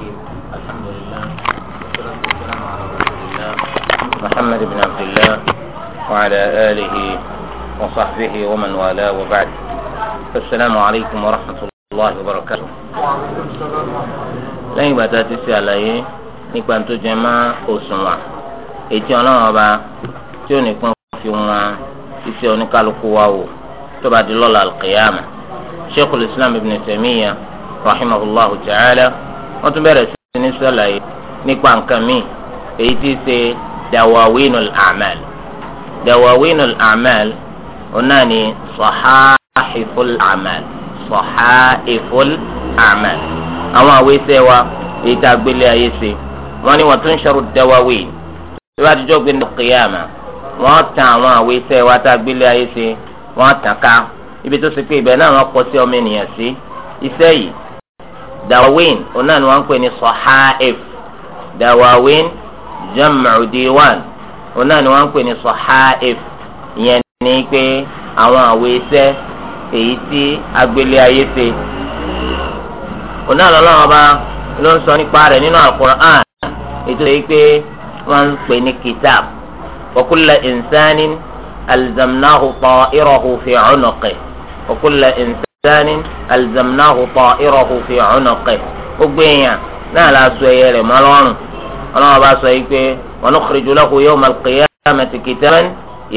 الرحيم الحمد لله والصلاة والسلام على رسول الله محمد بن عبد الله وعلى آله وصحبه ومن والاه وبعد السلام عليكم ورحمة الله وبركاته lẹ́yìn ìgbà tá a ti ṣe àlàyé nípa tó jẹ mọ́ òṣùwọ̀n ètí ọlọ́run ọba tí ò ní pọ́n fi wọn iṣẹ́ oníkálukú wa wò tó bá di lọ́la alqiyama sheikhul islam ibn taymiya rahimahullahu ta'ala wọ́n tún bẹ̀rẹ̀ sí ní sọ̀làyé nípa nǹkan míì èyí tí í ṣe dawawinul amal dawawinul amal ọ̀nà ni sọ̀háìful amal sọ̀háìful amal àwọn àwọn iṣẹ́ wa èyí tá a gbélé ayé ṣe wọ́n ní wọ́n tún ṣọ́rọ̀ dawawin tí wọ́n ti jọ́ gbé ní kìyàmà wọ́n tan àwọn àwọn iṣẹ́ wa tá a gbélé ayé ṣe wọ́n tàn ká ibi tó ṣe pé ibẹ̀ náà wọ́n kọ sí ọmọ ènìyàn sí iṣẹ́ yìí dawawin ọ̀nà ni wọ́n ń pè ní sọ̀háìf dawawin jam'u diwan ọ̀nà ni wọ́n ń pè ní sọ̀háìf ìyẹn ni pé àwọn àwo iṣẹ́ èyí tí agbélé ayé ṣe ọ̀nà lọ́lọ́wọ́ bá ló ń sọ nípa rẹ̀ nínú al ètò yìí pé wọ́n ń pè ní kitab wa kulla insanin alzamnahu ta'irahu fi 'unuqihi wa kulla insanin sani alizamnahu ta'irahu fi unuqi ó gbé yàn náà la sọ ẹyẹ rẹ̀ mọ́ lọ́rùn ọlọ́wọ́ bá sọ yìí pé wa nukhriju lahu yawma al-qiyamati kitaban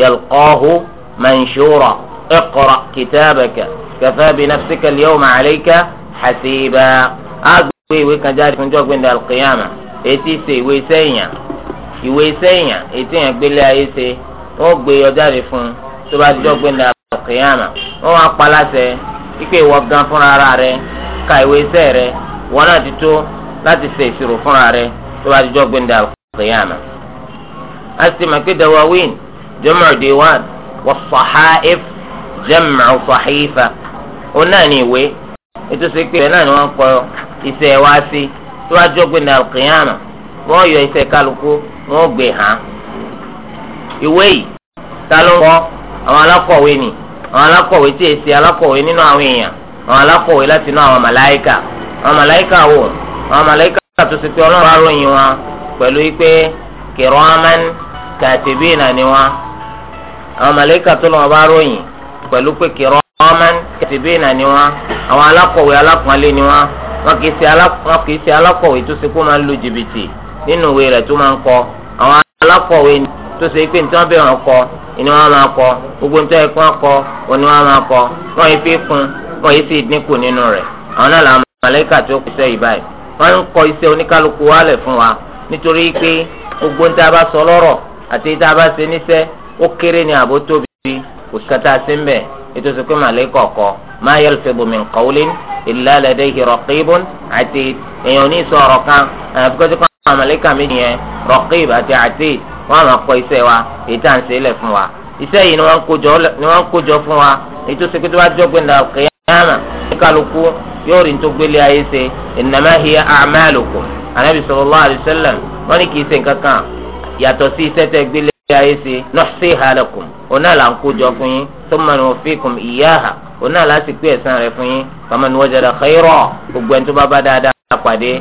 yalqahu manshura iqra kitabaka kafa bi nafsika al-yawma alayka hasiba. a gbé ìwé kan jáde fún jọ́gbìn al-qiyama etí ṣe ìwé sẹ́yìn ìwé sẹ́yìn etí yẹn gbélé ayé ṣe ó gbé e yọ jáde fún tó bá jọ́gbìn al-qiyama wọ́n wá pa láṣẹ ipe ìwọ gan fúnra ara rẹ ka ìwé iṣẹ́ rẹ wọn náà ti tó láti ṣe ìṣirò fúnra rẹ tó bá dijọ́ gbẹ̀ndà al-qiyama. a sì mọ̀ pé dawawin jam'u diwan wa sahaif jam'u sahifa òun náà ní ìwé ètò ìṣe pé náà ni wọ́n kọ iṣẹ́ wá sí tó bá dijọ́ gbẹ̀ndà al-qiyama yọ iṣẹ́ kálukú wọ́n gbé e hàn. ìwé yìí ta ló ń kọ àwọn alákọ̀wé àwọn alákọ̀wé tí èsì alákọ̀wé nínú àwọn èèyàn àwọn alákọ̀wé láti inú àwọn màláìkà àwọn màláìkà wò àwọn màláìkà tó ti pé ọlọ́run aróyìn wọn pẹ̀lú pé kiraman katibina ni wọn àwọn màláìkà tó lọ́wọ́ bá aróyìn pẹ̀lú pé kiraman katibina ni wọn àwọn alákọ̀wé alákùnrin ni wọn wọn kì í ṣe alákọ̀wé tó ti kó máa ń lu jìbìtì nínú ìwé rẹ̀ tó máa ń kọ àwọn alákọ̀wé ni tó ṣe pé nítorí bẹ́ẹ̀ wọn kọ ni wọn máa kọ gbogbo nítorí pé wọn kọ wọn ni wọn máa kọ wọn yìí fi kún wọn yìí sì dínkù nínú rẹ̀ àwọn náà làwọn màlẹ́kà tó kù sẹ́yìn báyìí wọn ń kọ iṣẹ́ oníkálukú wálẹ̀ fún wa nítorí pé gbogbo nítorí bá sọ lọ́rọ̀ àti nítorí bá ṣe níṣẹ́ ó kéré ní àbó tóbi òṣìkàtà sí mbẹ̀ ètò ìsìnkú màlẹ́kà ọ̀kọ́ ma yalfidu min qawlin illa ladayhi raqibun àti èèyàn oníṣòro kan àyàfi kọ́síkọ́ àmàlẹ́kà méjì yẹn raqib àti àti wọ́n á máa kọ iṣẹ́ wa èyí tá à ń ṣe lẹ̀ fún wa iṣẹ́ yìí ni wọ́n ń kójọ fún wa èyí tó ṣe pé tó bá jọ gbẹ̀ndà kéyàmà ní kálukú yóò rí tó gbélé ayé ṣe innama hiya a'malukum anabi sallallahu alayhi wa sallam wọ́n ní kì í ṣe nǹkan kan yàtọ̀ sí iṣẹ́ tẹ́ gbélé ayé ṣe nuhsiha lakum ọ̀nà là ń kójọ fún yín thumma nuwaffikum iyyaha ọ̀nà là sì pé ẹ̀san rẹ̀ fún yín faman wajada khayra gbogbo ẹni tó bá bá dáadáa pàdé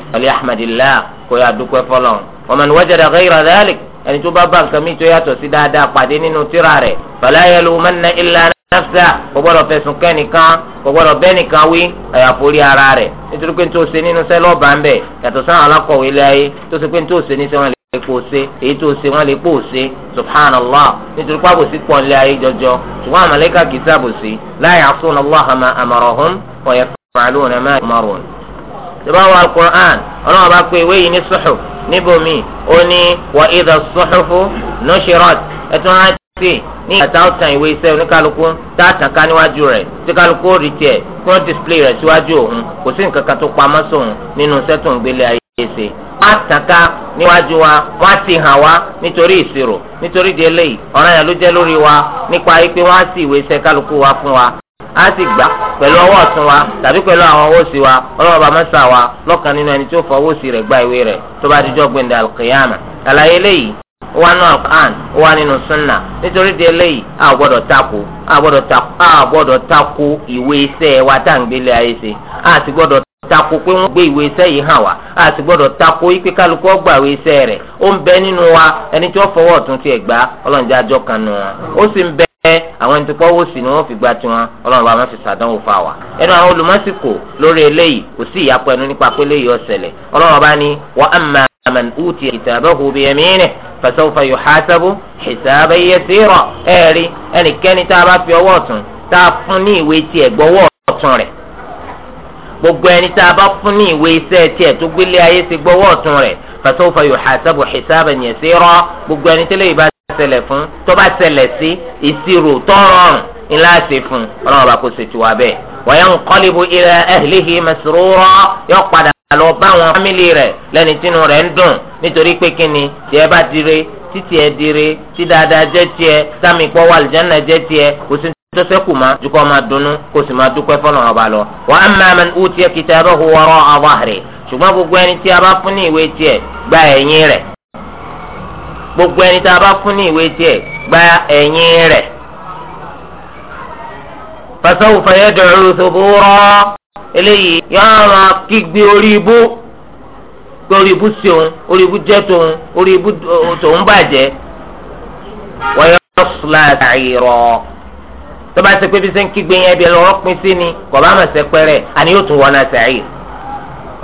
ẹni tó bá bá nǹkan mi tó yàtọ̀ sí dáadáa pàdé nínú tírà rẹ̀ fala yalumanna illa nafsa kò gbọ́dọ̀ fẹ̀sùn kẹ́nìkan kò gbọ́dọ̀ bẹ́nìkan wí àyàfo rí ara rẹ̀ nítorí pé n tó ṣe nínú sẹ́lọ̀ bá ń bẹ̀ yàtọ̀ sáwọn alákọ̀wé ilé ayé tó ṣe pé n tó ṣe ní sẹ́wọ̀n lè pò ṣe èyí tó ṣe wọ́n lè pò ṣe subhanallah nítorí pé àbòsí pọ̀ níbomi ó ní wà ìdá sọ́hófó nọ́ṣẹ́rọ́t ẹ̀tún rántí ní ìgbà táwọn tan ìwé iṣẹ́ oníkálukú tá a tàn ká níwájú rẹ̀ tí kálukú ó rí tiẹ̀ kí wọ́n display rẹ̀ síwájú òun kò sí nǹkan kan tó pamọ́ sóun nínú iṣẹ́ tó ń gbélé ayé ṣe. wọ́n á tàn ká níwájú wa wọ́n á ti hàn wá nítorí ìṣirò nítorí di eléyìí ọ̀ranyàn ló jẹ́ lórí wa nípa pé wọ́n á sì ìwé iṣẹ́ kálukú wa fún wa a sì gbà pẹ̀lú ọwọ́ ọ̀tún wa tàbí pẹ̀lú àwọn ọwọ́ òsì wa nínú ẹni tó fọ ọwọ́ sí rẹ̀ gba ìwé rẹ̀ tó bá dijọ́ gbẹ̀ndẹ̀ alkiyama àlàyé wà wà a gbọ́dọ̀ takò a gbọ́dọ̀ takò a ìwé iṣẹ́ wa tá à ń a sì gbọ́dọ̀ takò pé wọ́n gbé ìwé iṣẹ́ yìí hàn wá a gbọ́dọ̀ takò pé kálukú ìwé iṣẹ́ rẹ̀ ó ń nínú wa ẹni tí wọ́n ẹ àwọn ẹni tó kọ́ wò sí ni wọ́n fi gba tiwọn ọlọ́run bá wọn fi sàdánwò fà wá. ẹnu àwọn olùmọ́sìkò lórí eléyìí kò sí ìyapọ̀ ẹnu nípa pé eléyìí ọ̀sẹ̀lẹ̀ ọlọ́run bá ní wa amma man utiya kitabahu bi yaminihi fasawfa yuhasabu hisaban yasira ẹ̀rí ẹnikẹ́ni tá a bá fi ọwọ́ ọ̀tún tá a fún ní ìwé tiẹ̀ gbọ́wọ́ ọ̀tún rẹ̀ gbogbo ẹni tá a bá fún ní ìwé iṣẹ́ tiẹ̀ tó gbélé ayé ti gbọ́wọ́ ọ̀tún rẹ̀ fasawfa yuhasabu hisaban yasira gbogbo ẹni tẹ́lẹ̀ ìbá ṣẹlẹ̀ fún tó bá ṣẹlẹ̀ sí ìṣirò tọrọrùn ńlá ṣe fún ọlọ́run ọba kò sì ti wà bẹ́ẹ̀. wa yanqalibu ila ahlihi masrura yọ padà lọ bá àwọn fámìlì rẹ̀ lẹ́ni tínú rẹ̀ ń dùn nítorí pé kíni tí ẹ bá ti re títí ẹ dire tí dáadáa jẹ́ tiẹ̀ sámi pọ́ wà lìjánná jẹ́ tiẹ̀ kò sí tọ́sẹ̀ kù ma jukọ́ ma dunu kó sì ma dúpẹ́ fọlọ́ ọba lọ. wa amma man utiya kitabahu wara'a dhahri ṣùgbọ́n gbogbo ẹni tí a bá fún ní ìwé tiẹ̀ gba ẹ̀yìn rẹ̀ gbogbo ẹni tá a bá fún ní ìwé tiẹ̀ gba ẹ̀yìn rẹ̀. fasawfa yad'u thubura eléyìí yọ̀ọ́ máa kígbe orí ibú pé orí ibú sí òun orí ibú jẹ́ tòun orí ibú tòun bàjẹ́ wa yasla sa'ira tó bá ṣe pé bí sẹ́ ń kígbe yẹn bí ẹlọ́rọ́ pín sí ni kò bá mọ̀ sẹ́pẹ́rẹ́ àní yóò tún wọná sa'ir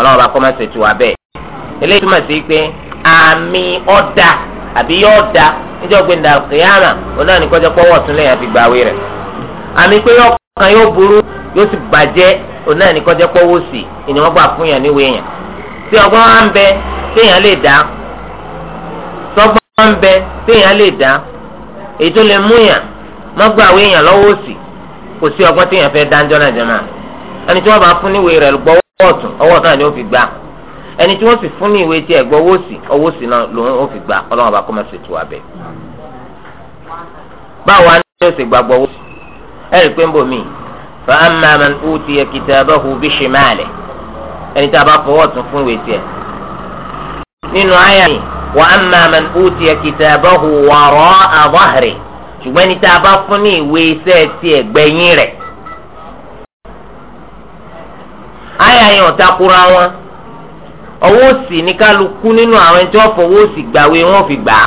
ọlọ́run bá kọ́ máa ṣètò abẹ́ eléyìí túmọ̀ sí pé àmì ọ̀dà àbí yóò da níjọ́ gbé ndà kìyàmà oná ní kọjá pọ́wọ́ ọ̀tún lẹ́yìn àfi gbàwé rẹ̀ àmì pé ọkàn yóò burú yóò sì bàjẹ́ oná sí ìní wọ́n gbà fún yàn yàn tí ọgbọ́n wa ń bẹ téèyàn lè dá wa ń bẹ téèyàn lè dá èyí tó lè mú yàn yàn lọ́wọ́ sí kò sí ọgbọ́n téèyàn fẹ́ dáńjọ́ náà jẹ́ máa ẹni tí wọ́n bá fún rẹ̀ ọwọ́ ẹni tí wọ́n sì fún ní ìwé tí ẹ gbọ́ owó sí owó sí náà lòun ó fi gbà bá kọ́ máa ṣètò abẹ. ni owó sí ẹ rí i pé ń bò mí amma man utiya kitabahu bi shimalihi ẹni tá a bá fọwọ́ tún fún ìwé ẹ nínú àyà mi wa amma man utiya kitabahu ṣùgbọ́n ẹni a bá ọwọ́ òsì ní kálukú nínú àwọn ẹjọ́ fọwọ́ òsì fi gbà á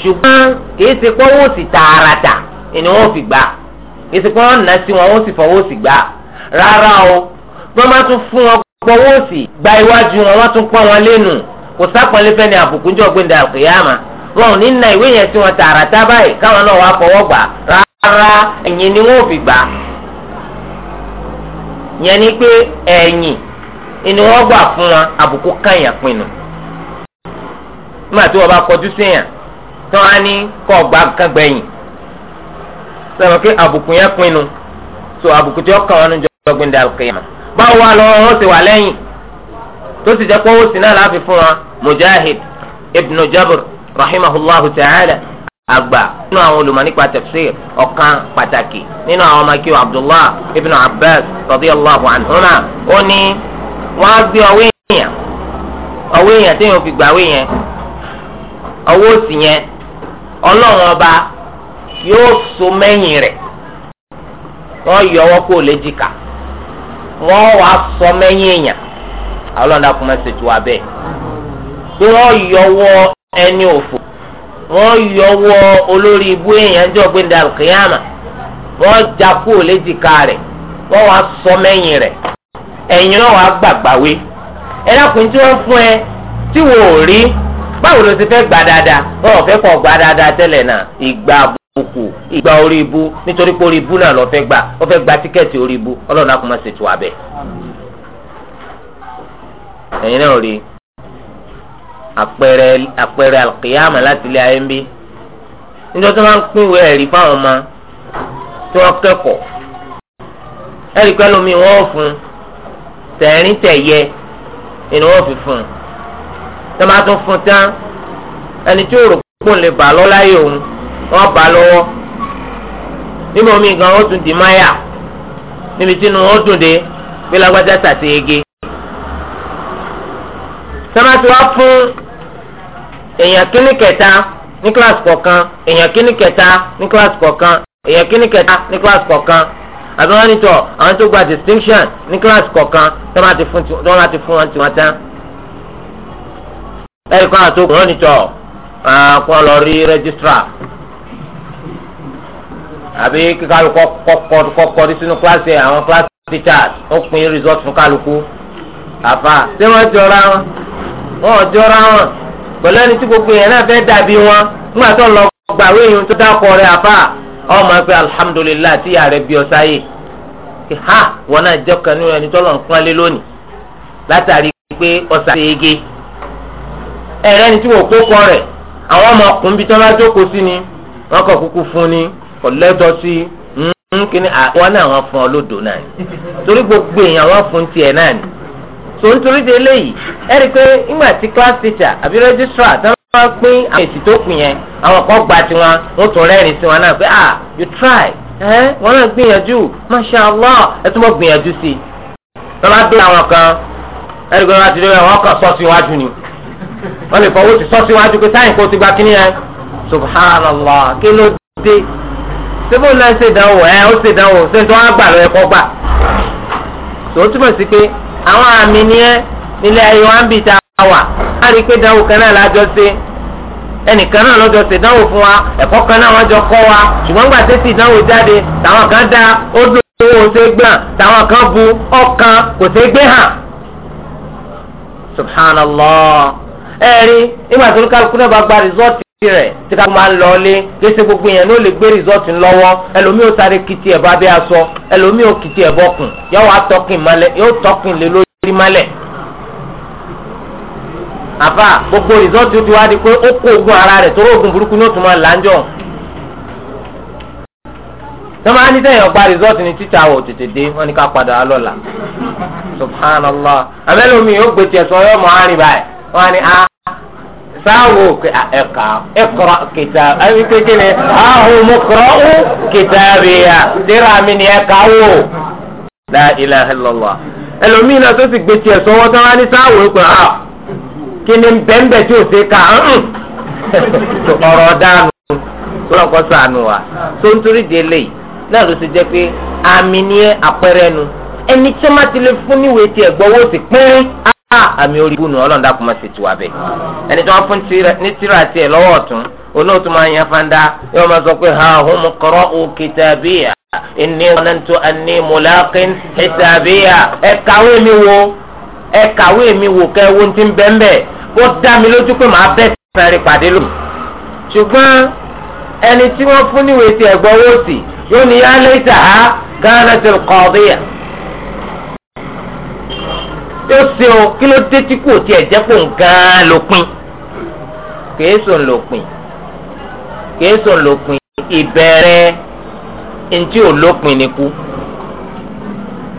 ṣùgbọ́n kìí ṣe pé ọwọ́ tààràtà ni wọ́n fi gbà á kìí ṣe pé wọ́n nà sí wọn wọ́n sì fọwọ́ gbà á rárá o wọ́n máa tún fún wọn gbọ́wọ́ gba iwájú wọn wọ́n tún wọn lẹ́nu kò àbùkù jọ àkùyàmà wọn ò ní na ìwé yẹn sí wọn tààràtà báyìí káwọn náà wàá fọwọ́ fi gbà á yẹn ni ìní wọ́n gbà fún wọn àbùkù káyàn pinnu nígbà tí wọ́n bá kọjú séèyàn tí wọ́n á ní kọ́ ọgbà so àbùkù tí wọ́n kàn wọn níjọ́ gbẹ̀gbẹ̀ndẹ̀ àlùkìyàmà báwo wà lọ́wọ́ wọn sì wà lẹ́yìn tó sì jẹ́ pé owó sí náà láàfin fún wọn mujahid ibn jabr rahimahullahu ta'ala nínú àwọn ọ̀kan pàtàkì nínú àwọn ọmọ ibn abbas radiyallahu ó ní. wọ́n á gbé ọwọ́ èèyàn ọwọ́ èèyàn téèyàn fi gbà wé yẹn ọwọ́ òsì yẹn ọlọ́run ọba yóò so rẹ̀ wọ́n yọ ọwọ́ kó wọ́n sọ èèyàn dàkú wa bẹ́ẹ̀ wọ́n yọ ọwọ́ ẹni wọ́n yọ ọwọ́ olórí ibú èèyàn wọ́n kó ẹ̀yin náà wàá gbàgbà wé ẹ dákun tí wọ́n fún ẹ tí wò ó rí báwo ti fẹ́ gbà dáadáa fẹ́ kọ́ gbà dáadáa tẹ́lẹ̀ náà ìgbà àbùkù ìgbà orí ibu nítorí pé orí ibu náà lọ́ọ́ fẹ́ gbà ó fẹ́ gba tíkẹ́ẹ̀tì orí ibu ọlọ́run á kò má ṣètò abẹ. ẹ̀yin náà rí àpẹẹrẹ àpẹẹrẹ àlùkìyàmà láti ilé ayé ń bí níjọ́ tó máa ń pín ìwé ẹ̀rí fáwọn ọmọ tí wọ́n kẹ́kọ̀ọ́ ẹ̀rí pẹ́ tẹ̀rín tẹ̀yẹ inú wọn fi fún un tẹ́ máa tún fún tán ẹni tí òrò pò lè bà lọ́ láyé òun wọ́n bà lọ́wọ́ níbo mi gan ó tún di máyà níbi tí inú wọn dùn dé bí lágbájá tàtẹ́yẹgẹ sọ́mátì wá fún èèyàn kíní kẹta ní kíláàsì kọ̀ọ̀kan èèyàn kíní kẹta ní kíláàsì kọ̀ọ̀kan èèyàn kíní kẹta ní kíláàsì kọ̀ọ̀kan àbí wọ́n ní tọ̀ àwọn tó gba distinction ní kíláàsì kọ̀ọ̀kan tó máa ti fún wọn láti fún wọn tiwọn tán. ẹ̀rí kan àti ogun wọn ní tọ̀ kó lọ rí registrar àbí kíkálukú kọ́kọ́ sínú kíláàsì àwọn kíláàsì teachers ó pin result fún kálukú àfa ṣé wọ́n jọra wọn wọ́n jọra wọn pẹ̀lú ẹni tí gbogbo yẹn náà fẹ́ dàbí wọn nígbà tó lọ gbàwé yìí tó dákọ̀ rẹ̀ àfa ọ máa pe alhamdulilayi tí yàrá bí ọ sáyé ha wọn náà jẹ́ kanú ẹni tọ́lọ̀ ń pọ́n lé lónìí látàrí pé ọ̀sà ṣeége ẹ̀rẹ́ ni tí wọ́n kó kọ́ rẹ̀ àwọn ọmọkùnrin bíi tí wọ́n bá jókòó sí ni wọ́n kọ̀ kúkú fún ni kò lẹ́tọ̀ sí hmm, kíni àwọn náà wọ́n fún ọ lódò náà torí gbogbo èèyàn wọ́n fún tiẹ̀ náà ni tó ń torí de eléyìí ẹ rí i pé nígbà tí class teacher àbí registrar tó máa pín àwọn èsì tó pín yẹn àwọn kan gba tiwọn wọn tún rẹ́rìn sí wọn náà pé ah you try ẹ wọn náà gbìyànjú masha allah ẹ tún bọ gbìyànjú sí i tó bá dé àwọn kan ẹ rí i pé wọn ti rí wọn kàn sọ síwájú ni wọn lè fọwọ́ sí sọ síwájú pé sáyìn kó ti gba kíní yẹn subhanallah kí ló dé sebo náà ṣe dánwò ẹ ó ṣe dánwò ṣe tó wá gbà lọ ẹ kọ gbà tó túmọ̀ sí pé àwọn àmì nìyẹn nílẹ̀ ayé wa ń a wà á rí i pé dánwò kan náà lájọ ṣe ẹnìkan náà dánwò fún wa kan jọ wa gbà jáde tàwọn kan dá ó dùn owó ṣe gbà tàwọn kan bu ọkàn kò ṣe gbé hàn. subhanallah tó rẹ̀ tí ká máa ń lọ le léṣe gbogbo yẹn ló lè gbé rìsọ́ọ̀tì lọ́wọ́ ẹlòmíì ó sáré kìtì ẹ̀ bá bí aṣọ ẹlòmíì ó kìtì ẹ̀ bọ́kùn yóò wá tọkìn malẹ̀ yóò lé lórí malẹ̀. gbogbo rìsọ́ọ̀tì ti wá di pé ara rẹ̀ tó burúkú ní òtún máa láńjọ. sọ́mọ́ rìsọ́ọ̀tì títà tètè dé wọ́n ní ká padà lọ́la sáwò ẹ̀ka ẹ̀kọ́rọ̀ kìtà ẹ̀mí kékeré ni ahùn mọ̀kọ́rọ̀ kìtà rìà síra mi ni ẹ̀ka wò. la ilaha illallah ẹlòmíì náà tó sì gbé tiẹ̀ sọ́wọ́ tó wá ní sáwò ẹ̀kọ́ à ah, kí ni bẹ́ńbẹ́ tí ò sí ká ọ̀rọ̀ dànù lọ́kọ́ sànù wa tó ń torí di eléyìí náà ló ti jẹ́ pé àmì ni àpẹẹrẹ nu ẹni tí wọ́n ti lè fún níwèé tiẹ̀ gbọ́wọ́ sí pín á àmì orí ibùnú ọlọ́run dàkú máa ṣètò abẹ ẹni tí wọ́n fún ní tíra àti ẹ̀ lọ́wọ́ ọ̀tún olóòtú máa yan fanda yóò máa sọ pé ha hum qara'u kitabiya inni zanantu anni mulaqin hisabiya ẹ kàwé mi wo ẹ kàwé mi wo kẹ wo ti ń bẹ́ńbẹ́ ó dá mi lójú pé màá bẹ́ẹ̀ sáré pàdé lò. ṣùgbọ́n ẹni tí wọ́n fún níwèé ti ẹ̀gbọ́n wò sí yóò ní yálé ìtàhá gánà ti kọ̀ọ̀bíyà ó ṣe o kí ló dé tí kò tiẹ̀ jẹ́ kó nǹkan ló pin kìí sùn ló pin kìí sùn ló pin ìbẹ̀rẹ̀ ntí olópin ni kú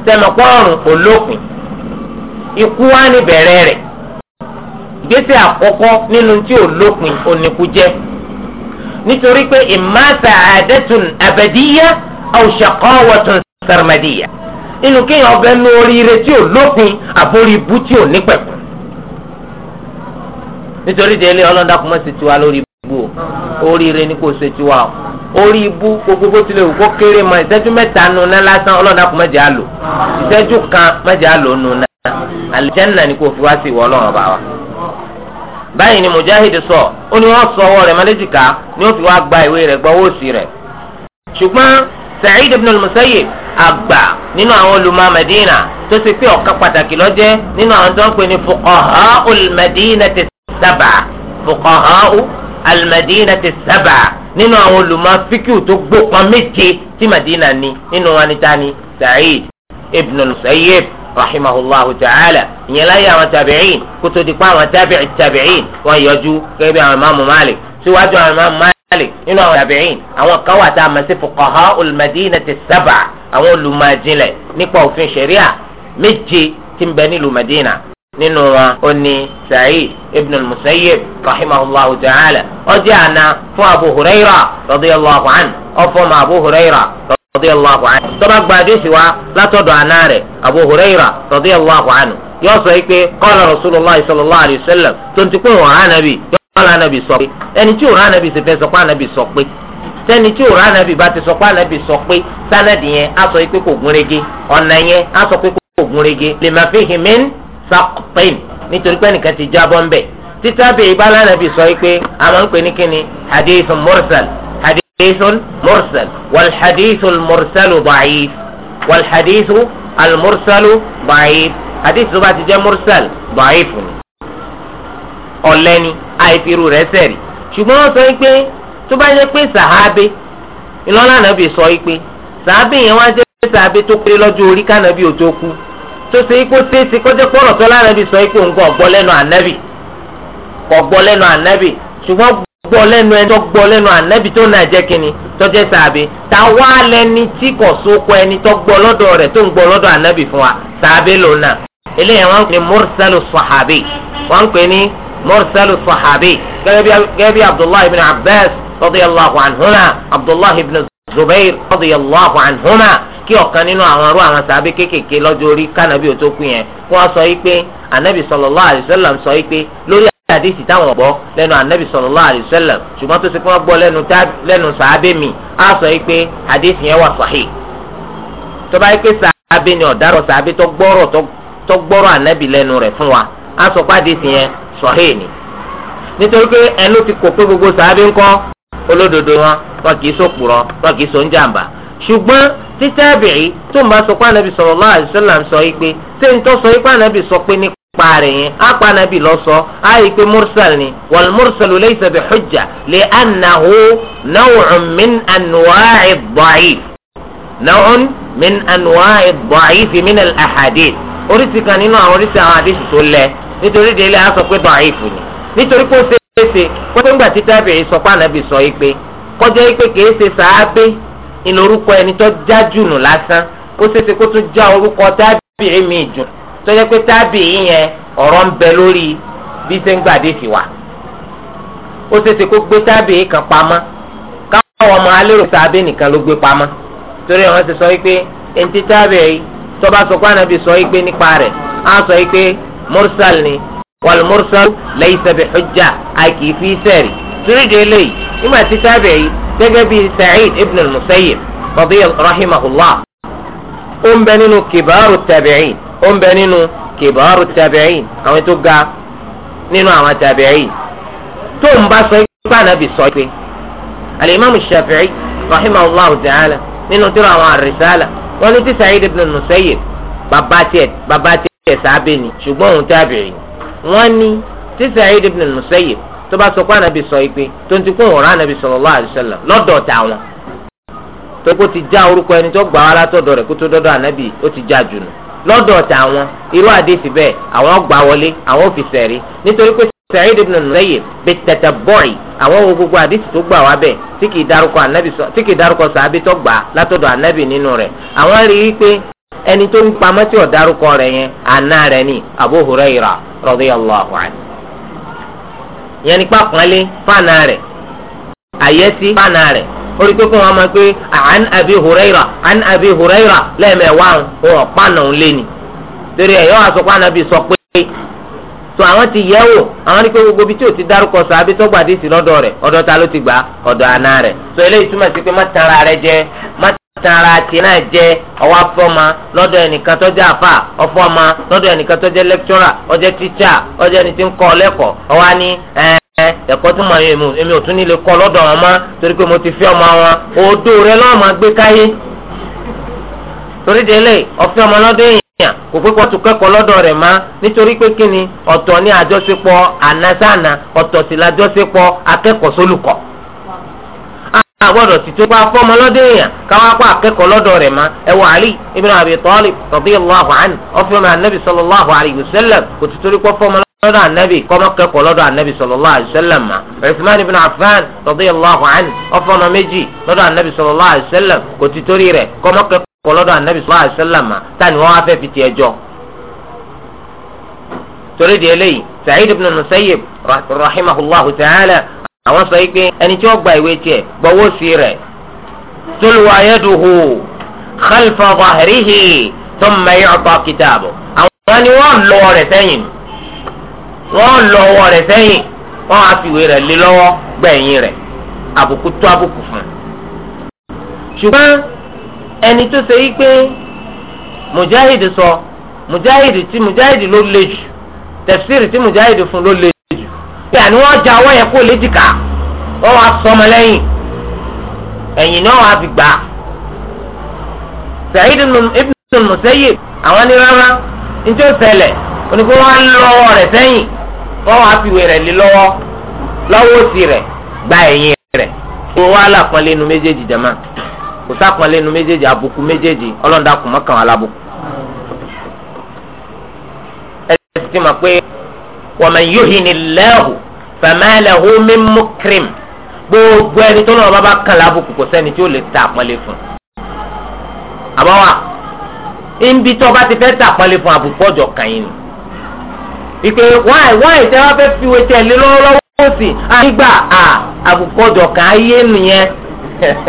tẹmọkọrùn olópin ikú wá ní bẹ̀rẹ̀ rẹ̀ ìgbésẹ̀ àkọ́kọ́ nínú tí olópin oníkú jẹ́ nítorí pé imma sa'adatun abadiyya aw shaqawatun sarmadiyya inú kéèyàn ọbẹ̀ nú oríire tí ò lópin àbórí ibú tí ò ní pẹ̀kun. nítorí délé ọlọ́dà kò sí tiwa lórí ibú o oríire ni kò ṣe tiwa o orí ibú gbogbo bó tilẹ̀ wù kó kéré mọ ìṣẹ́jú mẹ́ta nu ná lásán ọlọ́dà mẹ́jẹ̀ á lò ìṣẹ́jú kan mẹ́jẹ̀ á lò nu ná àlùjánnà ni kò fi wá sí ìwọ ọlọ́run ọba wa báyìí ni mujahid sọ ó ní wọn sọ ọwọ́ rẹ̀ mẹlẹjìká ni ó fi wá gba ìwé rẹ̀ gbọ owó ibn al-Musayyib àgbà nínú àwọn olùmọ̀ Madina tó ti pé ọ̀kan pàtàkì lọ́jẹ́ nínú àwọn tó ń pè ní fuqaha al-Madina ti sábà fuqaha al-Madina ti sábà nínú àwọn olùmọ̀ fíkìú tó gbópọn méje tí Madina ni nínú wọn ni tani Sa'id ibn al-Musayyib rahimahullahu ta'ala ìyẹn láyé àwọn tabi'in kótó di pa àwọn tabi'i tabi'in wọn yọjú kẹbi àwọn imaamu malik síwájú àwọn imaamu malik nínú àwọn tabi'in àwọn kan wà tá a mọ̀ sí fuqaha al ti sábà àwọn olùmọ̀jìnlẹ̀ nípa òfin ṣẹ̀ríà méje tí ń bẹ nílùú Madina nínú wọn ó ní Sa'id ibn al-Musayyib rahimahullahu ta'ala ó jẹ́ àna fún Abu Huraira radiyallahu anhu ọfọmọ Abu Huraira radiyallahu anhu tọ́ba gbàdé sí wa látọ̀dọ̀ àna rẹ̀ Abu Huraira radiyallahu anhu yóò sọ pé qala rasulillah sallallahu alayhi wa sallam tó ń ti pé òun rà nàbì yóò sọ pé ẹni tí òun rà nàbì sì fẹ́ sọ pé ànàbì sọ pé sẹ́ni tí òrà ànábì bá ti sọ pé ànábì sọ pé sánàdì yẹn á sọ pé kò gúnrégé ọ̀nà yẹn á sọ pé kò gúnrégé lè má fi hìmí ń sàpẹ́ẹ̀n nítorí pé nìkan ti jábọ́ ń bẹ̀ títàbí ìbálẹ̀ ànábì sọ pé a máa ń pè ní kíni hadithun mursal hadithun mursal wal hadithun mursalu da'if wal hadithu al mursalu da'if bá ti jẹ́ mursal da'if fún mi ọ̀lẹ́ni àìfirú rẹ̀ sẹ́rì ṣùgbọ́n wọ́n sọ pé tó bá yẹ pé sàhábé ìlọ́lá nàbì sọ yìí pé sàhábé yẹn wá jẹ́ sàhábé tó pé lọ́jọ́ orí kànàbì ò tó kú tó ṣe é kó tẹ́sí kọ́jọ́ pọ̀rọ̀ tó lánàbì sọ yìí pé òun kò gbọ́ lẹ́nu ànábì kò gbọ́ lẹ́nu ànábì ṣùgbọ́n gbọ́ lẹ́nu ẹni tó gbọ́ lẹ́nu ànábì tó nà jẹ́ kínní tó jẹ́ sàhábé ta wá lẹni tí kò sóko ẹni tó gbọ́ lọ́dọ̀ rẹ̀ tó ń gbọ́ lọ́dọ̀ ànábì fún wa sàhábé lòun náà eléyìí wọn pè ní mursalu sahabi wọn pè ní mursalu sahabi gẹ́gẹ́ bí abdullahi bin abbas radiyallahu anhuma abdullahi ibn zubair radiyallahu anhuma kí ọ̀kan nínú àwọn arú àwọn sàbí kéékèèké lọ́jọ́ orí kánàbí ò tó kú yẹn kó wọ́n sọ yìí pé anabi sallallahu alayhi wasallam sọ yìí pé lórí àdìsí táwọn gbọ́ lẹ́nu anabi sallallahu alayhi wasallam ṣùgbọ́n tó ṣe pé wọ́n gbọ́ lẹ́nu sàábé mi á sọ yìí pé àdìsí yẹn wà sahih tó bá yìí pé sàábé ni ọ̀daràn sàábé tó gbọ́rọ̀ tó gbọ́rọ̀ anabi lẹ́nu rẹ̀ fún wa á sọ pé àdìsí yẹn sahih ni nítorí pé ẹnu ti kò pé gbogbo sàábé ńkọ́ olódodo wọn wọn kì í sòpùrọ́ wọn kì í sọ njàmbá ṣùgbọ́n títàbìrì tó ń bá sọ pé anabi sallallahu alaihi wasallam sọ yìí pé ṣé n tó sọ yìí pé anabi sọ pé nípa rẹ̀ yẹn á pa anabi lọ sọ á yìí pé mursal ni wal mursalu laysa bi hujja li annahu naw'un min anwa'i ad-da'if min anwa'i ad min al-ahadith kan nínú àwọn oríṣi àwọn àdéṣù tó lẹ nítorí délé á sọ pé da'if ni nítorí pé ó ṣe ṣeéṣe kótó ńgbà tí tábìrì sọ pé ànábì sọ yìí pé kọjá yìí pé kìí ṣe sàábé ìnorúkọ ẹni tó já jùnù lásán ó ṣeéṣe kó tún já orúkọ tábìrì míì jù tó jẹ́ pé tábìrì yẹn ọ̀rọ̀ ń bẹ lórí bí ṣe ń gbàdé sí wa ó ṣeéṣe kó gbé tábìrì kan pamọ́ káwọn ọmọ alérò sàábé nìkan ló gbé pamọ́ torí àwọn ti sọ yìí pé ẹni tí tábìrì tó sọ pé ànábì sọ yìí pé nípa rẹ̀ á sọ yìí pé mursal ni wàlmúrúsọ́lù laysa bi hujja àìkì fi sẹ́ẹ̀rì túrídìí eléyìí nígbà tí sábẹ̀ yìí gẹ́gẹ́ bí Sa'id ibn al-Musayyib rahimahullah ó ń bẹ nínú kìbáàrù tabi'in ó ń bẹ nínú kìbáàrù tabi'in àwọn tó ga nínú àwọn tabi'in tó ń bá sọ ipá nàbì sọ pé alimami shafi'i rahimahullah ta'ala nínú tírà àwọn àrísàlà wọn ní tí ibn al-Musayyib bàbá tiẹ̀ bàbá tiẹ̀ sábẹ̀ wọ́n ní tí Sa'id ibn al-Musayyib tó bá sọ pé ànábì sọ ìpè tó ń ti kún òun ànábì sallallahu alaihi wasallam lọ́dọ̀ tàwọn tó kó ti já orúkọ ẹni tó gbà wá látọ̀dọ̀ rẹ̀ kó tó dọ́dọ̀ ànábì ó ti já jù nù lọ́dọ̀ tàwọn irú àdéhìí bẹ́ẹ̀ àwọn gbà wọlé àwọn fi sẹ̀rí nítorí pé Sa'id ibn al-Musayyib bẹ tẹ̀tẹ̀ bọ́ọ̀ì àwọn wo gbogbo àdéhìí tó gbà wá bẹ́ẹ̀ tí kì í dárúkọ sàábì tó gbà látọ̀dọ̀ ànábì nínú rẹ̀ àwọn rí i pé ẹni tó ń pamọ́ tí ò dárúkọ rẹ̀ yẹn àná rẹ̀ ni Abu Hurairah radiyallahu anhu yẹn nípa pọ́nlé fáànà rẹ̀ àyẹ́sí fáànà rẹ̀ ó pé kí wọ́n máa pé àn Abi Hurairah àn Abi Hurairah lẹ́ẹ̀mẹ̀wá òun ọ̀pánà òun lé ni torí ẹ̀ àsopọ̀ sọ pé so àwọn ti yẹ̀ wò àwọn ní pé gbogbo tí o ti dárúkọ sọ àbí tọ́gbà dé sí lọ́dọ̀ rẹ̀ ọ̀dọ̀ ta ló ti gbà ọ̀dọ̀ rẹ̀ eléyìí jẹ tara tiẹ̀ náà jẹ́ ọwọ́ afọ́ma lọdọ ẹnìkan tó jẹ́ àfà ọfọ́ma lọdọ ẹnìkan tíṣà ẹni tí ń kọ́ lẹ́kọ̀ọ́ ọwọ́ á ní ẹ̀kọ́ tí mo mu èmi ò tún nílé torí pé mo ti fi ọmọ wọn rẹ lọ́wọ́ gbé káyé torí délé ọmọ lọ́dọ̀ èèyàn kò pé kó tún kẹ́kọ̀ọ́ lọ́dọ̀ rẹ̀ má nítorí pé kíni ọ̀tọ̀ àgbọ̀dọ̀ ti tó pa fọ́mọ lọ́dọ̀ èèyàn káwá pa akẹ́kọ̀ọ́ lọ́dọ̀ rẹ̀ ma ẹ wọ Ali ibi ibn Abi Talib radiyallahu ọfẹ ọ̀fẹ́mọ anabi sallallahu alayhi wa sallam kò ti torí pọ́ fọ́mọ lọ́dọ̀ anabi kọ́mọ kẹ́kọ̀ọ́ lọ́dọ̀ anabi sallallahu alayhi wa sallam ma náà Uthman ibn Affan radiyallahu ọfẹ ọ̀fọ́mọ méjì lọ́dọ̀ anabi sallallahu alayhi wa sallam kò ti torí rẹ̀ kọ́mọ kẹ́kọ̀ọ́ lọ́dọ̀ anabi sallallahu alayhi wa sallam ma tani wọ́n wá fẹ́ fi tiẹ̀ torí di eléyìí Sa'id ibn Musayyib rahimahullahu ta'ala àwọn sọ wípé ẹni tí wọ́n gba ìwé tiẹ̀ gbọ́wọ́ sí rẹ̀ tólùwà yẹ́dùhù khalfa zahrihi thumma yu'ta kitabu. àwọn ni wọ́n lọ ọwọ́ rẹ̀ sẹ́yìn wọ́n lọ ọwọ́ rẹ̀ sẹ́yìn wọ́n á fi ìwé rẹ̀ lé lọ́wọ́ gbẹ̀yìn rẹ̀ àbùkù tó àbùkù fún ṣùgbọ́n ẹni tó ṣe wípé mujahid sọ mujahid tí mujahid ló le jù tafsir tí mujahid fún ló le yàní wọ́n já ọwọ́ yẹn kó léjìká wọ́n wá sọmọ lẹ́yìn ẹ̀yìn náà wàá fi gbà. Sa'id ibn Musayyib àwọn ní rárá njó ṣẹlẹ̀ onígbó wọn lọ́wọ́ rẹ̀ sẹ́yìn wọ́n wàá fi wèrè lé lọ́wọ́ lọ́wọ́ òsì rẹ̀ gba ẹ̀yìn rẹ̀ kó wàá làpọ̀n lẹ́nu méjèèjì jẹ̀má kò sàpọ̀n lẹ́nu méjèèjì àbùkù méjèèjì ọlọ́dà ma pé wa man yuhinillahu fama lahu min mukrim gbogbo ẹni tó lọ́wọ́ bá kàn lábùkù kò sẹ́ni tí ó lè ta àpọ́nlé fún. àmọ́ wa níbi tó bá ti fẹ́ ta àpọ́nlé fún àbùkù ọ̀jọ̀ kàn yín ni. ìpè wáì wáì tẹ́ fẹ́ fi wetí ẹ̀ lé lọ́wọ́lọ́wọ́ ó sì àgbà àbùkù ọ̀jọ̀ kàn ayé nìyẹn.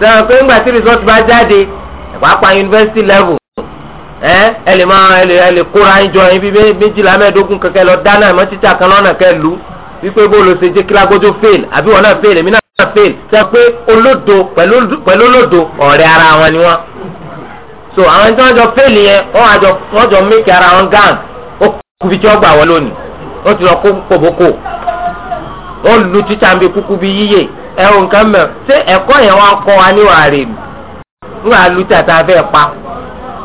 sọ̀rọ̀ pé ńgbà tí resort bá jáde pàápàá yunifásitì level ẹ ẹ lè máa ẹ lè ẹ lè kóra yín jọ yín bíi méjìlá mẹ́ẹ̀ẹ́dógún kẹ̀kẹ́ lọ dáná ẹ̀mọ́ títà kan lọ́nà kẹ́ lù wípé bó ló ṣe jẹ́ kí lágbójó fail àbí wọn náà fail èmi náà fail sọ pé olódo pẹ̀lú olódo ọ̀rẹ́ ara wọn ni wọn. so àwọn tí wọ́n jọ fail yẹn wọ́n àjọ wọ́n jọ make ara wọn gang ó kúbi tí wọ́n gbà wọ́n lónìí wọ́n ti lọ kó kòbókò wọ́n lu títà bí kúkú bí yíyè ẹ̀ nǹkan mẹ́rin ṣé ẹ̀kọ́ yẹn wọ́n kọ́ wa níwàá rè mí níwàá lu tá a fẹ́ pa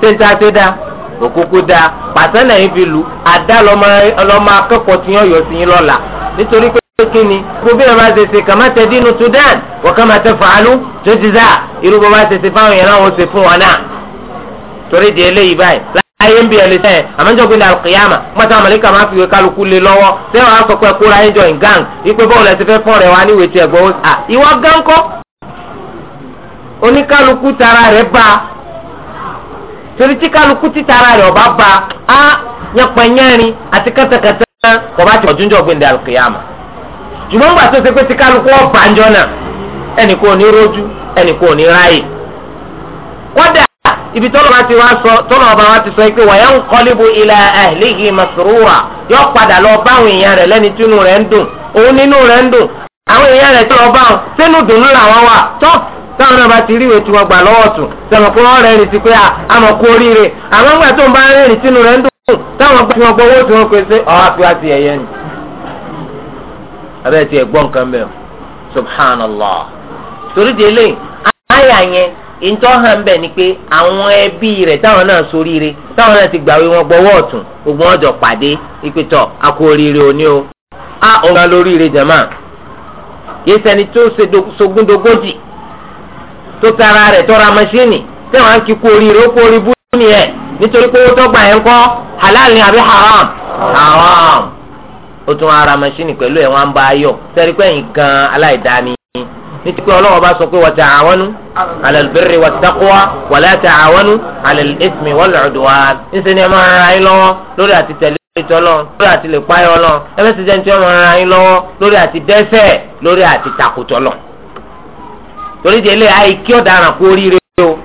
tẹ́ńtà ṣe dá òkókó dá pàṣẹ lẹ́yìn fi lù àdá lọ́mọ akẹ́kọ̀ọ́ tí yàn sí yín lọ́la nítorí pé kí ni gbogbo yẹn máa ṣèṣe kà má tẹ̀dí inú Sudan wọ́n kà má tẹ fàálù tó ti dá irú bó bá ṣèṣe fáwọn yẹn láwọn ṣe fún wọn náà torí di eléyìí báyìí láyé ń bí ẹ lè sẹ́yìn àmọ́jọ́gbé ní alùkìyàmà mọ́tà màlíkà máa fi ìwé kálukú lé lọ́wọ́ sẹ́wọ̀n akọ̀kọ̀ ẹ̀kúra ẹ̀jọ̀ ìgàn ìpè bọ́ọ̀lù ẹ̀sìn fẹ́ fọ́ọ̀rẹ̀ wa níwèé tiẹ̀ gbọ́ ìwọ gánkọ́ oníkálukú tara rẹ̀ bá torí tí kálukú ti tara rẹ̀ ọba ba á yẹpẹnyẹrin àti kẹtẹkẹtẹ kọba tí ọdún jọ gbẹndẹ alùkìyàmà ṣùgbọ́n gbà tó ṣe pé tí kálukú ọba ń jọ náà ẹnì kò ní rójú ẹnì kò ní ráàyè kódà ibi tọ́lọ̀ bá ti wá sọ tọ́lọ̀ ọba wa ti sọ pé wa yanqalibu ila ahlihi masrura yọ padà lọ báwọn èèyàn rẹ̀ lẹ́ni tínú rẹ̀ ń dùn òun nínú rẹ̀ ń dùn àwọn èèyàn rẹ̀ tọ́lọ̀ sínú dùnú làwọn wà tọ́ táwọn náà bá ti rí ìwé tí wọ́n gbà lọ́wọ́ tù sọ̀rọ̀ pé wọ́n rẹ́rìn sí pé àmọ̀ ah, kú oríire àmọ́ ńgbà tó ń bá rẹ́rìn sínú rẹ̀ ń dùn táwọn gbà tí wọ́n gbọ́ owó tí wọ́n pèsè ah, ni. ti ẹ̀gbọ́n bẹ́ẹ̀ subhanallah torí délé àyà yẹn ìtọ́ hàn bẹ́ẹ̀ ni pé àwọn ẹbí rẹ̀ táwọn náà soríire táwọn náà ti wọn ọ̀tún ogun a tó tara rẹ̀ tọ́ra mọ́ṣíìnì tí wọ́n á kí kú oríire ó kú orí bú nìyẹn nítorí pé owó tó gbà yẹn kọ́ halal ni àbí haram haram ó tún ara mọ́ṣíìnì pẹ̀lú ẹ̀ wọ́n á ń bá a yọ̀ sẹ́rí pé ẹ̀yin gan aláìdáni nítorí pé ọlọ́wọ́ bá sọ pé wa ta'awanu 'ala al-birri wat-taqwa wa la ta'awanu 'ala al-ithmi wal-'udwan níṣẹ́ ni ẹ máa ra yín lọ́wọ́ lórí àti tẹ̀lé ìtọ́lọ́ lórí àti lè páyọ̀ lọ ẹ bẹ́ẹ̀ sì jẹ́ ní tí wọ́n máa ra yín lọ́wọ́ lórí àti dẹ́ṣẹ̀ lórí àti takùtọ̀ lọ́wọ́. torí di eléyà àìkí ọ̀daràn kú oríire o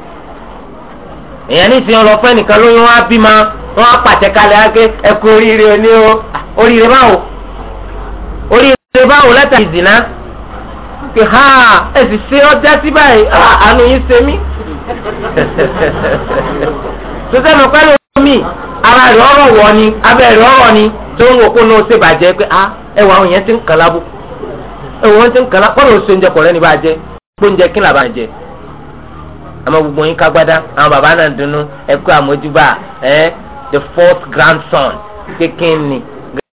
èèyàn nísìnyí ọlọ́pẹ́ nìkan lóyún wá bímọ wọn á pàtẹ kalẹ̀ ágé ẹkú oríire o oríire báwo oríire báwo látàrí ìzìnà pé ha ṣe ọjà sí báyìí àánú yín ṣe mí ara rẹ̀ ọ̀rọ̀ wọ̀ ni abẹ́ rẹ̀ ọ̀rọ̀ ni tó ń wò kó ṣe bàjẹ́ pé ẹwà yẹn ti ń ẹwà ti ń gbóúnjẹ kí làbá jẹ gbogbo yín kágbádá àwọn bàbá náà dunu àmójúbà ẹ the fourth grandson kékeré ni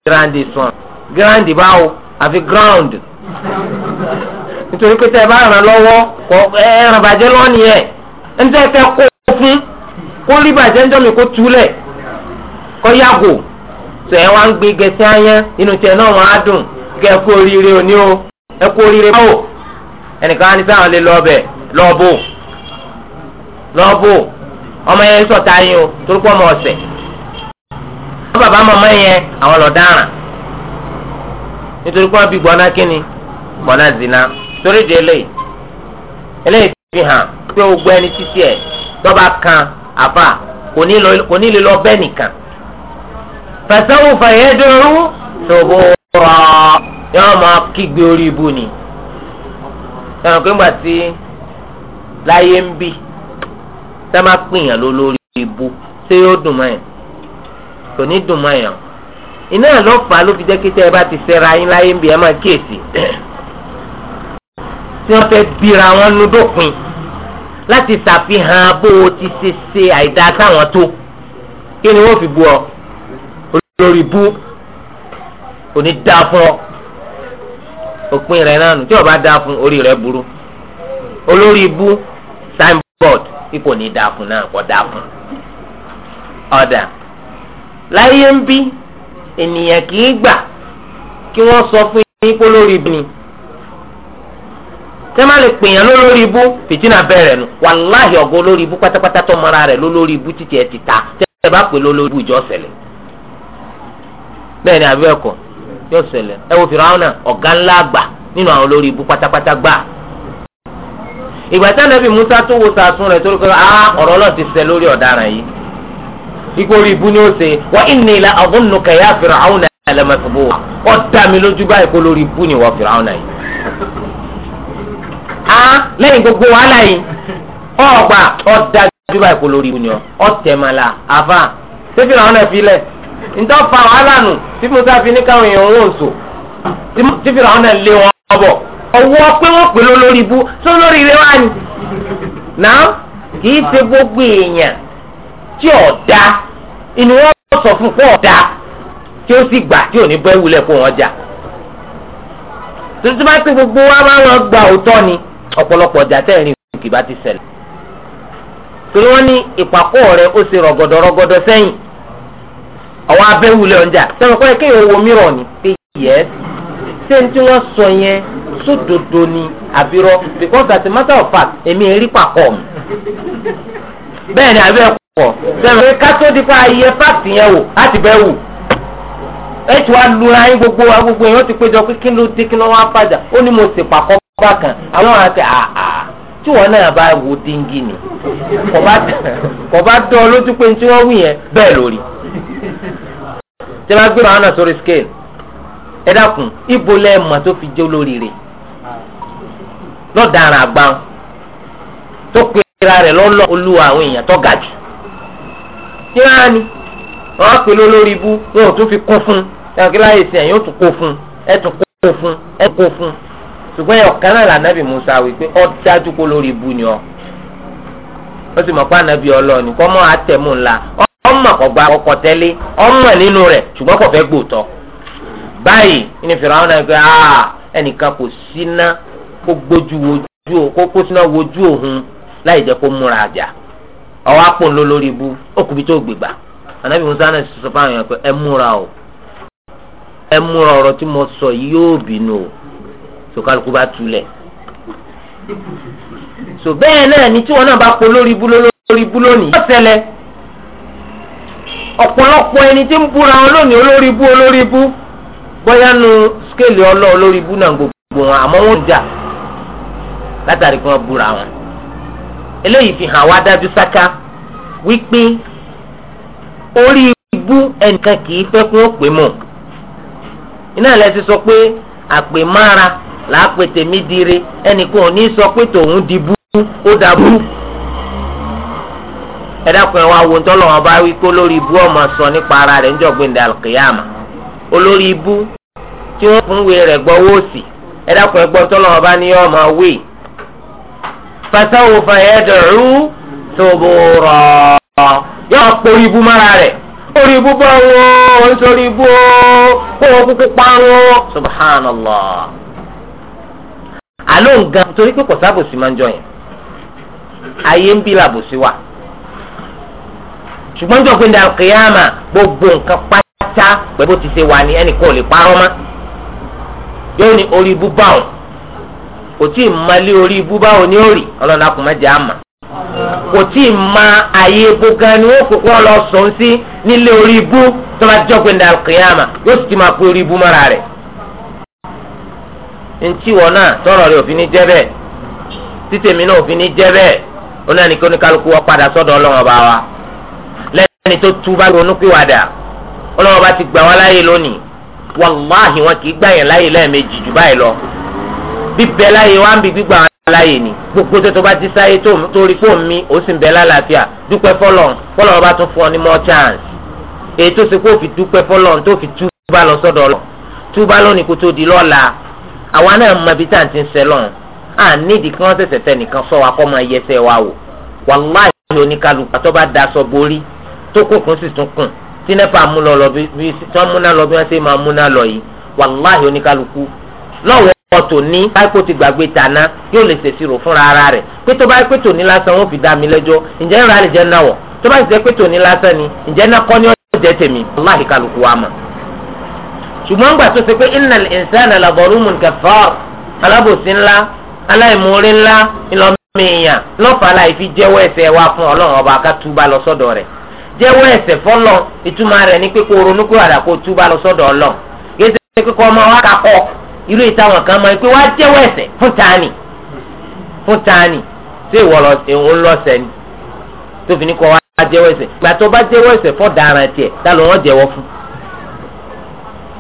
grandi son grandi báwo àfi ground nítorí pé tẹ ẹ bá ràn lọ́wọ́ kọ ẹ ràn bàjẹ́ lọ́ọ̀nì ẹ̀ ń tẹ́ kó fún kó rí bàjẹ́ ń jọ́mi kó túlẹ̀ kó yàgò tẹ ẹ wá ń gbé gẹ̀ẹ́sì ayẹ́ inú tẹ náà wọ́n ẹnìkan á ní sáwọn lè lọ ọbẹ̀ lọ́ọ̀bù lọ́ọ̀bù ọmọ yẹn sọ̀tà yín o torúkọ ọmọ ọ̀sẹ̀ wọ́n bàbá màmá yẹn àwọn lọ dáràn nítorí kó bí gbọ́ná kínni gbọ́ná zina torí di eléyìí eléyìí ti fi hàn pé ogbó ẹni títí ẹ̀ tọ́ba kan àfà kò ní lè lọ bẹ́ẹ̀ nìkan fẹsẹ̀wò fẹ̀yẹ́ dúró tòbó rọ̀ yọ́n máa kígbe orí ibu ni ẹnu pé ńgbà tí láyé ń bì tá má pìyàn ló lórí ìbú ṣé yóò dùn mọ́ yẹn kò ní dùn mọ́ yẹn iná ló fà á ló fi jẹ́ kí tẹ́ ẹ bá ti fẹ́ra yín láyé ń bì ẹ máa kíyèsí tí wọ́n fẹ́ bíra wọn nu dópin láti ṣàfihàn bó o ti ṣe ṣe àìdá sáwọn tó kí ni wọ́n fi bu ọ olórí bú onídàá fún ọ. òpin rẹ̀ náà nù tí ọba dáa fún orí rẹ̀ burú olórí ibú signboard ipò ní dáa fún náà kọ́ dáa fún ọ̀dà láyé ń bí ènìyàn kì í gbà kí wọ́n sọ fún yín pé olórí ibú ni tẹ́ má lè pèèyàn lólórí ibú fìtínà bẹ̀rẹ̀ nù wàláhì ọ̀gọ́ olórí ibú pátápátá tó mara rẹ̀ lólórí ibú títí ẹ̀ ti ta yóò ṣẹlẹ̀ ẹ wo Fìràwọ́nà ọ̀gá ńlá àgbà nínú àwọn olórí ibú pátápátá gbà. ìgbà tí anabi Musa tó wo sàtún rẹ̀ torí pé a ọ̀rọ̀ ọlọ́ọ̀ ti ṣẹ lórí ọ̀daràn yìí ipò orí ibú ni ó ṣe wa inni la adhunnuka ya Fìràwọ́nà ẹlẹmẹsibúwa ó dá mi lójú báyìí kó lórí ibú ni wọ́n Fìràwọ́nà yìí. a lẹ́yìn gbogbo wàhálà yìí ọ̀gbà ó dá lójú báyìí kó lórí ibú ni ọ ntọ́fà wàhálà nù tí musa fi ní káwọn èèyàn wọ́n sò tí fìlà wọn náà lé wọn bọ̀ ọwọ́ pé wọ́n pè lólórí ibú tó lórí ilé wa ni. náà kì í ṣe gbogbo èèyàn tí ọ̀dà inú wọn sọ fún pọ̀ ọ̀dà tí ó sì gbà tí ò ní bẹ́ẹ̀ wọn jà. tuntun bá ti gbogbo wa máa wọn gba òótọ́ ni ọ̀pọ̀lọpọ̀ ọjà tẹ̀rín ìkìbá ti ṣẹlẹ̀. torí wọ́n ní ìpàkọ́ rẹ̀ ó ṣe rọ̀gọ̀dọ̀ rọ̀gọ̀dọ̀ sẹ́yìn àwọn abẹ́wulẹ̀ ọ̀njà sẹ́wọ̀n kọ́ ẹ kéèyàn wo mìíràn ni pé yẹ ṣé tí wọ́n sọ yẹn sódodo ni àbírọ́ because as a matter of fact èmi èrí pàkọ́ mi bẹ́ẹ̀ ni àbí ẹ̀kọ́ sẹ́wọ̀n pé ká tó ayẹyẹ fáàtì yẹn wò láti bẹ́ẹ̀ wù ẹ ti wá lura gbogbo wa gbogbo yẹn wọ́n ti péjọ pé kí ló dé kí ló wá fàjà ó ní mo sì pàkọ́ bákan àwọn àti àà tí wọn náà bá wo díngì ni kò bá dán ọ lójú pé ní tí wọ́n wù yẹn bẹ́ẹ̀ lórí. tí a gbé bàánà sórí scale ẹ dákun ibo lẹ́ẹ̀mọ̀ tó fi jẹ́ olóríire lọ́daràn àgbà tó pe rẹ̀ lọ́lọ́ olúwa àwọn èèyàn tó ga jù kí wọ́n á ní wọ́n pè lólórí ibú ò tún fi kún fún un láyé sí ẹ̀yìn ó tún kó fún fun ẹ̀ tún kó fún ẹ̀ kó fún ṣùgbọ́n ẹ̀yọ̀ kan náà lànàbì Musa wípé ọ́ dájú kó lórí ibú ni ọ́ ó sì mọ̀ pé ànàbì ọlọ́ọ̀ni kọ́ mọ́ ọmọ kọgbà kọkọ tẹ́lẹ̀ ọmọ nínú rẹ̀ ṣùgbọ́n kò fẹ́ gbòòtọ́ báyìí aa ah, ẹnìkan kò síná kó gbójú wojú kó kó síná wojú láì kó múra àjà lórí ibú tó gbègbà musa náà sọ fáwọn ẹ múra o ẹ múra ọ̀rọ̀ tí mo sọ yóò bínú o sọkàlùkù bá so bẹ́ẹ̀ náà ni tí wọn náà bá po lórí ibú lórí ibú lónìí yóò ọ̀pọ̀lọpọ̀ ẹni tí ń búra wọn lónìí olórí bú olórí bú bóyá nu skéèlì ọlọ́ olórí bú náà gbogbo wọn àmọ́ wọn jà látàrí kí búra wọn. eléyìí fi hàn wá dájú sáká wípé orí ibú ẹnìkan kì í fẹ́ kún òpè mọ̀ sọ pé àpè mára ẹnìkan ò ní sọ pé tòun di ó ẹ dákun ẹ wá wo ntọ́ lọ́wọ́ bá wí kó lórí ibú ọmọ sọ nípa ara rẹ̀ ńjọ́ gbẹ̀ndẹ̀ alùkìyàmà olórí ibú tí wọ́n fún wèé rẹ̀ gbọ́ owó sí ẹ gbọ́ ntọ́ lọ́wọ́ bá ní ọmọ wí. fasáwo yóò ibú mára rẹ̀ orí ibú bá nítorí ibú kó wọn kúkú subhanallah torí pé kò sábòsí máa ń jọyìn ayé ń bí làbòsí ṣùgbọ́n jọ pé dàlùkìyàmà gbogbo nǹkan pátá pẹ̀lú ti ṣe wà ní ẹnìkan ò lè parọ́ mọ́ yóò ní orí ibú bá òun kò tí ì malé orí ibú bá òun ní òrì ọlọ́dà kò àmà kò tí ì ma àyè epo gan ni ó kókó lọ sọ̀n sí nílé orí ibú tó bá jọ pé dàlùkìyàmà yóò sì ti máa pe orí ibú mọ́ra rẹ̀ ntí wọn náà tọrọ rẹ òfin ní jẹ bẹ́ẹ̀ títèmi náà òfin ní jẹ bẹ́ẹ̀ ó náà ní kí oníkálukú wọn padà sọ́dọ̀ Ọlọ́run ọba wa ẹni tó túbá ronú pìwàdà ọlọ́wọ́ bá ti gbà wá láyè lónìí wàláhì wọn kì í gbà yẹn láyè lẹ́ẹ̀mejì jù báyìí lọ bíbẹ láyè wá ń bi gbígbà wọn láyè ni gbogbo tó tó bá ti sáyé tó rí fóònù mi ó sì ń bẹ lálàáfíà dúpẹ́ fọlọ́n fọlọ́n bá tún fún ọ ní more chance èyí tó ṣe kó fi dúpẹ́ fọlọ́n tó fi túbà lọ sọ́dọ̀ lọ túbà lónìí kó tó di lọ́la àwa náà mọ ibi tá à ń ti ń sẹ lọ́n à nídìí kí wọ́n ṣẹ̀ṣẹ̀ fẹ́ nìkan sọ wa kọ́ máa yẹsẹ̀ wa wò wàláhì oníkàlùkù àtọ́ bá daṣọ borí tó kún kún sì tún kún tí nẹ́pà mú lọ lọ bí tí wọ́n múná lọ bí wọ́n ṣe máa múná lọ yìí wàláhì oníkálukú lọ́wọ́ ọ̀tò ní báyìí ti gbàgbé tàná yóò lè ṣèṣirò fúnra ara rẹ̀ pé tó báyìí pé tòní lásán wọn fi dá mi lẹ́jọ́ ǹjẹ́ ìrà lè jẹ́ ńlá wọ̀ tó báyìí jẹ́ pé tòní lásán ni ǹjẹ́ ńlá kọ́ ni ó jẹ́ tèmi wàláhì kálukú wa mọ̀. ṣùgbọ́n gbà tó ṣe pé innal insana la zalumun kaffar alábòsí ńlá aláìmoore ńlá ńlọmọ èèyàn lọ́fà láì fi jẹ́wọ́ ẹ̀ṣẹ̀ wa fún ọlọ́run ọba ká túbà lọ sọ́dọ̀ rẹ̀ jẹ́wọ́ ẹ̀ṣẹ̀ fọlọ ìtumọ̀ rẹ̀ ní pé kó ronú kúrò àdá kó túbà lọ sọ́dọ̀ ọlọ gẹ́gẹ́ bí kíkọ ọmọ wa kakọ irú ìtàwọn kan mọ pé wá jẹ́wọ́ ẹ̀ṣẹ̀ fún tani fún tani ṣé ìwọ lọ òun lọ sẹ ni tóbi ní kọ wá jẹ́wọ́ ẹ̀ṣẹ̀ gbà tó bá jẹ́wọ́ ẹ̀ṣẹ̀ fọ daran tiẹ̀ tá ló wọn jẹ́wọ́ fún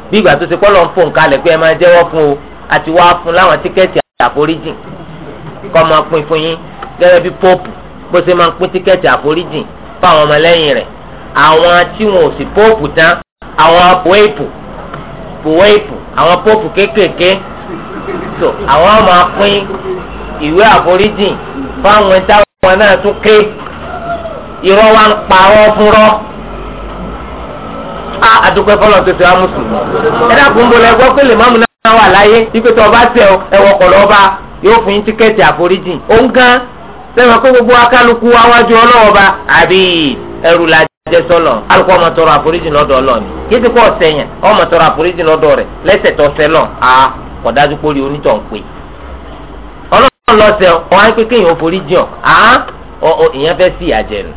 bí ìgbà tó ṣe kọ́ lọ ń fò ń kalẹ̀ pé ẹ máa jẹ́wọ́ fún o àti wá fún láwọn tíkẹ́ẹ̀tì àforíjìn kọ́ máa pín fún yín gẹ́gẹ́ bí pọ́ọ̀pù bó ṣe máa ń pín tíkẹ́ẹ̀tì àforíjìn fáwọn ọmọlẹ́yìn rẹ̀ àwọn tí wọn ò sì póòpù tán àwọn pòwéèpù pòwéèpù àwọn póòpù kéékèèké tó àwọn máa pín ìwé àforíjìn fáwọn táwọn náà tún ké irọ́ wa ń parọ́ fúnrọ́ a àdúpẹ́ fọlọ́ tó ti wá mùsùlùmí ẹ dákun ń bolo ẹgbọ́ pé lè máàmù náà wà láyé ipe tó ọba tẹ ọ ẹwọ kọlọ ọba yóò fún yín tíkẹ́ẹ̀tì àforíjìn ó ń gan sẹ́wọ̀n kó gbogbo akálukú awájú ọlọ́wọ́ bá àbí ẹrù la jẹ́ sọ́lọ̀ alùpùpù ọmọ tọrọ àforíjì lọ́dọ̀ ọlọ́ọ̀ni kí ti kọ́ ọ̀sẹ̀yìn ọmọ tọrọ àforíjì lọ́dọ̀ rẹ̀ lẹ́sẹ̀ tọ́sẹ̀ lọ a kò dájú pé orí onítọ̀ ń pè. ọlọ́run lọ́sẹ̀ ọ̀ á pé kéèyàn foríjì ọ̀ á ìyẹn fẹ́ sí ìyàjẹ́ nù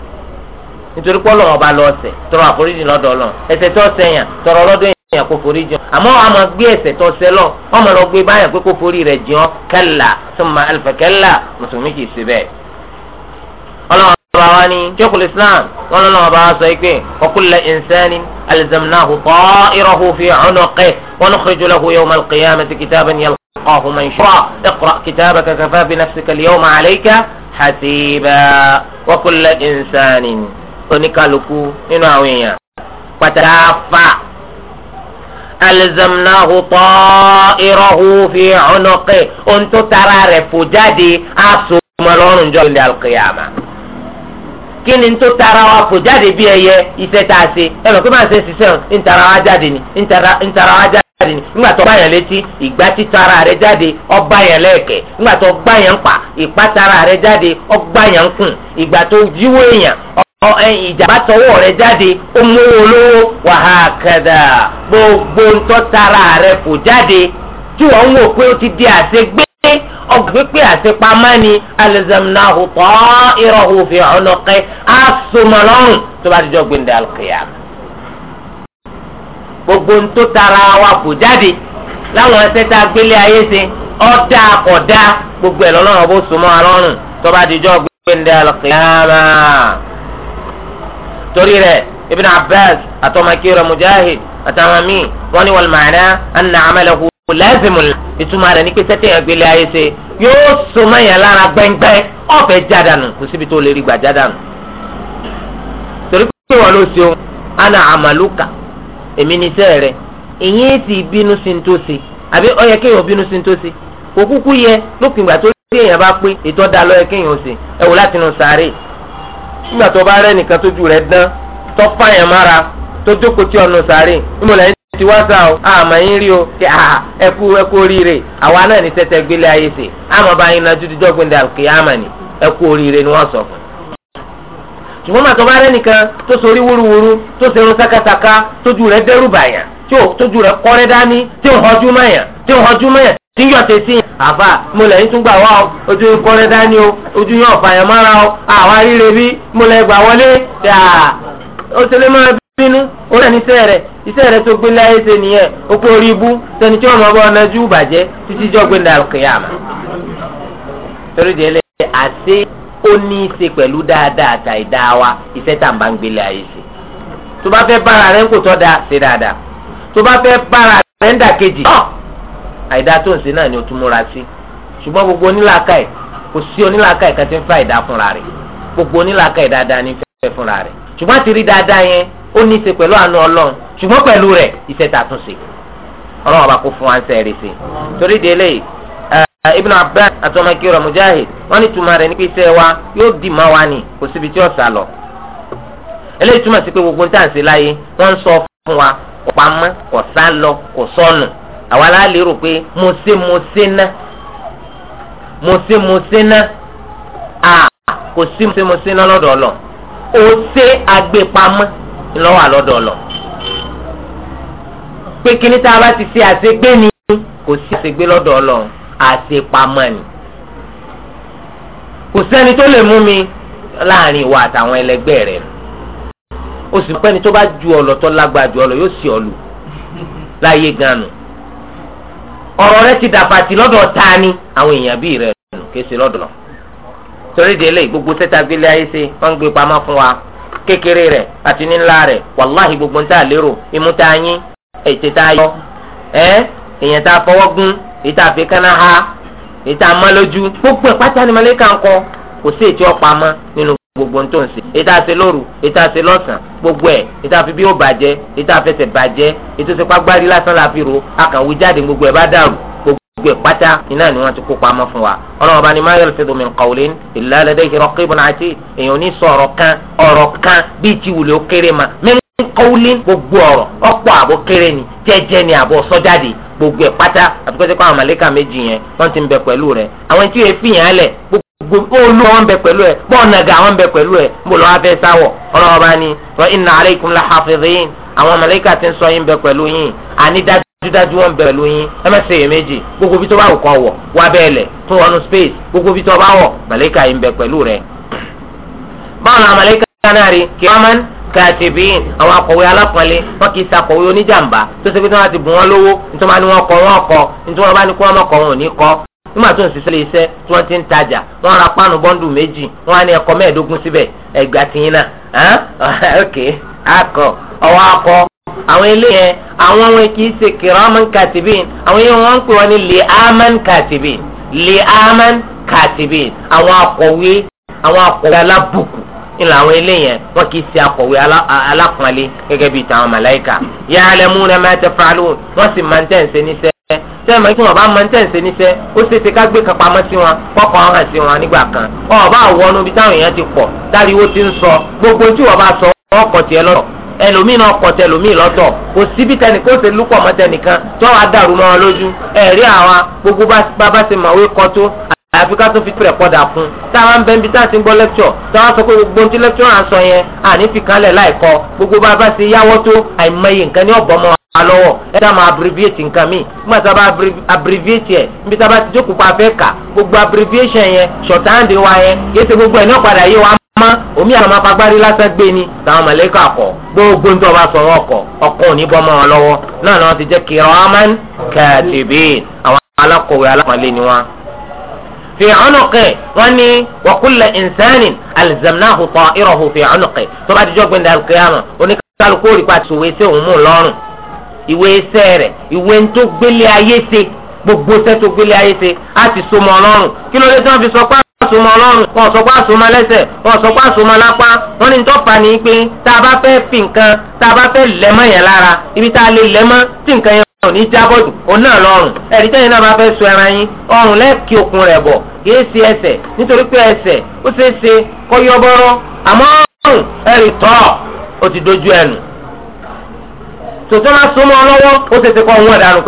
nítorí pọ́lọ́ ọba lọ́sẹ̀ tọrọ àforíjì lọ́dọ̀ ọlọ́run ẹsẹ̀ tọ́sẹ̀yìn tọrọ lọ́dọ̀ èèyàn kò forí jìn àmọ́ a máa gbé ẹ̀ṣẹ̀ tó ṣẹ̀ lọ ọmọ lọ gbé báyà pé kó forí rẹ̀ jìn kẹ́là tó máa alifẹ̀ kẹ́là mùsùlùmí kì í ṣe bẹ́ẹ̀. ọlọ́run ọba wa ni sheikul islam wọn lọ́nà ọba wa sọ pé ọkùnrin ìnsẹ́ni alizamnahu ta'irahu fi unuqihi wa nukhriju lahu yawma al-qiyamati kitaban yalqahu manshura iqra kitabaka kafa bi nafsika al-yawma alayka hasiba wa kullu insani oníkàlùkù nínú àwọn èèyàn pátáfà alzamnahu ta'irahu fi unuqi ohun tó tara rẹ̀ fò jáde á so mọ́ lọ́rùn jọ́ ilé alqiyama. kí ni tó tara wa kò jáde bí ẹyẹ iṣẹ́ tá a ṣe ẹ mọ̀ pé máa ṣe ṣiṣẹ́ o ń tara wa jáde ni ń tara wa jáde ni nígbà tara rẹ jáde ọ báyàn lẹ́ẹ̀kẹ́ nígbà tó pa ìpá tara rẹ jáde ọ gbáyàn kùn ìgbà tó gbogbo ń tara rẹ jáde tí wọ́n ń di àṣegbé ọ̀gbẹ́pẹ́ àtẹpamọ́ ni alẹ́zẹ̀mùnáhù tọ́ ìrọ̀hù fi ọ̀nàkẹ́ àsomọ́lọ́rùn tó bá dijọ́ gbẹ̀ndẹ̀ àlùkìyà. gbogbo ń tó tara wa kò jáde láwọn ẹsẹ̀ tá a gbélé ayé ṣe ọ̀dà ọ̀dà gbogbo ẹ̀ lọ́lọ́run bó somọ́ alọ́rùn tó bá dijọ́ gbẹ̀ndẹ̀ àlùkìyà torí rẹ̀ ibn abbas àtọmọkẹ́ rẹ̀ mujahid àtàwọn míì wọ́n ní wal ma'na anna amalahu kò lẹ́sìmù ìtumọ̀ rẹ̀ ní pé sẹ́tẹ̀ yẹn gbélé ayé ṣe yóò so mẹ́yìn lára gbẹ́ngbẹ́ ọ̀fẹ́ jádànù kò síbi tó lè rí gbà jádànù. torí pé wọ́n ló ṣe o ana àmàlùkà èmi ní sẹ́ẹ̀ rẹ̀ ìyẹn ti bínú sí ní tó àbí ó kéèyàn bínú sí ní tó kò kúkú yẹ lópin ìgbà tó rí èèyàn bá pé ètò ọ̀dà ló kéèyàn ṣe ẹ wò láti nù sáré nígbà tó bá rẹ́ nìkan tójú rẹ̀ dán tó fáyàn mára tó jókòó tí ọ̀nà sáré ńmọ̀lẹ́yìn ti wá sá o àmọ́ yín rí o a ẹkú ẹkú oríire àwa náà ní tẹ́tẹ́ gbélé ayé àmọ́ bá yín ni ẹkú oríire ni wọ́n sọ fún ṣùgbọ́n màtọ́ bá rẹ́nìkan tó wúruwúru tó sákàsákà tójú rẹ̀ dẹ́rù bàyàn tójú rẹ̀ kọ́rẹ́ dání tí mẹ́yàn tí mẹ́yàn tí tẹ̀sí mo lẹ́yìn tún gbà wá ojú kọ́rẹ́ dání o ojú o àwa sínú ó rẹ̀ níṣẹ́ rẹ̀ iṣẹ́ rẹ̀ tó gbé láyé ṣe nìyẹn ó pé orí ibú sẹni tí ọmọ ọba ọ̀nà jù bàjẹ́ títí jọ́ gbé ní alùkìyàmà. torí di ẹlẹ́yẹ àṣé ó ní í ṣe pẹ̀lú dáadáa àtà ìdá wa iṣẹ́ tá à ń bá ń gbé láyé ṣe. tó bá fẹ́ bára rẹ̀ ń kò tọ́ da ṣe dáadáa tó bá fẹ́ bára rẹ̀ ń dà kejì àìdá tó ń ṣe náà ni ó tún múra sí ṣùgbọ́n gbogbo onílàákàyè kò sí onílàákàyè kan fẹ́ fúnra rẹ̀ ṣùgbọ́n àti rí dáadáa yẹn ó ní í ṣe pẹ̀lú àánú ọlọ́run ṣùgbọ́n pẹ̀lú rẹ̀ iṣẹ́ tà tún ṣe ọlọ́run ọba kó fún wa ń sẹ́ rẹ̀ sí i torí di eléyìí eh, Ibn Abbas àtọmọkìrọ Mujahid wọn ní tuma rẹ̀ nípa iṣẹ́ wa yóò dì má wa ni kò síbi tí ó sá lọ eléyìí túmọ̀ sí pé gbogbo ní tàǹsí láyé wọ́n ń sọ fún wa pamọ́ kò sá lọ kò sọnù àwa la lérò pé mo ṣe mo ṣe ná mo ṣe mo ṣe ná à kò sí mo ṣe mo ṣe ná lọ́dọ̀ ọlọ́run ó ṣe agbépamọ́ lọ́wọ́ àlọ́dọ̀ lọ. pé kíní tá a bá ti ṣe àṣegbé ni kò sí àṣegbé lọ́dọ̀ ọlọ́run àṣepamọ́ ni. kò sẹ́ni tó lè mú mi láàrin ìwà àtàwọn ẹlẹgbẹ́ rẹ̀ o sì pẹ́ni tó bá ju ọ̀lọ̀ tó lágbàá ju ọ̀lọ̀ yóò sì ọ̀lù láyé ganu ọ̀rọ̀ rẹ ti dàbàtì lọ́dọ̀ ta ni àwọn èèyàn bíi rẹ̀ nù kése lọ́dọ̀ náà torí di eléyìí gbogbo sẹ́ta gbélé ayé ṣe wọ́n ń gbé pamọ́ fún wa kékeré rẹ̀ àti nílá rẹ̀ wàláhì gbogbo ń tà lérò imú tá a yín ètè tá a yọ ẹ́ èèyàn tá a fọwọ́ gún èyí tá a fi kánná ha èyí tá a mọ́ lójú gbogbo ẹ̀ pátá ni màlẹ́kà ń kọ kò sí ètí ọ̀pamọ́ nínú gbogbo tó ń ṣe ètò àṣẹ lóru ètò àṣẹ lọ́sàn gbogbo ẹ̀ ètò àfi bí ó bàjẹ́ ètò àfẹsẹ̀ bàjẹ́ ètò ìṣèpá gbárí lásán la fi rò akànwé jáde gbogbo ẹ̀ bá dàrú gbẹ pátá iná ni wọn ti kó pamọ́ fún wa ọlọ́run bá ní ma yalfidu min qawlin illa ladayhi raqibun atid èèyàn ní sọ ọ̀rọ̀ kan ọ̀rọ̀ kan bíi ti wùlé ó kéré ma min qawlin gbogbo ọ̀rọ̀ ọ̀pọ̀ àbọ̀ kéré ni jẹ́jẹ́ ni àbọ̀ sọ́jáde gbogbo ẹ̀ pátá àtúkọ́sẹ́ kó àwọn màlẹ́kà méjì yẹn wọ́n ti ń bẹ pẹ̀lú rẹ̀ àwọn tí yẹn fìyàn lẹ̀ gbogbo olú wọn bẹ pẹ̀lú ẹ̀ bọ́ọ̀nàgà wọn bẹ pẹ̀lú ẹ̀ mo lọ́wọ́ fẹ́ sáwọ̀ ọlọ́run bá ní wa inna dídájú wọn bẹ̀rẹ̀ lu yín ẹ má ṣe iyèméjì gbogbo bí tó bá wù kọ́ wọ̀ wá bẹ́ẹ̀ lẹ̀ tún wọnú space gbogbo bí tó bá wọ̀ màlẹ́kà yìí ń bẹ pẹ̀lú rẹ̀. báwo la màlẹ́kà náà rí kí wọ́n máa ń kàtìbíìn àwọn akọ̀wé alápọ̀nlé wọn kì í sakọ̀wé oníjàmbá tó ṣe pé tí wọ́n ti bù wọ́n lówó nítorí wọn ni wọ́n kọ wọ́n kọ nítorí wọn bá ní kó wọ́n mọ̀kọ́ wọn ò ní kọ́ nígbà tó ń ṣiṣẹ́ lé iṣẹ́ tí wọ́n ti ń tajà wọ́n ra páànù bọ́ńdù méjì wọ́n á ní ẹ̀kọ́ ok akọ ọwọ́ àwọn eléyẹn àwọn wọn kì í ṣe kiraman katibin àwọn yẹn wọn ń pè wọn ní lè aman katibin lè aman katibin àwọn akọ̀wé àwọn akọ̀wé alábùkù ìlà àwọn eléyẹn wọn kì í ṣe akọ̀wé alápọ̀nlé gẹ́gẹ́ bíi tàwọn màláìkà ya'lamuna ma taf'alun wọ́n sì máa ń tẹ̀ ń ṣe níṣẹ́ sẹ́yìn mọ̀ kí wọ́n bá máa ń tẹ̀ ń ṣe níṣẹ́ ó ṣe ṣe ká gbé kan pamọ́ sí wọn kọ́kọ́ hàn sí wọn nígbà kan wọn ò bá ibi táwọn èèyàn ti pọ̀ dáríwó ti ń sọ gbogbo tí wọ́n sọ ọkọ̀ tiẹ̀ lọ́dọ̀ ẹlòmíì náà kọ tẹlòmíì lọ́tọ̀ kò síbi tẹnì kó ṣe lúpọ̀ mọ́ tẹnìkan tó wàá dàrú mọ́ wọn lójú ẹ̀rí àwa gbogbo bàbá ṣe màwé kọ́ tó àyàfi ká tó fi pẹ̀rẹ̀ pọ̀dà fún un táwa ń bẹ níbi tá a ti ń gbọ́ lẹ́kṣọ̀ táwa sọ pé gbogbo ohun tí lẹ́kṣọ̀ à ń sọ yẹn àní fi kanlẹ̀ láìkọ gbogbo bàbá ṣe yáwọ́ tó àìmọye nǹkan ní ọ̀bọ̀n mọ́ alọ́wọ́ ẹ dá máa abbreviate nǹkan mi nígbà tá a bá abbreviate ẹ̀ níbi tá a bá ti jókòó pa afẹ́ kà gbogbo abbreviation yẹn shorthand wa yẹn yé ṣe gbogbo ẹ̀ ní ọ̀padà yé wa mọ́ omi àwọn apagbárí lásán gbé ni táwọn mọ̀lẹ́kà kọ̀ gbogbo nítorí ọba sọ wọn kọ̀ ọkọ̀ òní bọ́ mọ́ wọn lọ́wọ́ náà ni wọ́n ti jẹ́ kiraman katibin àwọn alákọ̀wé alákọ̀ọ́lé ni wọ́n. fi ọ̀nùkẹ́ wọ́n ní wa kulla insanin alzamnahu ta'irahu fi ọ̀nùkẹ́ tó bá dijọ́ gbẹ̀ndẹ̀ alukiyama oníkálukú òrìkọ́ asoma ọlọ́run wọn sọ pé asoma lẹ́sẹ̀ wọn sọ pé asoma lápá wọn ní ntọ́fà ní pé tá a bá fẹ́ fi nǹkan tá a bá fẹ́ lẹ́mọ́ yẹn lára ibi tá a lè lẹ́mọ́ tí nǹkan yẹn ò ní jábọ́ dùn òun náà lọ́rùn ẹ̀rí tẹ́yìn náà bá fẹ́ so ẹran yín ọrùn lẹ́ẹ̀kì okùn rẹ̀ bọ̀ kìí ṣe ẹsẹ̀ nítorí pé ẹsẹ̀ ó ṣeé ṣe kó yọ bọ́rọ́ àmọ́ ọrùn ẹ̀rí tọ́ ó ti dojú ẹnu tòtọ́ máa so mọ́ ọ lọ́wọ́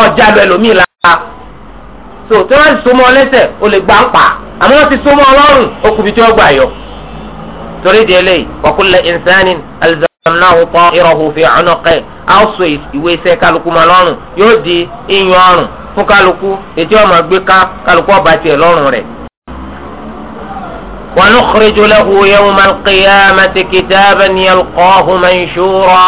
ó ṣeé so tí wọ́n ti so mọ́ ọ lẹ́sẹ̀ o lè gbà ń pa àmọ́ wọ́n ti so mọ́ ọ kùbi tí wọ́n gbà yọ. torí di eléyìí wa kulla insanin alzamnahu ta'irahu fi 'unuqihi àwòsàn ìwé iṣẹ́ kálukú mọ́ lọ́rùn yóò di iyùn ọrùn fún kálukú ètí ọmọ gbé ká kálukú ọba tiẹ̀ lọ́rùn rẹ̀. wa nukhriju lahu yawma al-qiyamati kitaban yalqahu manshura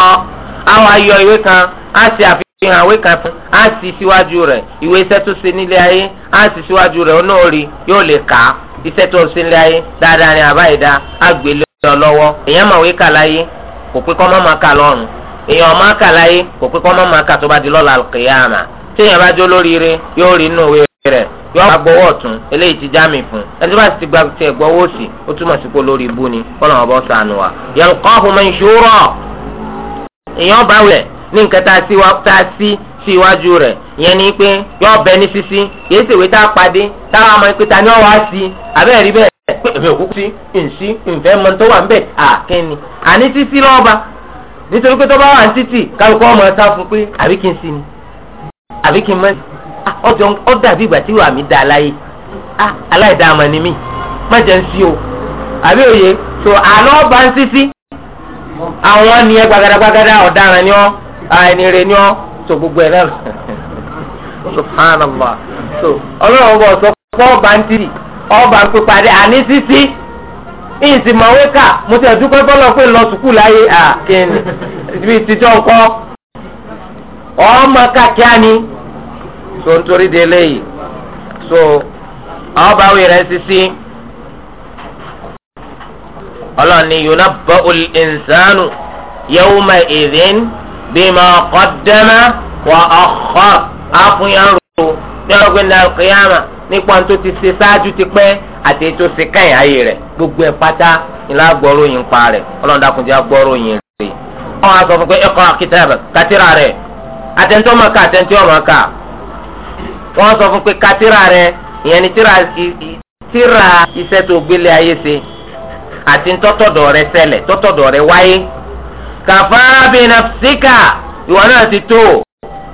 fi hàn àwé kan fún á sì síwájú rẹ̀ ìwé iṣẹ́ tó ṣe nílé ayé á sì síwájú rẹ̀ ó náà rí yóò lè kà á iṣẹ́ tó ṣe nílé ayé dáadáa ni àbá ìdá àgbélé ọ̀ lọ́wọ́ èèyàn mọ̀ wé kà láyé kò pé kọ́ ma máa kà lọ́rùn èèyàn máa kà láyé kò pé kọ́ kà tó bá di lọ́la kìyàmà tí èèyàn bá jó yóò rí inú òwe yóò gbọ́wọ́ ọ̀tún eléyìí ti já mi fún ẹni tó bá ti gba tiẹ̀ ni kọ́nà sànù wa yẹn kọ́ ọ̀hún ní nǹkan tá a sí síwájú rẹ̀ ìyẹn ni pé yọ bẹ ní sísí kìí ṣèwé tá a padé táwọn ọmọ ìpè ta ni ọwọ́ á sí abẹ́rẹ́ rí bẹ́ẹ̀ pé èmi ò kúkú sí ǹsí ǹfẹ́ mọ tó wà ń bẹ̀ àkínni àní sísí lọ́ọ̀ba nítorí pé tó bá wà ní títì kálukú ọmọ ẹ sá fún pé àbí kí n sí ni àbí kí n mọ ọjọ́ ọ dàbí ìgbà tí wà mí da aláyé aláìdáàmọ̀ ni mí má jẹ́ ń sí o àbí òye so àlọ́ ọba ń sísí àwọn ni ẹ gbàgàdàgbàgàdà ọ̀daràn ni wọ́n. àìní rẹ ni ọ tó gbogbo ẹ náà subhanallah so ọlọ́run bọ̀ sọ fún ọba ntiri ọba ń pípadé àní sísí ìsì mọ̀wé kà mo ti ẹ̀dúpẹ́ bọ́lọ̀ pé lọ sùkúù láyé à kíni ibi ìtijọ́ ńkọ́ ọmọ kàkíá ni so nítorí délé yìí so ọba wí rẹ sísí ni yóò náà bọ́ ìdín. bima qaddama wa akhkhar àfúnyàrò lọ́gbìn náà kìyàmà nípa tó ti ṣe ṣáájú ti pẹ́ àti tó ṣe kẹ́yìn ayé rẹ̀ gbogbo ẹ̀ pátá ńlá gbọ́ròyìn pa rẹ̀ ọlọ́run dàkúnjẹ́ gbọ́ròyìn rẹ̀ ọ̀hún aṣọ fún pé ẹ̀kọ́ àkìtàbà kàtírà rẹ̀ àtẹ̀ntọ́ máa ka àtẹ̀ntọ́ máa ka wọ́n sọ fún pé kàtírà rẹ̀ ìyẹn ni tíra iṣẹ́ tó gbélé ayé ṣe àti tọ́tọ̀dọ̀ rẹ̀ ṣẹlẹ̀ tọ́tọ̀dọ̀ rẹ̀ wáyé kàfàrà bíi nàfsíkà ìwà náà ti tó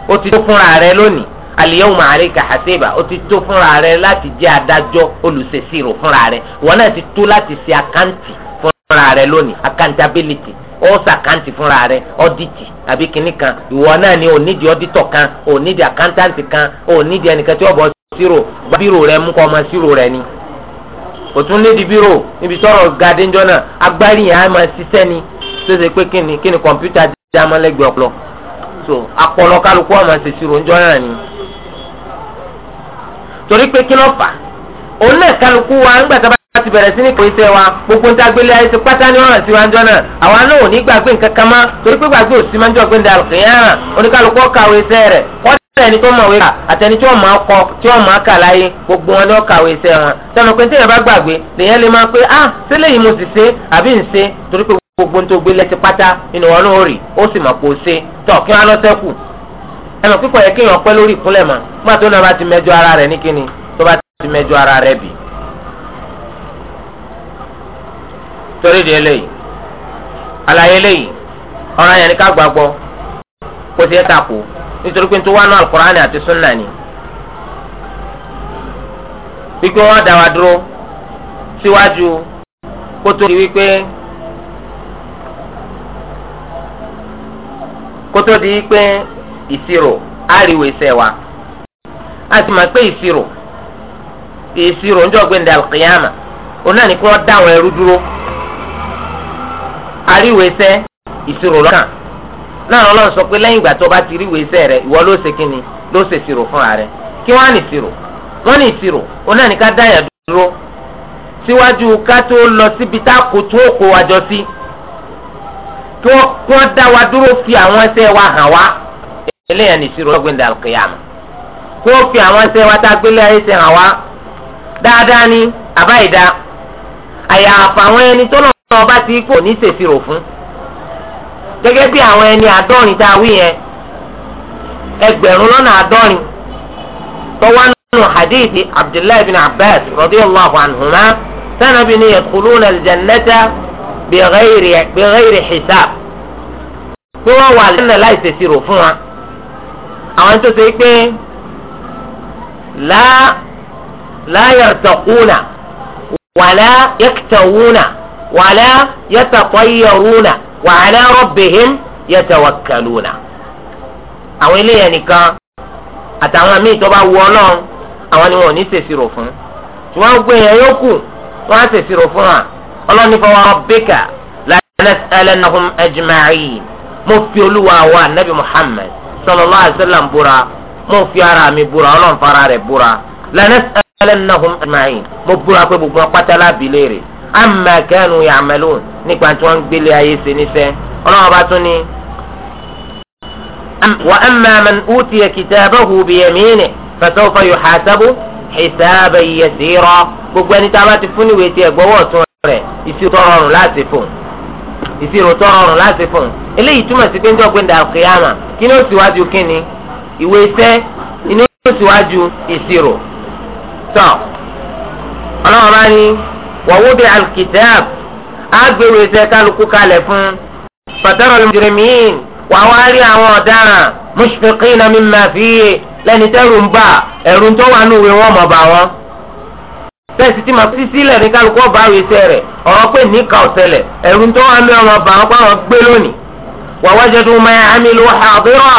o ti tó fúnra rẹ lónìí al-yawma alayka hasiba o ti tó fúnra rẹ láti jẹ́ adájọ́ olùṣèṣirò fúnra rẹ ìwà ti tó láti ṣe àkáǹtì fúnra rẹ lónìí accountability ó sàkáǹtì fúnra rẹ ọdítì àbí kìnnì kan ìwọ ni ò nídìí ọdítọ̀ kan ò nídìí àkántàǹtì kan ò nídìí ẹnìkan tí ó bọ̀ sírò gba bírò rẹ mú ni. kò tún nídìí bírò níbi tọrọ gadéjọ náà agbárí yẹn á máa ni tó ṣe pé kíni kíni kọ̀ǹpútà já mọ́ lẹ́gbẹ̀ẹ́ ọpọlọ so apọlọ kálukú ọmọ ṣèṣirò ń jọ́nà ni torí pé kí ló fà òun náà kálukú wa ńgbà tá a ti bẹ̀rẹ̀ sí ní kòrí sẹ́ wa gbogbo níta gbélé ayé ti pátá ní ọ̀ràn síwájú jọ́nà àwa náà ò ní gbàgbé nǹkan kan mọ́ torí pé gbàgbé òsì máa ń jọ gbé ní àlùkìyàrá oníkálukú ọ̀kàwé sẹ́ rẹ̀ kọ́ ẹni tó mọ̀wé kà àtẹni tí wọ́n máa kọ tí wọ́n máa kà láyé gbogbo wọn ni wọ́n kàwé iṣẹ́ wọn sọ̀rọ̀ pé tí èèyàn bá gbàgbé lèyàn lè máa pé ah sílẹ̀ yìí mo sì ṣe àbí ń ṣe torí pé gbogbo tó gbé lẹ́sẹ̀ pátá inú wọn náà rì ó sì mọ̀ kó ṣe tọ̀ kí wọ́n lọ sẹ́kù ẹnu kíkọ̀ yẹ kéèyàn pẹ́ lórí ìkúnlẹ̀ mọ́ nígbà tó náà bá ti mẹ́jọ ara rẹ̀ ní kíni tó bá ti mẹ́jọ ara rẹ̀ bì. torí di eléyìí àlàyé eléyìí ọ̀rọ̀ yẹn ni ká gbàgbọ́ kó tiẹ̀ tako nítorí pé tó wà náà alukur'ani àti sunna ni wípé wọ́n dá wa dúró síwájú kó tó di wípé. kótó di pé ìṣirò àríwò ise wa a ti ma pé isiro ìṣirò ń alqiyama òun ni kí wọ́n ẹrú dúró àríwò iṣẹ́ ìṣirò náà sọ pé lẹ́yìn ìgbà tó bá ti rẹ ìwọ ló ṣe kíni ló ṣe rẹ kí ní ní lọ síbi tá a kò tó kó Si kí wọ́n dá wa dúró fi àwọn wa hàn wá eléyàn ní ìṣirò ọgbìn dàlùkìyàmù fi àwọn wa tá a gbélé hawa hàn wá dáadáa ni àbá ìdá àyàfà àwọn ẹni tó lọ́nà ọba ti kò ní ṣèṣirò fún gẹ́gẹ́ bí àwọn ẹni àádọ́rin tá a wí yẹn hadithi abdullahi bin abbas radiyallahu ni bi ghairi bi ghairi hisab pé wọ́n wà lẹ́nà láì ṣèṣirò fún wa àwọn tó ṣe pé la la yartaquna wala yaktawuna wala yatatayyaruna wa ala rabbihim yatawakkaluna àwọn eléyàn nìkan àtàwọn míì tó bá wù Ọlọ́run àwọn ni wọn ò ní ṣèṣirò fún tí gbé yẹn yókù wọ́n á ṣèṣirò fún wa ọlọ́ni fọwọ́ rabbika la nas'alannahum ajma'in mo fi olúwa wa nabi muhammed sallallahu alaihi wasallam búra mo fi ara mi búra ọlọ́run fara rẹ̀ búra la nas'alannahum ajma'in mo búra pé gbogbo pátá lábì léèrè amma kanu ya'malun nígbà tí wọ́n ń gbélé ayé ṣe níṣẹ́ ọlọ́run bá tún ní. wa amma man utiya kitabahu biyaminihi fasawfa yuhasabu hisaban yasira gbogbo ẹni tá a bá ti fún ìwé tiẹ̀ gbọ́wọ́ ọ̀tún rẹ̀ ìṣirò tó rọrùn láti fò ìṣirò tó rọrùn láti fò eléyìí túmọ̀ sí pé ń jọ́gbé dàkíyàmà kí ni ó síwájú kí ni ìwé iṣẹ́ ni ó síwájú ìṣirò tọ́ ọlọ́run bá ní wọ́wọ́ bí alkitab agbèrò iṣẹ́ kálukú kalẹ̀ fún fatara al-mujrimin wà wá rí àwọn ọ̀daràn mushfiqina mimma fihi lẹ́ni tẹ́rù ń bà ẹ̀rù tó wà nù wí wọ́n mọ̀ bà wọ́n. tẹ́sí tí màá fi sílẹ̀ ní kálukú ọba àwọn iṣẹ́ rẹ̀ ọ̀rọ̀ pé níkà ọ̀sẹ̀lẹ̀ ẹ̀rù tó wà ní ọmọ ọba àwọn pàrọ̀ gbé lónìí. wa wajadu ha amilu hadira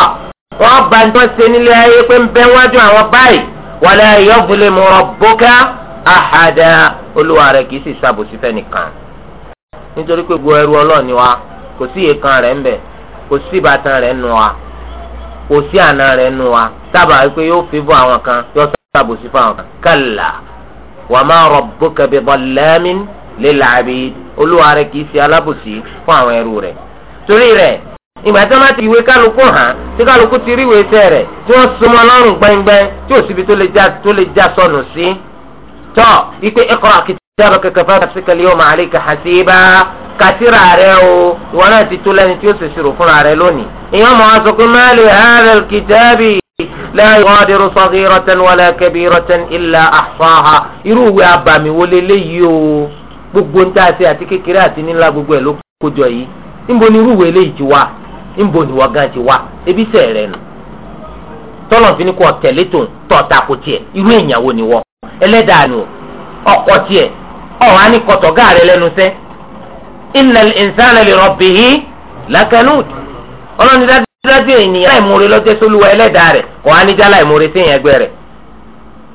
wọ́n bá ń tọ́ nílé ayé pé ń wájú àwọn báyìí olúwa kì í sì nítorí pé gbogbo ẹrú ọlọ́ọ̀ni wa kò sí ń kò sí ìbátan nù wa kò sí àna nù wa tábà wípé yóò fi àwọn kan yóò fún àwọn kan kálá wa ma rabbuka bi dhallamin lil abid olúwa rẹ kìí ṣe alábòsí fún àwọn ẹrú rẹ̀ torí rẹ̀ ìgbà tí wọ́n bá ti ìwé kálukú hàn tí kálukú ti rí ìwé iṣẹ́ rẹ̀ tí wọ́n súnmọ́ lọ́rùn gbẹngbẹn tí ò síbi tó lè já sọnù sí tọ́ ipe iqra kitabaka kafa nafsika al-yawma alayka hasiba kàtírà rẹ o ìwọ náà ti tó lẹ́ni tí ó ṣèṣirò fúnra rẹ̀ lónìí ìyọ́n mọ̀ wá sọ pé ma la yughadiru saghiratan wala kabiratan illa ahsaha irú ìwé abàmì o gbogbo ń tàṣe ati gbogbo ló yìí ni eléyìí ti wá ni ti wá ebi nù fi ni tó irú ni nù ọkọ sẹ́gbẹ́ ènìyàn láìmúre lọ́jọ́ sólúwa ẹlẹ́dàá rẹ̀ kò á ní já láìmúre sí ìyẹn ẹgbẹ́ rẹ̀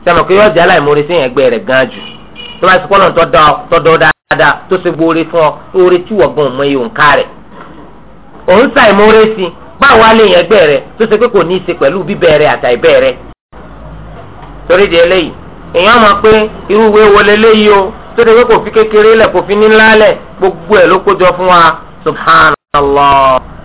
sẹ́mi pé yọ já láìmúre sí ìyẹn ẹgbẹ́ rẹ̀ gan jù tó bá ti kọ́ lọ́n tọ́dọ̀ dáadáa tó ṣe gbóore fún ọ oore tí wọ́n gan mọ ihò nǹka rẹ̀ òun ṣàìmúre sí báwo á lè yẹn ẹgbẹ́ rẹ̀ tó ṣe pé kò ní í ṣe pẹ̀lú bíbẹ̀rẹ̀ àtàìbẹ̀rẹ̀ torí di eléyìí èèyàn mọ̀ pé irú ìwé wọlé o tó ṣe pé kò fi kékeré lẹ̀ kò fi ní ńlá lẹ̀ gbogbo ẹ̀ ló kójọ fún wa subhanallah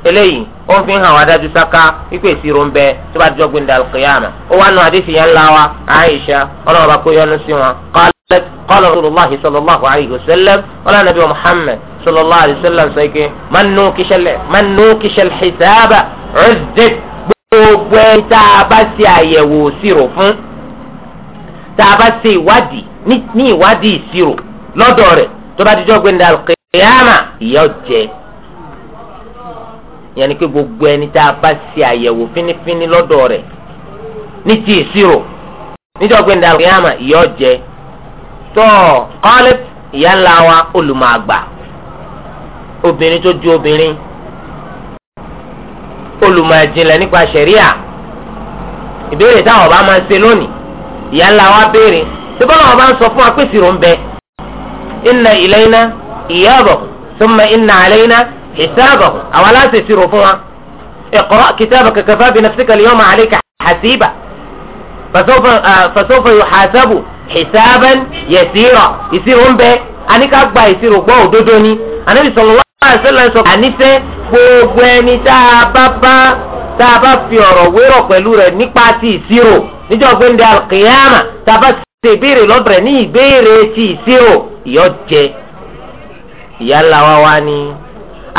eléyìí ó fi hàn wá dájú sáká wípé ìṣirò ń bẹ tó bá dijọ́ gbẹ̀ndà alqiyama ó wá nu àdéhìí yẹn ńlá wa Aisha ọlọ́wọ́ bá kó yọnu sí wọn qalat qala rasulullah sallallahu alayhi wa sallam ọlọ́wọ́ nabi muhammed sallallahu alayhi wa sallam sọ ike man nukisha al-hisaba uzdid gbogbo ẹni tá a bá ṣe àyẹ̀wò ìṣirò fún tá a bá ṣe ìwádìí ní ìwádìí ìṣirò lọ́dọ̀ rẹ̀ tó bá dijọ́ gbẹ̀ndà alqiyama ìyá ọ̀jẹ̀ yẹn ni pé gbogbo ẹni tá a bá ṣe àyẹ̀wò fínífíní lọ́dọ̀ rẹ̀ ní ti ìṣirò níjọ́ pé ndàlù kìyàmà ìyọ́ jẹ tó kọ́lẹ́ ìyá ńlá wa olùmọ̀àgbà obìnrin tó ju obìnrin olùmọ̀ẹ̀jìnlẹ̀ nípa ṣẹ̀ríà ìbéèrè táwọn ọba máa ń ṣe lónìí ìyá ńlá wa béèrè síbí ọlọ́wọ́ bá ń sọ fún wa pé ń bẹ inna ilayna iyabahum thumma inna alayna kìtàbàkù àwọn aláṣẹ ti rò fún wa iqra' kitabaka kafa bi nafsika al-yawma 'alayka hasiba fasawfa yuhasabu hisaban yasira ìṣirò ń bẹ aníkà gba ìṣirò gbọ́ òdodo ni anabi sallallahu alaihi wasallam sọ àníṣe gbogbo ẹni tá a bá bá tá a bá fi ọ̀rọ̀ wérò pẹ̀lú rẹ̀ nípa ti ìṣirò níjọ́ gbẹ̀ndẹ̀ alqiyama tá a bá ṣe ìbéèrè lọ́dọ̀ rẹ̀ ní ìbéèrè ti ìṣirò ìyọ́ jẹ ìyá ńlá wa wá ní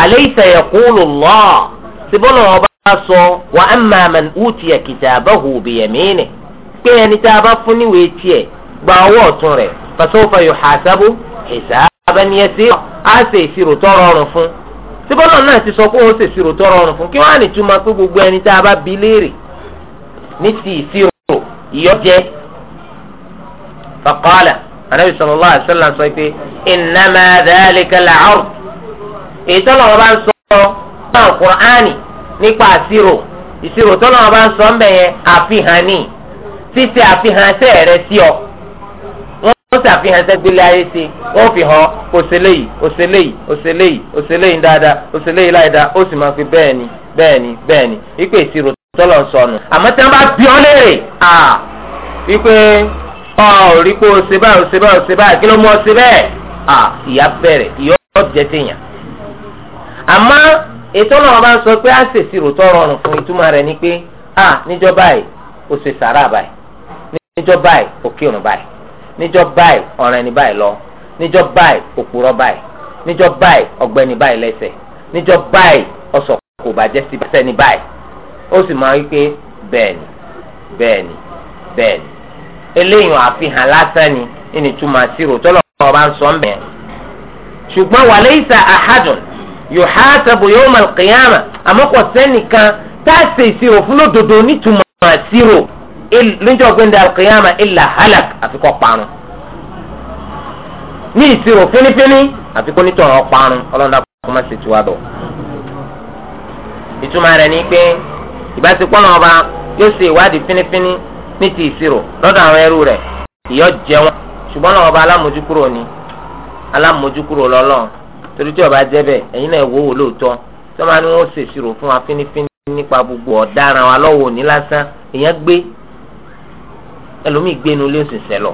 alaysa yaqulu Allah síbọ̀lọ̀ ọba sọ wa amma man utiya kitabahu biyamini pé ẹni tá a bá fún níwèé tiẹ̀ gba ọwọ́ ọ̀tún rẹ̀ fasawfa yuhasabu hisaban yasira á ṣe ìṣirò tó rọrùn fún síbọ̀lọ̀ náà ti sọ pé ó ṣe ìṣirò tó rọrùn fún kí wọ́n á nìtúmọ̀ pé gbogbo ẹni tá a bá bi léèrè ní ti ìṣirò ìyọ́jẹ́ faqala anabi sallallahu alaihi sọ pé innama dhalika al èyí tọ́lọ̀ wọn bá ń sọ ọ́ Kùránì nípa àṣírò ìṣirò tọ́lọ̀ wọn bá ń sọ ọ́ mbẹ̀ yẹn àfihàn ní títí àfihàn sẹ́ rẹ sí ọ wọ́n sì àfihàn sẹ́gbélé ayé sí wọ́n fi hàn òṣèlè yìí òṣèlè yìí òṣèlè yìí òṣèlè yìí dáadáa òṣèlè yìí láìdáa ó sì máa fi bẹ́ẹ̀ ni bẹ́ẹ̀ ni bẹ́ẹ̀ ni wípé ìṣirò tọ́lọ̀ ń sọnù àmọ́ tí wọ́n bá bí ọ léèrè à wípé ọ rí pé o ṣe báyìí o ṣe báyìí o ṣe báyìí kí ló mú ọ ṣe bẹ́ẹ̀ à ìyá bẹ̀rẹ̀ ìyá ọ̀ jẹ́ tèèyàn àmọ́ ètò ọlọ́run bá ń sọ pé àṣèṣì ròtọ́ rọrùn fún ìtumọ̀ rẹ̀ ni pé a níjọ́ báyìí ó sàrà báyìí níjọ́ báyìí ó báyìí níjọ́ báyìí ọ̀ràn ẹni báyìí lọ níjọ́ báyìí òpùrọ́ báyìí níjọ́ báyìí ọ̀gbẹ́ni báyìí lẹ́sẹ̀ níjọ́ báyìí ọ̀sọ̀ kò bàjẹ́ sí sẹ́ni báyìí ó sì máa wí pé bẹ́ẹ̀ni bẹ́ẹ̀ni bẹ́ẹ̀ni Eléyìn àfihàn lásán ni ìnìtumọ̀ àti ròtọ́lọ́ ọba ń sọ ń bẹ̀ẹ́ ṣùgbọ́n wàlẹ́ ìsà àhádùn yuhasabu yawmal qiyamah àmọ́ kò sẹ́nìkan tá a ṣe ìṣirò fún lódodo nítumọ̀ àṣírò lójọ́ gbẹ̀ndẹ̀ alqiyama illa halak àfikọ́ parun ní ìṣirò fínífíní àfikọ́ nítorí ọ̀ parun ọlọ́dà kò má ṣe tiwa dọ̀ ìtumọ̀ rẹ̀ ni pé ìbáṣepọ̀ náà ọba yóò ṣe ìwádìí fínífíní ní ti ìṣirò lọ́dọ̀ àwọn ẹrú rẹ̀ ìyọ́ jẹ ṣùgbọ́n náà ọba alámójúkúrò ni alámójúkúrò lọ́lọ́run torí tí ọba jẹ́ bẹ́ẹ̀ ẹ̀yin náà wò ó lóòótọ́ tí wọ́n máa ní wọ́n ṣèṣirò fún wa fínífíní nípa gbogbo ọ̀daràn wa lọ́wọ́ òní lásán èèyàn gbé ẹlòmíì gbé inú ilé òsìn sẹ́lọ̀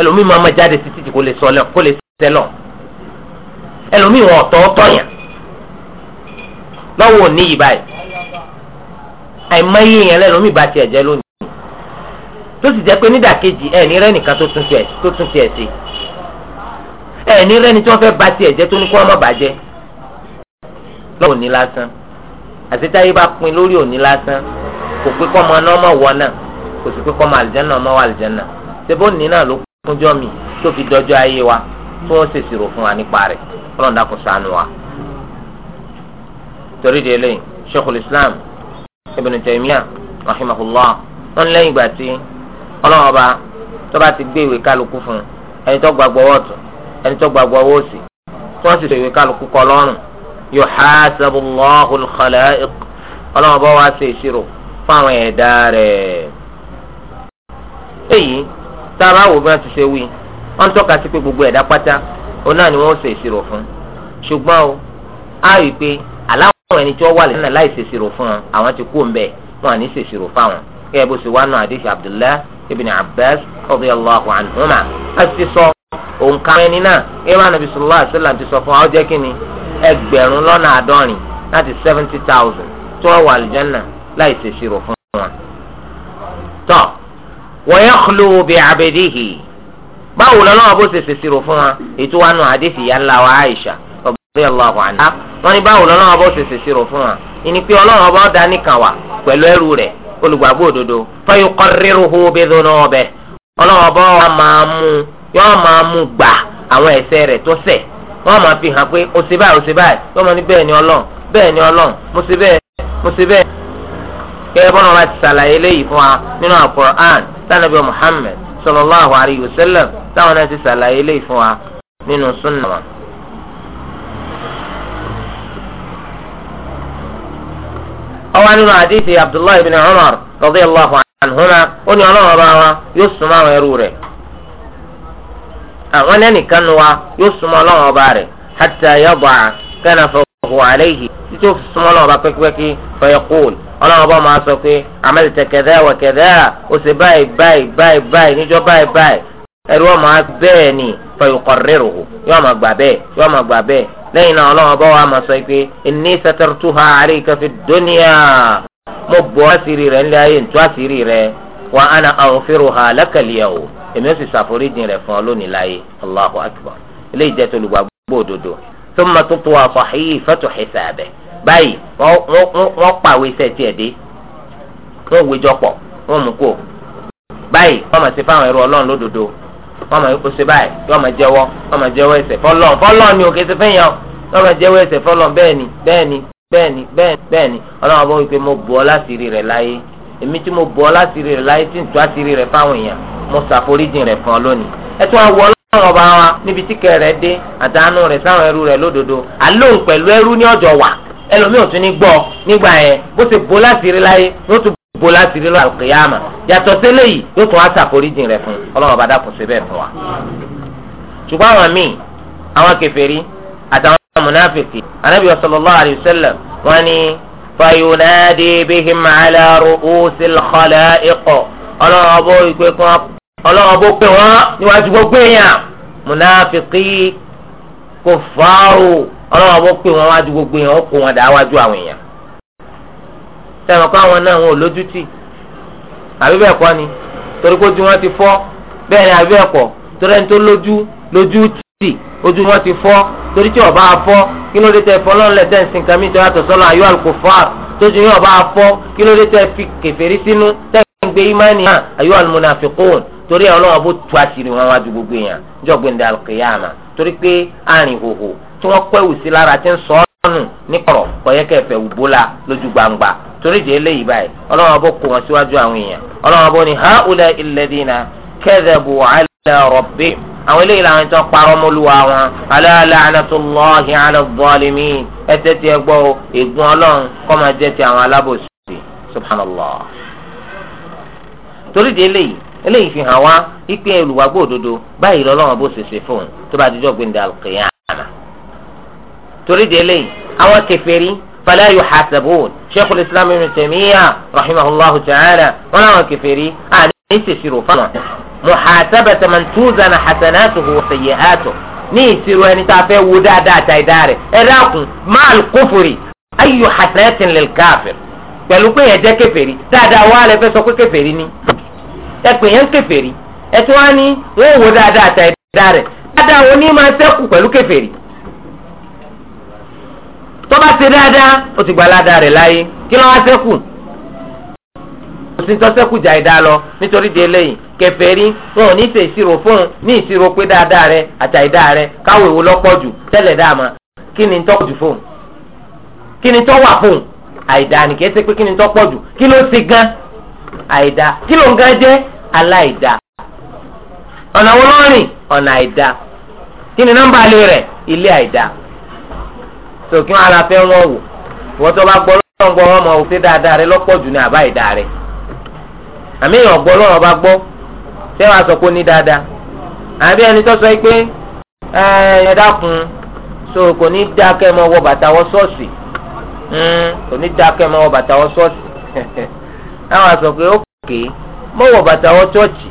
ẹlòmíì máa ma jáde títí tí kò lè sẹ́lọ̀ ẹlòmíì wọn ọ̀tọ̀ ọ̀tọ̀yàn lọ́wọ́ òní yìí báyìí àìmọye yẹn lẹ́lòmíì bá tiẹ̀ jẹ́ lónìí tó sì jẹ́ pé nídàkejì ẹ̀ ní rẹ́nìkan tó tún tiẹ̀ ẹ ní rẹ́ni tí wọ́n fẹ́ ba tiẹ̀ jẹ́ tó ní kó ọmọ bàjẹ́ lọ́wọ́ òní lásán àṣetáyé bá pin lórí òní lásán kò pé kọ́ ọmọ náà mọ̀ wọ́n náà kò sì pé kọ́ ọmọ àlìjẹ́nà ọmọ wà àlìjẹ́nà ṣebó ní náà ló kúnjọ́ mi tó fi dọ́jọ́ ayé wa tó wọ́n ṣèṣì rò fún wa nípa rẹ̀ ọlọ́run dákun ṣàánú wa. torí de eléyìí Islam Ibn Taymiyyah rahimahullah wọn lẹ́yìn ìgbà tí ọlọ́run ọba tó bá ti gbé ìwé kálukú fún ẹni tó gbàgbọ́ wọ́ọ̀tún ẹni tó gbàgbọ́ owó sí tí wọ́n sì ṣe ìwé kálukú kọ lọ́rùn yuhasabu Allahu al-khalaiq ọlọ́run bá wá ṣe ìṣirò fún àwọn ẹ̀dá rẹ̀. èyí tá a bá wò bí wọ́n ti ṣe wí wọ́n ń tọ́ka sí pé gbogbo ẹ̀dá pátá òun náà ni wọ́n ṣe ìṣirò fún ṣùgbọ́n o á rí i pé aláwọ̀ ẹni tí wọ́n wà lẹ́nà láì ṣe ìṣirò fún wọn àwọn ti kú mbẹ́ wọn à ní ṣe ìṣirò fáwọn kí ẹ bó ṣe wá náà àdéhùn Abdullah ibn Abbas radiyallahu anhuma òǹkà ẹni náà ẹ̀rọ anabi sallallahu ti sọ fún wa jẹ́ kí ẹgbẹ̀rún lọ́nà àádọ́rin láti seventy thousand tó wà àlùjánà láì ṣèṣirò fún wa. tọ́ wa yakhlu bi abdihi báwo lọ́nà wọn ṣe ṣèṣirò fún wa ètò wa nù yà Aisha radiyallahu wọ́n ní báwo lọ́nà wọn ṣe ṣèṣirò fún wa ìní pé ọlọ́run ọba ọ̀dà pẹ̀lú ẹrú rẹ̀ olùgbàgbọ́ òdodo ọlọ́run ọba yóò máa mú gbà àwọn ẹ̀ṣẹ̀ rẹ̀ tó ṣẹ̀ wọ́n máa fi hàn pé o ṣe báyìí o ṣe báyìí yóò máa ní bẹ́ẹ̀ ni Ọlọ́run bẹ́ẹ̀ ni Ọlọ́run mo ṣe bẹ́ẹ̀ mo ṣe bẹ́ẹ̀. kẹ́kẹ́ bọ́lá wa ti ṣàlàyé léyìí fún wa nínú Al-Qur'an tánàbí Muhammad sallallahu alayhi wa sallam táwọn náà ti ṣàlàyé léyìí fún wa nínú sunna wa. ọwọ́ nínú àdìsí Abdullahi ibn Umar radiyallahu anhuma ó ní Ọlọ́run ọba wa yóò sùn máa wọn ẹrú rẹ̀ àwọn ẹnìkan nu wa yóò súnmọ́ ọlọ́run ọba rẹ̀ hatta yaba kanafahu alayhi títí ó fi súnmọ́ ọlọ́run ọba pẹ́kípẹ́kí fa yaqul ọlọ́run ọba máa sọ pé amalta kadha wa kadha ó ṣe báyìí báyìí báyìí báyìí níjọ́ báyìí báyìí ẹ̀rú ọmọ bẹ́ẹ̀ ni fa yuqarriruhu yóò máa gbà bẹ́ẹ̀ yóò máa gbà bẹ́ẹ̀ lẹ́yìn náà ọlọ́run ọba wa máa sọ pé inni satartuha alayka fi dunya mo bọ́ èmi ó sì ṣàforíjìn rẹ̀ fún ọ lónìí láyé allahu akbar eléyìí jẹ́ tolùgbàgbọ́ òdodo thumma tutwa sahifatu hisabe báyìí wọ́n pàwé iṣẹ́ tiẹ̀ dé wọ́n wéjọ pọ̀ wọ́n mú kó báyìí wọ́n máa ṣe fáwọn ẹrú ọlọ́run lódodo wọ́n máa kó ṣe báyìí wọ́n máa jẹ́wọ́ wọ́n máa jẹ́wọ́ ẹ̀ṣẹ̀ fọlọ́n fọlọ́n ni òkè ṣe fẹ́ yàn wọ́n máa jẹ́wọ́ ẹ̀ṣẹ̀ fọlọ́n bẹ́ẹ̀ni bẹ́ẹ̀ni bẹ́ẹ̀ni wípé mo ọ láti rí láyé èmi tí mo bọ́ láti rí rẹ̀ láyé tí ń tú àṣírí rẹ̀ fáwọn èèyàn mo ṣàforíjìn rẹ̀ fún ọ lónìí. ẹ tún àwọ̀ ọlọ́run ọba wa níbi tí kẹrẹ̀ dé àtàánú rẹ̀ sáwọn ẹrú rẹ̀ lódodo àlóhùn pẹ̀lú ẹrú ní ọjọ́ wà ẹlòmíràn tún ní gbọ́ nígbà yẹn bó ti bọ́ láti rí láyé ló tún bọ́ láti rí lọ́wọ́ àlùkìyàmà yàtọ̀ sílẹ̀ yìí ló tún á ṣàforíjìn rẹ̀ fún ọlọ́run ọba dàkún síbẹ̀ fún wa. ṣùgbọ́n àwọn míì àwọn kèfèrí فينادي بهم على رؤوس الخلائق ọlọ́wọ́ bó pè wọ́n níwájú gbogbo èèyàn munafiki kufaru ọlọ́wọ́ bó pè wọ́n wájú gbogbo èèyàn ó kó wọn dá wájú àwọn èèyàn. sẹ́wọ̀n kọ́ àwọn náà wọn ò lójútì àbí bẹ́ẹ̀ kọ́ ni torí kó ju wọn ti fọ́ bẹ́ẹ̀ ni àbí bẹ́ẹ̀ kọ́ torí ẹni tó lójú lójú tì ojú wọn ti fọ́ torí tí ọba afọ́ kí ló dé tẹ fọ́ lọ́nlẹ̀ tẹ̀ ń sin kàmí tó yàtọ̀ sọ́nà ayọ́ al-kuffar tójú yín ọba afọ́ kí ló dé tẹ fi kèfèrí sínú tẹ̀ ń gbé imáni hàn ayọ́ al-munafiqun torí àwọn ọlọ́wọ́ bó tu àṣírí wọn wájú gbogbo èèyàn jọ̀gbìndà al-qiyama torí pé àrìn hòhò tí wọ́n pẹ́wù sí lára ti ń sọ nù ní kọ̀rọ̀ kọ̀yẹ́kẹ̀fẹ̀ wùbólà lójú gbangba torí jẹ́ eléyìí báyìí ọlọ́wọ́ àwọn eléyìí làwọn tó parọ́ mọ́lúwa wọn ala la'natullahi 'ala zalimin ẹsẹ̀ tiẹ̀ gbọ́ o ègún ọlọ́run kọ́ máa jẹ́ ti àwọn alábòsí subhanallah. torí de eléyìí eléyìí fi hàn wá ipe olùwàgbọ́ òdodo báyìí lọ́lọ́run bó ṣe ṣe fóun tó bá dijọ́ gbẹ̀ndẹ̀ al-qiyamah. torí de eléyìí àwọn kèfèrí فلا يحاسبون شيخ الإسلام ابن تيمية رحمه الله تعالى ولا كفري أعني تشيروا فما muhasabata man tuzana hasanatuhu wa sayyi'atuhu ní ìṣirò ẹni tá a fẹ́ wo dáadáa àtàìdá rẹ̀ ẹ dákun máàl kófòrì ayò hasanatin lil káfir pẹ̀lú pé yẹn jẹ́ kèfèrí dáadáa wà lẹ fẹ́ sọ pé kèfèrí ni ẹ pè yẹn kèfèrí ẹ tí wọ́n ní wọ́n wo dáadáa àtàìdá rẹ̀ dáadáa wọn ní máa ṣẹ́kù pẹ̀lú kèfèrí tó bá dáadáa ó ti gba ládàá rẹ̀ láyé kí ló wá ṣẹ́kù òsì tọ́sẹ́kù jà ìdá lọ nítorí di eléyìí kèfèrí wọn ò ní ṣe ìṣirò fún ní ìṣirò pé dáadáa rẹ àtàìdá rẹ káwọ èwo lọ́pọ̀ jù tẹ́lẹ̀ dáàmà kí ni tọ́ jù kí ni tọ́ wà fún àìdá ni kì ṣe pé kí ni tọ́ pọ̀ jù kí ló ṣe gan àìdá kí gan jẹ́ aláìdá ọ̀nà wo lọ́rìn ọ̀nà àìdá kí ni nọ́mbà ilé rẹ̀ ilé àìdá sòkí wọn ara fẹ́ wọn wò wọ́n tó bá gbọ́ àmì èèyàn gbọ́ lọ́rọ̀ bá gbọ́ ṣé wàá sọ pé ó ní dáadáa àbí ẹni tó sọ pé ẹ dákun so kò ní dá kẹ́ ẹ mọ wọ bàtà wọ ṣọ́ọ̀ṣì hmm, kò ní dá kẹ́ ẹ mọ wọ bàtà wọ ṣọ́ọ̀ṣì àwọn àṣọ pé ókè mọ wọ bàtà wọ ṣọ́ọ̀ṣì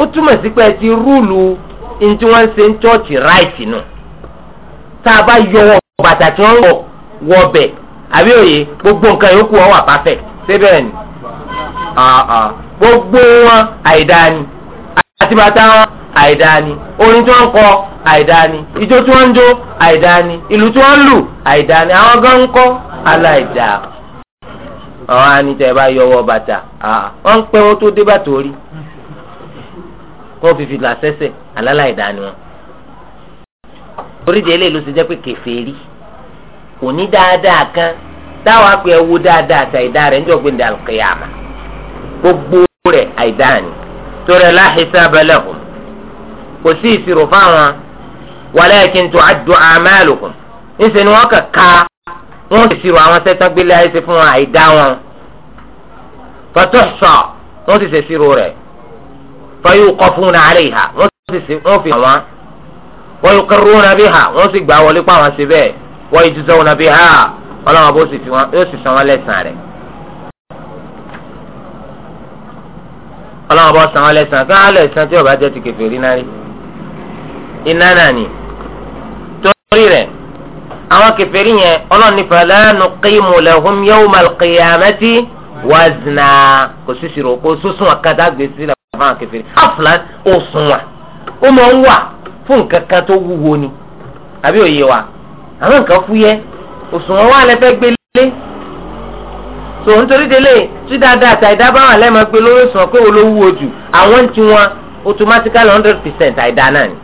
ó túmọ̀ sí pé ẹ ti rúùlù ní wọ́n ń ṣe ń ṣọ́ọ̀ṣì ráìtì nù tá a bá yọ wọ bàtà tí wọ́n wọ wọ bẹ̀ àbí òye gbogbo nǹkan yòókù wọn wà pàfẹ́ síbẹ̀ ni. Ah, ah. gbogbo wọn aịdani, ni àti wọn orin tí kọ àìdáa ọ ijó tí wọ́n ń jó àìdáa ìlú tí wọ́n lù àìdáa àwọn gan ń kọ́ aláìdáa àwọn anìtẹ̀ bá yọwọ́ bàtà ah, wọ́n ń pẹ́ wọ́n tó dé bàtà kó fífi là sẹ́sẹ̀ alálà wọn. oríṣi eléyìí ló ti pé kò gbogbo rẹ̀ àìdáàni torí la hisaba lahum kò sí ìṣirò fáwọn walakin tu'addu a'malukum níṣẹ́ ni wọ́n kà ká wọ́n ti ṣirò àwọn sẹ́tàn gbélé ayé ṣe fún wọn àìdá wọn fatuhsa wọ́n ti ṣe ṣirò rẹ̀ fayuqafuna 'alayha wọ́n ti ṣe wọ́n fi wọn wọ́n yuqirruna biha wọ́n sì gbà wọlé pa ṣe bẹ́ẹ̀ wọ́n yujzawna biha ọlọ́wọ́n bó sì fi wọn yóò sì san wọn lẹ́sàn-án rẹ̀. ọlọ́run bọ́ san ọlẹ́sàn kí wọ́n lọ ẹ̀sán tí ọba jẹ́ ti kèfèrí náà rí iná náà ni torí rẹ̀ àwọn kèfèrí yẹn ọlọ́run ní fala nuqimu lahum yawmal qiyamati wazna kò sísìrò kò sísun àkàdá gbèsè rẹ̀ fún àwọn kèfèrí afúlán ó sun wa ó mọ̀ ń wà fún nǹkan kan tó wúwo ni àbí òye wa àwọn nǹkan fúyẹ́ òsùn wà lẹ́fẹ́ gbélé so nítorí délé tí dáadáa àtàìdá bá wà lẹ́ẹ̀mọ́ pé lórí sàn pé olówó ojú àwọn ti wọn automatically hundred percent àìdá náà ni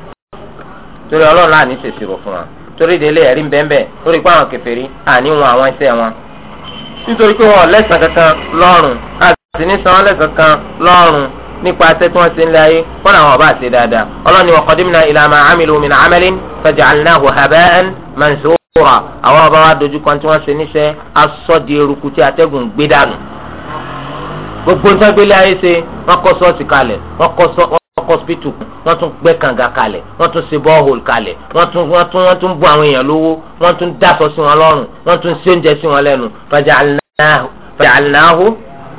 torí ọlọ́run láàánú ṣèṣirò fún wa torí délé ẹ̀rí bẹ́ẹ̀ lórí pé àwọn kèfèrí àní wọn àwọn iṣẹ́ wọn nítorí pé wọn ò lẹ́sàn kankan lọ́rùn àti ní san lẹ́sàn kan lọ́rùn nípa asẹ́ tí wọ́n ṣe ń lé ayé kọ́nà àwọn ọba àti dáadáa ọlọ́ni wa qadimna ila ma amilu min amalin faja'alnahu haba'an mansura àwọn ọba wa dojú kan tí wọ́n ṣe níṣẹ́ asọ́di eruku tí atẹ́gùn gbé dànù gbogbo nǹkan gbélé ayé ṣe wọ́n kọ́ sọ́ọ̀tì kalẹ̀ wọ́n kọ́ sọ́ọ̀ hospital wọ́n tún gbẹ́ kànga kalẹ̀ wọ́n tún ṣe borehole kalẹ̀ wọ́n tún wọ́n tún wọ́n tún bu àwọn èèyàn lówó wọ́n tún dáṣọ sí wọn lọ́rùn wọ́n tún ṣe oúnjẹ sí wọn lẹ́nu faja'alnahu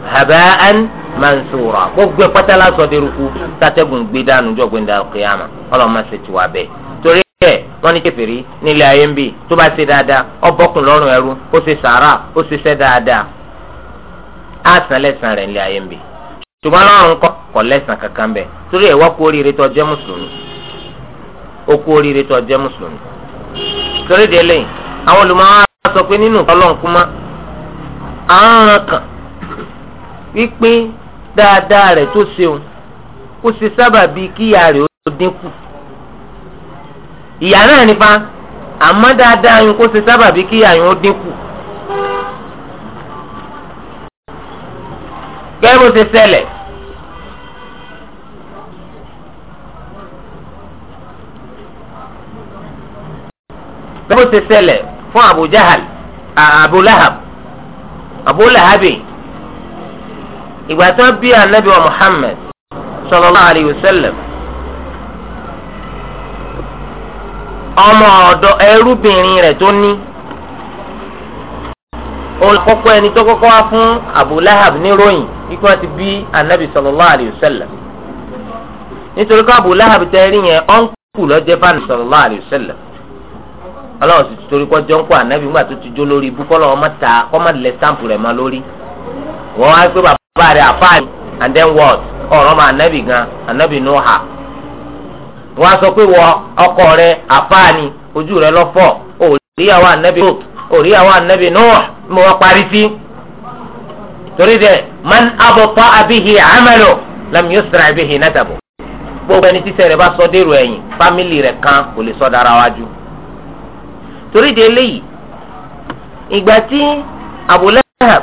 haba'an mansura gbogbo pátá lásọ de ruku tàtẹ́gùn gbé dànù jọ gbẹ̀ndà kìyàmà ọlọ́mọ sì ti wà bẹ́ẹ̀ torí ẹ̀ wọ́n ní kẹfìrí nílé ayé ń bì tó bá se dáadáa ọbọ̀kùn lọ́rùn ẹrú ó ṣe sàárà ó se ṣẹ́ dáadáa á san lẹ́sàn rẹ̀ nílé ayé ń bì ṣùgbọ́n lọ́rùn kọ́ kọ́ lẹ́sàn kankan bẹ̀ torí ẹ̀ wọ́n kú oríire tó jẹ́ mùsùlùmí ó kú oríire tó jẹ́ mùsùlùmí torí délé àwọn olùmọ̀ àwọn sọ pé nínú àwọn kan wípé dáadáa rẹ̀ tó ṣeun kó ṣe sábà bíi kíyà rẹ̀ ó dínkù ìyá náà nípa àmọ́ dáadáa yín kó ṣe sábà bíi kíyà yín ó dínkù. gẹ́gẹ́ bó ṣe ṣẹlẹ̀ gẹ́gẹ́ bó ṣe ṣẹlẹ̀ fún Abu Jahal Abu Lahab Abu Lahabi ìgbà tí wọ́n bí anabi wa Muhammad sallallahu alayhi wa sallam ọmọ ọ̀dọ̀ ẹrúbìnrin rẹ̀ tó ní olùkọ́kọ́ ẹni tó kọ́kọ́ wá fún Abu Lahab níròyìn ikú wọn ti bí anabi sallallahu alayhi wa sallam nítorí ká Abu Lahab tẹ́rí yẹn ọ̀nkù lọ́jẹ́ fún anabi sallallahu alayhi wa sallam ọlọ́run sì torí kọ́ jọ́ ń kó anabi ńgbà tó ti jó lórí ibú kọ́ lọ́wọ́ mọ́ta kọ́ mọ́ lẹ́ sáǹpù rẹ̀ mọ́ lórí wọ́n wá gbé bàbá. bàbá rẹ̀ and then what ọ̀rọ̀ oh, ma anabi gan anabi nuha wọ́n á sọ pé wọ ọkọ rẹ̀ ojú òríyàwó anabi òríyàwó anabi mo wá parí sí torí dẹ man abọ́tọ́ abihi amalo lam yusra abihi natabu gbogbo ẹni tíṣẹ́ rẹ̀ bá sọ fámìlì kan kò lè sọ dára wájú torí de eléyìí ìgbà tí Abu Lahab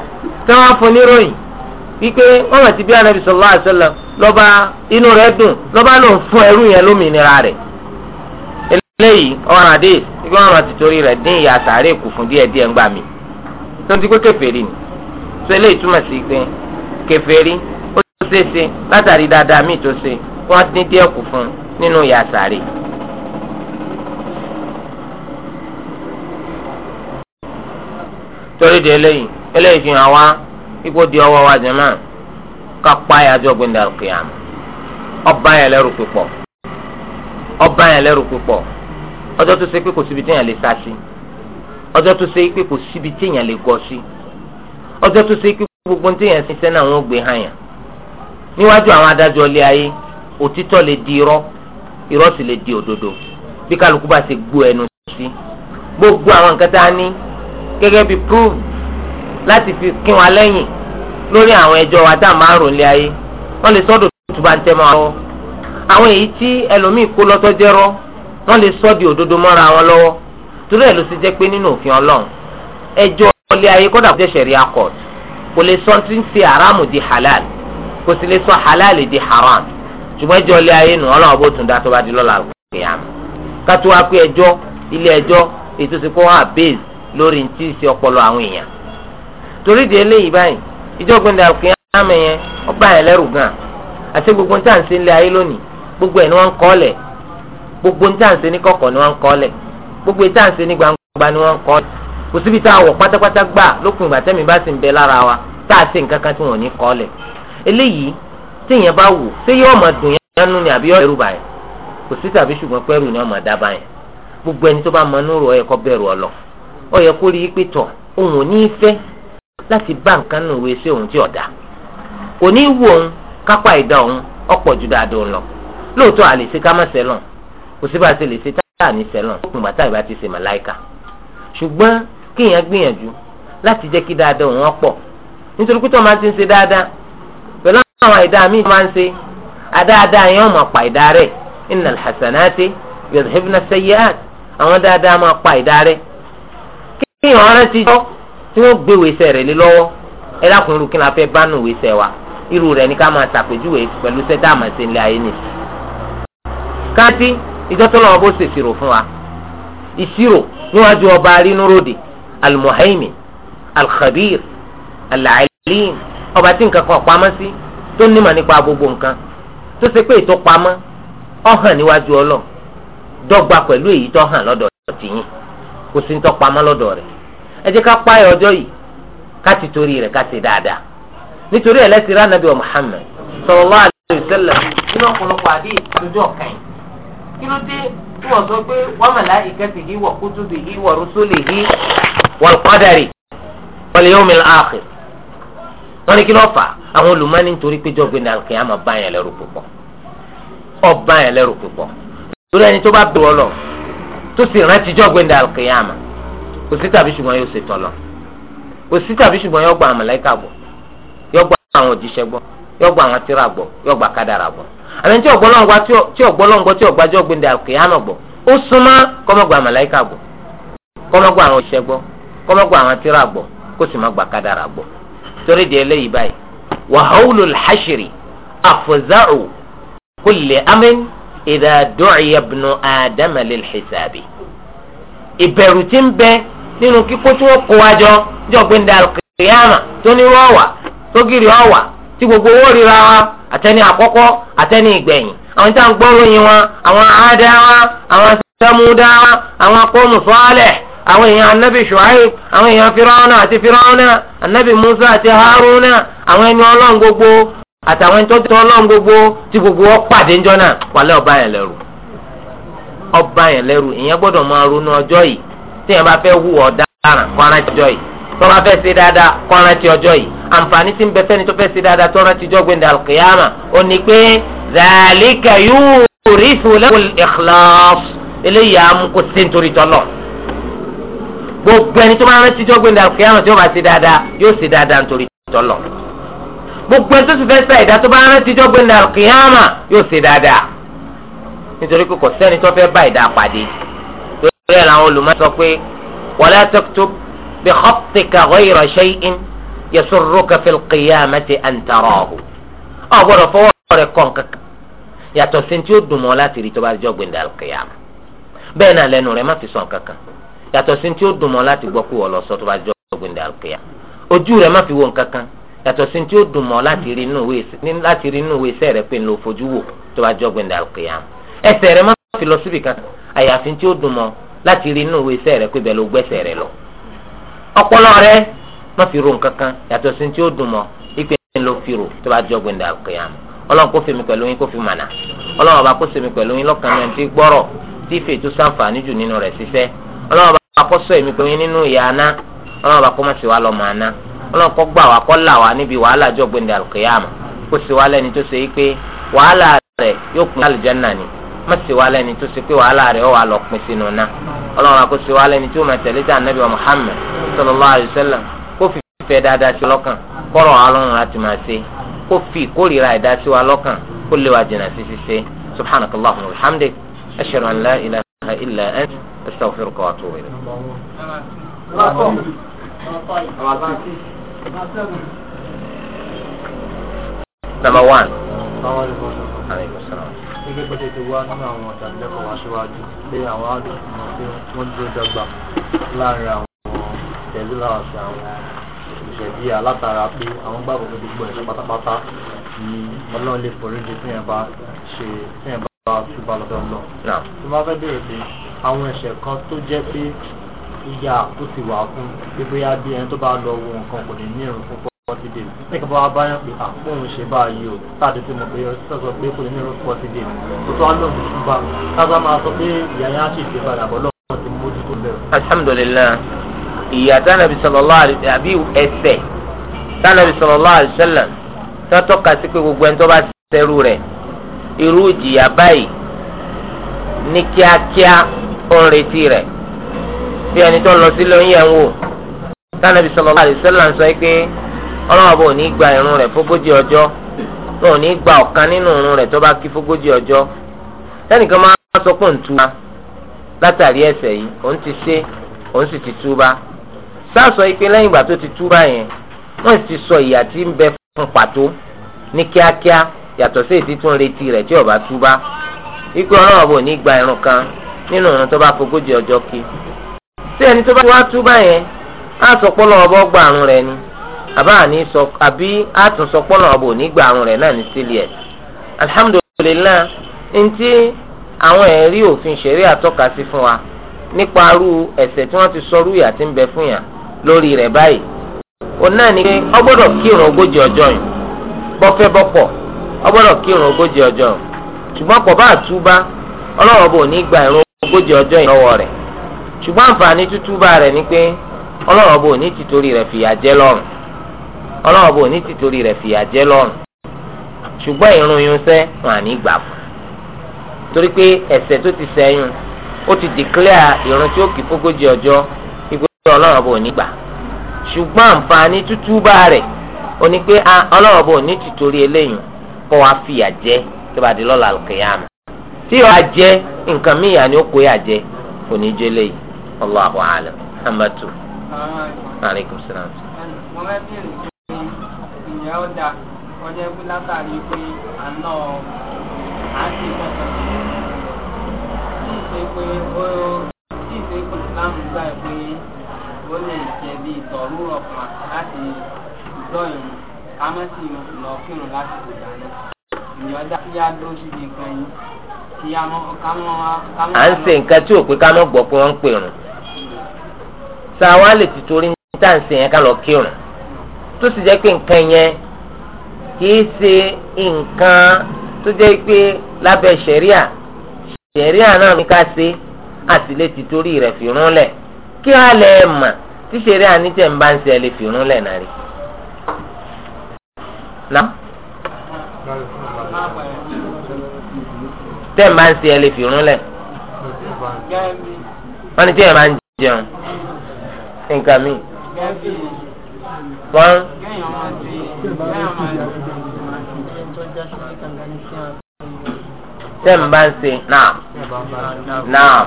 wípé wọ́n mọ̀ sí bí anabi sallallahu alaihi wasallam lọ́ba inú rẹ̀ dùn lọ́ba ló ń fún ẹrú yẹn lómìnira rẹ̀ eléyìí ọ̀ràn àdé wípé wọ́n mọ̀ sí torí rẹ̀ dín ìyà sàárè kù fún díẹ̀ díẹ̀ ńgbà mi tó ń ti pé kèfèrí ni tó eléyìí túmọ̀ sí pé kèfèrí ó ṣeé ṣe látàrí dáadáa míì tó ṣe wọ́n dín díẹ̀ kù fún nínú ìyà sàárè. torí de eléyìí eléyìí fi hàn wá ipò di ọwọ́ wa jẹ́ máa ká páyà jọ gbẹ̀ndà kìyàmù ọba yẹn lẹ́rù pípọ̀ ọba yẹn lẹ́rù pípọ̀ ọjọ́ tó ṣe pé kò síbi téèyàn lè sá sí ọjọ́ tó ṣe pé kò síbi téèyàn lè gọ sí ọjọ́ tó ṣe pé gbogbo téèyàn sì sẹ́nà wọn ò hàn yàn níwájú àwọn adájọ́ ilé ayé òtítọ́ lè di irọ́ irọ́ sì lè di òdodo bí kálukú bá ṣe gbó ẹnu sí gbogbo àwọn nǹkan tá a ní gẹ́gẹ́ bí prove láti fi kí wọn lẹ́yìn lórí àwọn ẹjọ́ wa dá márùn lé ayé wọ́n lè sọ́dọ̀ tó bá ń tẹ́ mọ́ àwọn àwọn èyí tí ẹlòmíì kó lọ́tọ́ jẹ́rọ́ wọ́n lè sọ́ di òdodo mọ́ra wọn lọ́wọ́ torí ẹ̀ ló ti jẹ́ pé nínú òfin ọlọ́run ẹjọ́ ilé ayé kọ́dà kó jẹ́ ṣẹ̀ríà court kò lè sọ tí ń ṣe haramu di halal kò sì lè sọ halal di haram ṣùgbọ́n ẹjọ́ ilé ayé nù ọlọ́run bó tún dá tó bá di lọ́la kìyàmù kátó wá pé ẹjọ́ ilé ẹjọ́ ètò ìsìnkú wọn àbẹ́ẹ̀z torí di eléyìí báyìí ìjọgbìn dà kí ámì yẹn ó bá yẹn lẹ́rù gan àti gbogbo ní tàǹsí ńlẹ̀ ayé lónìí gbogbo ẹ̀ ni wọ́n gbogbo ní tàǹsí ní ni wọ́n ń gbogbo ní tàǹsí ní gbangba ni wọ́n ń kò síbi tá a wọ̀ pátápátá gbà lókun ìgbà tẹ́mi bá sì ń bẹ lára wa tá a sì ń kankan tí wọ́n ní eléyìí tí bá sí gbogbo ẹni tó bá mọ núrò bẹ̀rù láti bá nǹkan nù wé sí òun tí ọ̀dà kò ní í wo òun kápá ìdá òun ọ̀pọ̀ ju dáadọ́ lọ lóòótọ́ àlè ṣe ká má sẹ́lọ̀n kò sí bá a ṣe lè ṣe táà ní sẹ́lọ̀n ó kùn bàtà ìbá ti ṣe màláìka ṣùgbọ́n kéèyàn gbìyànjú láti jẹ́ kí dáadọ́ òun ọ̀pọ̀ nítorí pé tó máa ti ń ṣe dáadáa pẹ̀lú àwọn àìdá míì máa ń ṣe àdáadáa yẹn ó máa pa ìdá rẹ̀ innal tí wọ́n gbé wèsẹ̀ rẹ̀ lé lọ́wọ́ ẹ dákun irú kí ni a fẹ́ bá nù wèsẹ̀ wa irú rẹ̀ ní ká máa ṣàpèjúwe pẹ̀lú sẹ́dá àmàṣe ńlẹ̀ ayé nì. káàtì ìjọ́tọ́ lọ́wọ́ bó ṣèṣirò fún wa ìṣirò níwájú ọba arínúròdì almuhaimin alkhabir alalim ọba tí nǹkan kan pamọ́ sí tó nímọ̀ nípa gbogbo nǹkan tó ṣe pé ètò pamọ́ ó níwájú ọlọ́ dọ́gba pẹ̀lú èyí tó hàn lọ́dọ̀ tìyìn kò sí ń tọ́ pamọ́ lọ́dọ̀ rẹ̀ ẹ jẹ́ ká páyà ọjọ́ yìí ká ti torí rẹ̀ ká ti dáadáa nítorí ẹlẹ́sìn rán nàbí wa Muhammad sallallahu alaihi wasallam nínú ọ̀pọ̀lọpọ̀ àdé ìtọ́jú ọ̀kan yìí kí ló dé tí wọ́n sọ pé wa malaikatihi wa kutubihi wa rusulihi wal qadari wal yawmil akhir wọ́n ní kí ló fà àwọn olùmọ́ni nítorí péjọ gbé ní alùkìyàmà bá yẹn lẹ́rù púpọ̀ ọba yẹn lẹ́rù púpọ̀ torí ẹni tó bá bẹ̀rù ọlọ tó sì rántí jọ gbé ní alùkìyàmà kò sí tàbí ṣùgbọ́n yóò ṣe tọ̀lọ̀ kò sí tàbí ṣùgbọ́n yóò gba àwọn màláíkà gbọ́ yóò gba àwọn òjíṣẹ́ gbọ́ yóò gba àwọn tírà gbọ́ yóò gba kádàrà gbọ́ àmì tí ọ̀gbọ́lọ́ngbọ́ tí ọ̀gbọ́lọ́ngbọ́ tí ọ̀gbájọ́ gbẹ̀ndẹ̀ àkèyàn gbọ́ ó súnmọ́ kọ́mọ́ ìbẹ̀rù ń bẹ nínú kíkó tí wọ́n kó wa jọ jọ pé ndé alùkìyàmà tó ní rọ́ọ̀wà ọ̀wà tí gbogbo owó rira wa àtẹni àkọ́kọ́ àtẹni ìgbẹ̀yìn àwọn tí a ń gbọ́ròyìn wọn àwọn àádáwa àwọn sẹ́múdáwa àwọn akóhùn sọ́ọ̀lẹ̀ àwọn èèyàn anabi shuaib àwọn èèyàn firawuna àti firawuna anabi musa àti haruna àwọn ẹni ọlọ́run gbogbo àtàwọn ẹni tó ọlọ́run gbogbo tí gbogbo wọn pàdé náà wàlẹ́ ọba yẹn lẹ́rù ọba yẹn lẹ́rù tí yẹn bá fẹ́ hùwà ọ̀daràn kó ara ti jọ yìí tó bá fẹ́ ṣe dáadáa kó ara ti ọjọ́ yìí àǹfààní tí ń bẹ fẹ́ni tó fẹ́ ṣe dáadáa tó ara ti jọ gbẹ̀ndẹ̀ alkiyama ó ní pé zàlíkà yóò rí ìfowópamọ́ ìkìlọ́f eléyìí àmú kò sí nítorí tọ́lọ̀ gbogbo ẹni tó máa rántí jọ gbẹ̀ndẹ̀ alkiyama tí ó bá ṣe dáadáa yóò ṣe dáadáa nítorí tọ́lọ̀ gbogbo ẹni tó sì fẹ́ ṣàìdá tó bá rántí jọ gbẹ̀ndẹ̀ alkiyama yóò ṣe dáadáa nítorí kò sẹ́ni tó fẹ́ bá ìdá pàdé bẹ́ẹ̀ làwọn olùmọ̀ sọ pé wala taktub bi khatika ghayra shay'in yasurruka fil qiyamati an tarahu ọ̀ gbọ́dọ̀ fọwọ́ rẹ̀ kàn kankan yàtọ̀ sí tí ó dùn mọ́ láti rí tó bá jọ gbẹ̀ndà al-qiyama bẹ́ẹ̀ náà lẹ́nu rẹ̀ má fi sọ kankan yàtọ̀ sí tí ó dùn mọ́ láti gbọ́ kú ọ lọ sọ tó jọ gbẹ̀ndà al ojú rẹ̀ má fi wo nkankan yàtọ̀ sí tí ó dùn mọ́ láti rí inú ìwé iṣẹ́ pé ń lo láti rí inú ìwé iṣẹ́ rẹ pé bẹ́ẹ̀ ló gbẹ́sẹ̀ rẹ lọ. ọpọlọ rẹ má fi ro nǹkan kan yàtọ̀ sí tí ó dùn mọ́ ipe ń lo fi ro tó bá jọ gbẹ̀ndà kìyàm ọlọ́run kó fèmí pẹ̀lú yín kó fi mànà ọlọ́run ọba kó fèmí pẹ̀lú yín lọ́kàn náà ti gbọ́rọ̀ tí ìfẹ́ tó sàǹfààní jù nínú rẹ̀ ṣiṣẹ́ ọlọ́run ọba kó sọ èmi pẹ̀lú yín nínú ìyà aná ọlọ́run ọba kó má sì wá lọ́mọ aná ọlọ́run kó gbà wá kó là wá níbi wàhálà jọ gbẹ̀ndà kìyàm kó sì wá lẹ́ni tó ṣe yí pé wàhálà rẹ̀ yóò pín àlùjánnà ni má ṣe wá lẹ́ni tó ṣe pé wàhálà rẹ̀ ọ̀ wà lọ pin sínú náà ọlọ́run àkó ṣe wá lẹ́ni tó máa tẹ̀lé tàn nàbí Muhammad sallallahu alayhi wa sallam kó fi fẹ́ dáadáa sí lọ́kàn kọ́rọ̀ alọ́run láti máa ṣe kó fi ìkórìíra ẹ̀dá sí wa lọ́kàn kó lè wà jìnnà sí ṣiṣẹ́ subhanakallahumma wa bihamdik ashhadu an la ilaha illa ant astaghfiruka wa atubu Number one gẹ́gẹ́ bó ṣe ti wá nínú àwọn ìdánilẹ́kọ̀ọ́ wa síwájú pé àwọn àdùnkùn náà pé wọ́n dúró dọ́gba láàrin àwọn ìtẹ̀lélà àti àwọn ìṣẹ̀bí alátara pé àwọn gbàgbọ́ pé gbogbo ẹ̀ṣẹ̀ pátápátá ni ọlọ́run lè forí di tí yẹn bá ṣe tí yẹn bá túbọ̀ lọ́dọ̀ lọ. tí wọ́n fẹ́ bèrè pé àwọn ẹ̀ṣẹ̀ kan tó jẹ́ pé ìyà ó ti wà fún pé bóyá bí ẹni tó bá lọ wo nǹkan kò ní ní ìrun púpọ̀ forty days nígbà bá báyọ̀ pé àpòun ah, ṣe báyìí o táàdé tí mo pè é sọ̀rọ̀ pé kò ní ní forty days tó tó á lò ní ṣùgbà tábà máa sọ pé ìyá yẹn á sì ṣe padà bọ́ lọ́wọ́ ti mójú tó bẹ̀rẹ̀. alhamdulilayi ìyá tánàbí sallallahu àbí ẹsẹ̀ tánàbí sallallahu alaihi wasallam tọ́tọ́ ka sí pé gbogbo ẹni tó bá sẹ́rù rẹ̀ irú ìjìyà báyìí ní kíákíá ó ń retí rẹ̀ bí ẹni tó lọ sílé oúnjẹ ń wò tánàbí sallallahu alaihi wasallam sọ pé ọlọ́run ọba ò ní gba irun rẹ̀ fógójì ọjọ́ náà ní ọ̀kan nínú irun rẹ̀ tó bá kí fógójì ọjọ́ sẹ́nìkan máa sọ pé ń látàrí yìí òun ti ṣe òun sì ti túba sáàsọ ipe lẹ́yìn ìgbà tó yẹn wọ́n sì sọ ìyà tí ń bẹ fún pàtó ní kíákíá yàtọ̀ sí èsì tó ń retí rẹ̀ tí túba ikú irun kan nínú irun tó bá fógójì ọjọ́ kí tí ẹni tó bá yẹn á sọ pé ni abaani àní sọ àbí àtúnsọpọ́nà ọ̀bọ̀ nígbà àrùn rẹ̀ náà ní sílẹ̀ alhamdulillah ntí àwọn ẹ̀rí òfin ṣẹ̀rí àtọ́ka sí fún wa nípa arú ẹ̀ṣẹ̀ tí wọ́n ti sọrú ìyà tí ń bẹ fún yàn lórí rẹ̀ báyìí òun náà ni pé ọ gbọ́dọ̀ kírun ogójì ọjọ́ yìí bọ́fẹ́ bọ́pọ̀ ọ gbọ́dọ̀ kírun ogójì ọjọ́ yìí ṣùgbọ́n kò bá àtúbá ọlọ́run bò ní gba ìrun ogójì ọjọ́ yìí lọ́wọ́ rẹ̀ ṣùgbọ́n àǹfààní tútúbà rẹ̀ ni pé ọlọ́run bò ní tìtorí rẹ̀ fìyà jẹ́ lọ́rùn ọlọ́wọ́ bò ní tìtorí rẹ̀ fìyà jẹ lọ́rùn ṣùgbọ́n ìrun yun sẹ́ wọn à ní gbà fún torí pé ẹ̀ṣẹ̀ tó ti sẹ́yìn ó ti dìklẹ́à ìrun tí ó kì fógójì ọjọ́ ìgbésẹ̀ ọlọ́wọ́ bò ní gbà ṣùgbọ́n àǹfààní tútúbà rẹ̀ ó ní pé ah, ọlọ́wọ́ bò ní tìtorí eléyìí kọ́ wa fìyà jẹ tó bá di lọ́la kìyàmù tí yóò àjẹ nǹkan míyà ni ó kó yà jẹ kò ní jẹ léyìí Allahu a'lam. Amatu. Alaikum salaam. ènìyàn ó dà kọjá látàrí pé àná à ń ṣe kẹsàn-án pé ó tí ìṣe pé Islam gbà pé ó lè jẹ bí ìtọ̀rú ọ̀pọ̀ láti ìjọ ìrùn kámọ́ lọ kírun láti kò dáná ènìyàn dá kíyá dúró síbi nǹkan yìí à ń nǹkan tí ò pé ká pé ń pè rùn lè ti torí yẹn ká lọ kírun. tó sì jẹ́ pé nǹkan yẹn kìí ṣe nǹkan tó jẹ́ pé lábẹ́ ṣẹ̀ríà ṣẹ̀ríà náà ní ká ṣe àti lè ti torí rẹ̀ fi rúnlẹ̀ kí á lẹ̀ mà tí ṣẹ̀ríà ní tẹ̀ ń bá ń ṣe lè fi rúnlẹ̀ náà rí. tẹ́ ẹ̀ máa ń ṣe lè fi rúnlẹ̀ wọ́n ní tí ẹ̀ máa ń jẹun nǹkan míì wọn. tẹ́ ń bá ń ṣe náà náà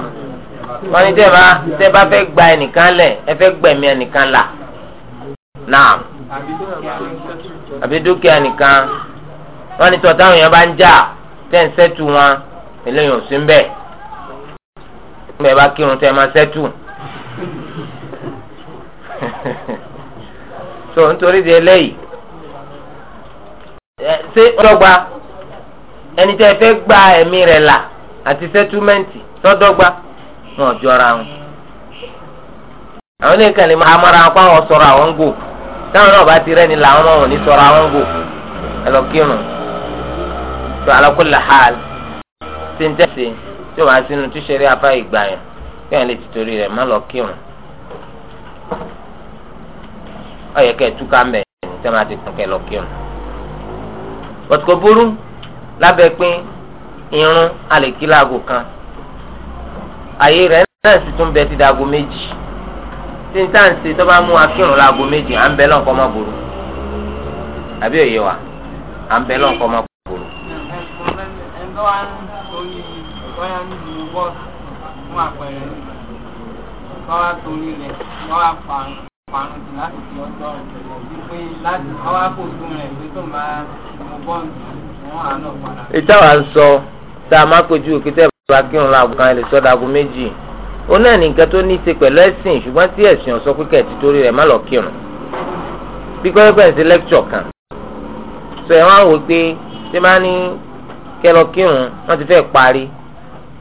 wọ́n ní tẹ́ bá tẹ́ bá fẹ́ gba ẹnìkan lẹ̀ ẹ fẹ́ gbẹ̀mí ẹnìkan là náà àbí dúkìá nìkan wọ́n ní tọ́ táwọn èèyàn bá ń jà tẹ́ ń sẹ́tù wọn eléyìí ò sí ń bẹ̀ ń bẹ̀ bá kírun tẹ́ máa sẹ́tù. so nítorí di eléyìí ṣé ọdọgba ẹni tẹ́ gba ẹ̀mí rẹ̀ la àti sẹtúmẹǹtì sọdọgba wọn jọra wọn àwọn oníkan lè mara wọn kó àwọn ń gò táwọn náà bá ti làwọn àwọn ń gò ẹ tó alákòlè ń tí o máa sínú tíṣẹ̀rí afá ìgbà yẹn ọyẹ kẹ túká mbẹ tẹ máa ti tún kẹ lọ kí ọ. bọ̀tùkọ̀ burú lábẹ́ pé irun alèkí láago kan àyè rẹ̀ náà sì tún bẹ ti dàgò méjì tí n tá à ń ṣe tó bá mú akírun láago méjì à ń bẹ lọ́nkọ́ má burú àbí òye wa à ń bẹ lọ́nkọ́ má burú. Wọ́n á torí rẹ̀, wọ́n á pa àrùn parun láti fi ọjọ́ wípé láti káwá kò tún rẹ̀ pé tó máa mú bọ́ǹdù wọn àánú padà. ìtawà ń sọ tá a máa kojú òkété ìbára kí òun làwọn kan lè sọdọ aago méjì ó náà ní nǹkan tó ní í ṣe pẹ̀lú ẹ̀sìn ṣùgbọ́n tí ẹ̀sìn ọ̀sọ́ pípẹ́ ti torí rẹ̀ má lọ kírun bí pẹ́ẹ́pẹ́ ń lẹ́kṣọ̀ kan sọ ẹ̀ wá wò pé ṣé máa ní kẹ́ lọ kírun wọ́n ti fẹ́ parí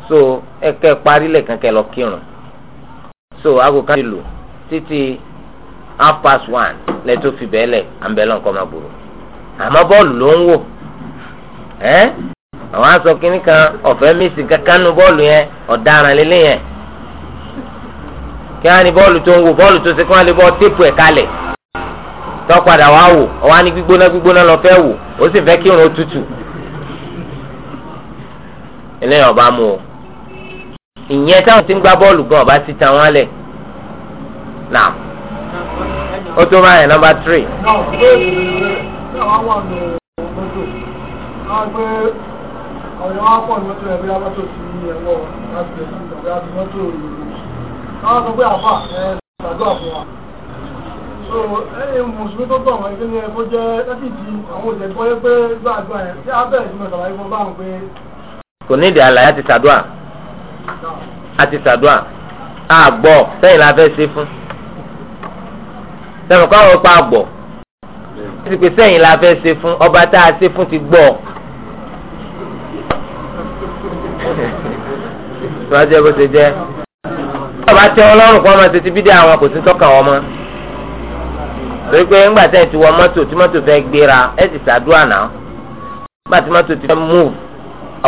so ẹ kẹ́ parí lẹ́ẹ̀kan kẹ́ lọ kírun so aago kan ti lù títí half past one lẹ́tọ́ fi bẹ́ẹ̀ lẹ̀ àǹbẹ̀lọ̀ nǹkan ma bọọlụ àmọ́ bọ́ọ̀lù ló ń wò ẹ́ àwọn aṣọ kínní kan ọ̀fẹ́ mísì kankan nu bọ́ọ̀lù yẹn ọ̀daràn lélẹ̀ kí wọ́n á tó ń wò bọ́ọ̀lù tó ṣe kí o ìyẹn táwọn ti ń ọba ti wọn ó tún ráyè nọ́mbà tírì. ọ̀yọ́ wá pọ̀ ní mọ́tò ẹ̀bí amọ́tò sí ẹ̀wọ̀ láti ẹ̀sìn tàbí àti mọ́tò ìlú. àwọn sọ pé àfà ẹ̀ ṣàdúrà fún wa. so ẹ̀yin mùsùlùmí tó tọ̀ wọ́n ìpínlẹ̀ kó jẹ́ ẹ́bí ti àwọn òjẹ̀ gbọ́ pé gbàgbọ́ ẹ̀ tí a bẹ̀rẹ̀ sí mọ̀ sàlàyé fún báwọn pé. kò ní ìdí àlàyé àti ṣàdúrà àti ṣàdúrà àgbọ̀ sẹ́yìn la fẹ́ ṣe fún sẹ́nu kọ́ àwọn pa àgbọ̀ ti pè sẹ́yìn la fẹ́ ṣe fún ọba tá a ṣe fún ti gbọ́ tọ́jú ẹ bó ṣe jẹ́ ọba tẹ ọlọ́run kọ́ ọmọ ṣe ti bídẹ́ àwọn kò sí tọ́ka wọn mọ́ torí pé ńgbà tẹ́ ẹ ti wọ mọ́tò tí mọ́tò fẹ́ gbéra ẹ ti ṣàdúrà náà ńgbà tí mọ́tò ti fẹ́ move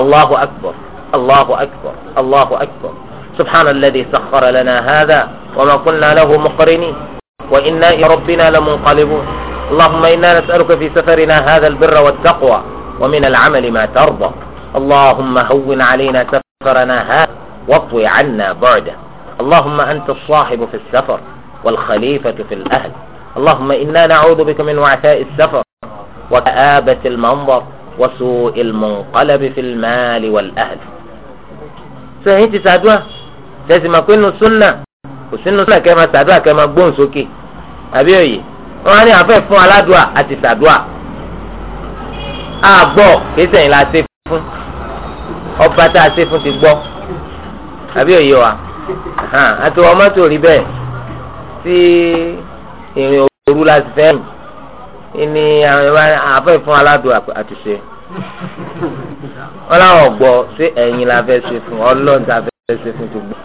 Allahu akbar Allahu akbar Allahu akbar subhanalladhi sakhkhara lana hadha wa ma kunna lahu muqrinin. وإنا إلى ربنا لمنقلبون اللهم إنا نسألك في سفرنا هذا البر والتقوى ومن العمل ما ترضى اللهم هون علينا سفرنا هذا واطوي عنا بعده اللهم أنت الصاحب في السفر والخليفة في الأهل اللهم إنا نعوذ بك من وعثاء السفر وكآبة المنظر وسوء المنقلب في المال والأهل سهيتي سعدوها لازم أكون سنة وسنة سنة كما سعدوها كما súnà سكي àbí òye wọn á ní àfẹ́ fún aládùá àti sàdùá àgbọ̀ kìí sẹ́yìn la ṣe fún ọba tá a ṣe fún ti gbọ́ àbí òye wa àti wọn mọ́tò rí bẹ́ẹ̀ tí ìrìn òru la fẹ́ ní àfẹ́ fún aládùá àti ṣe wọn làwọn gbọ́ ṣé ẹ̀yin la fẹ́ ṣe fún ọlọ́run tá a fẹ́ ṣe fún ti gbọ́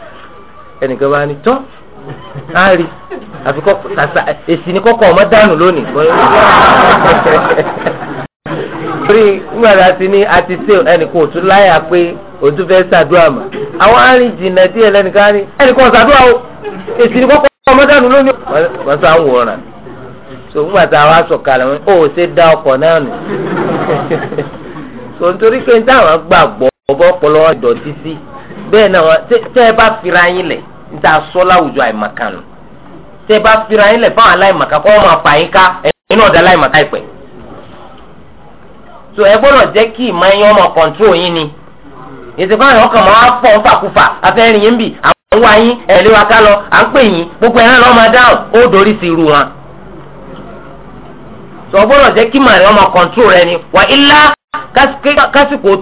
ẹnìkan bá ní tọ́. á rí àfi kọ́ sàṣà èsì ni kọ́kọ́ ọmọ dànù lónìí. torí nígbà tá a ti ní a ti ṣe ẹnì kan láyà pé òtún fẹ́ ṣàdúrà mọ́ àwọn arìn jìnnà díẹ̀ lẹ́nìkan ṣàdúrà o èsì ni ọmọ dànù lónìí. wọ́n so nígbà tá a wá wọn ò ṣe dá ọkọ̀ náà so nítorí pé táwọn gbàgbọ́ ọ̀bọ̀ ọpọlọ títí bẹ́ẹ̀ náà tẹ́ ẹ bá fira yín níta sọ láwùjọ àìmọ̀kan nù tẹ bá fira yín lẹ̀ fáwọn aláìmọ̀kan kọ́ ma fà yín ká ẹ̀yin náà maka aláìmọ̀kan ìpẹ́ so ẹ gbọ́dọ̀ jẹ́ kí ìmọ̀ yín ọmọ kọ̀ǹtró yín ni ètò kan àwọn kan fọ̀ fọ nfàkúfà afẹ́rin yín bì àwọn wá yín ẹ̀rí wa ká lọ à ń pè yín gbogbo ẹ̀rọ lọ́ọ́ máa dáhùn ó dorí sí irú wọn. gbọ́dọ̀ jẹ́ kí ọmọ kọ̀ǹtró rẹ ni wà ilá kásìkò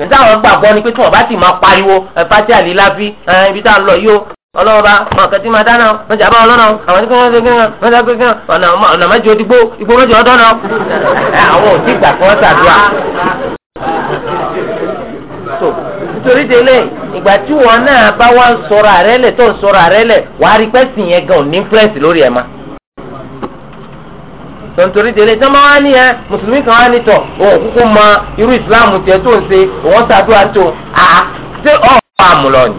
níta àwọn gbàgbọ́ ni pé tí wọ́n bá sì máa pariwo fati alilafi ibi tá a lọ yìí o ọlọ́ọ̀ba àwọn kẹtí máa dáná wọn jà bá wọn lọ́nà àwọn tí wọ́n ṣe kí wọ́n ṣe kí wọ́n ọ̀nà mẹ́jọ dìgbò ìgbò mẹ́jọ ọ̀dọ́ náà. àwọn ò tí gbà kí wọ́n ṣàdúrà. nítorí délé ìgbà tí wọn náà bá wá ń sọ̀rọ̀ àrẹ́lẹ̀ tó ń sọ̀rọ̀ àrẹ́lẹ̀ wàá rí pẹ́sì yẹn gan ò ní tontori tẹ́lẹ̀ sọmọ wa ni ẹ mùsùlùmí kan wa ni tọ òun kúkú mọ irú islam tiẹ̀ tó ń ṣe òun ṣàdúrà a ṣé ọ àmúlọ ni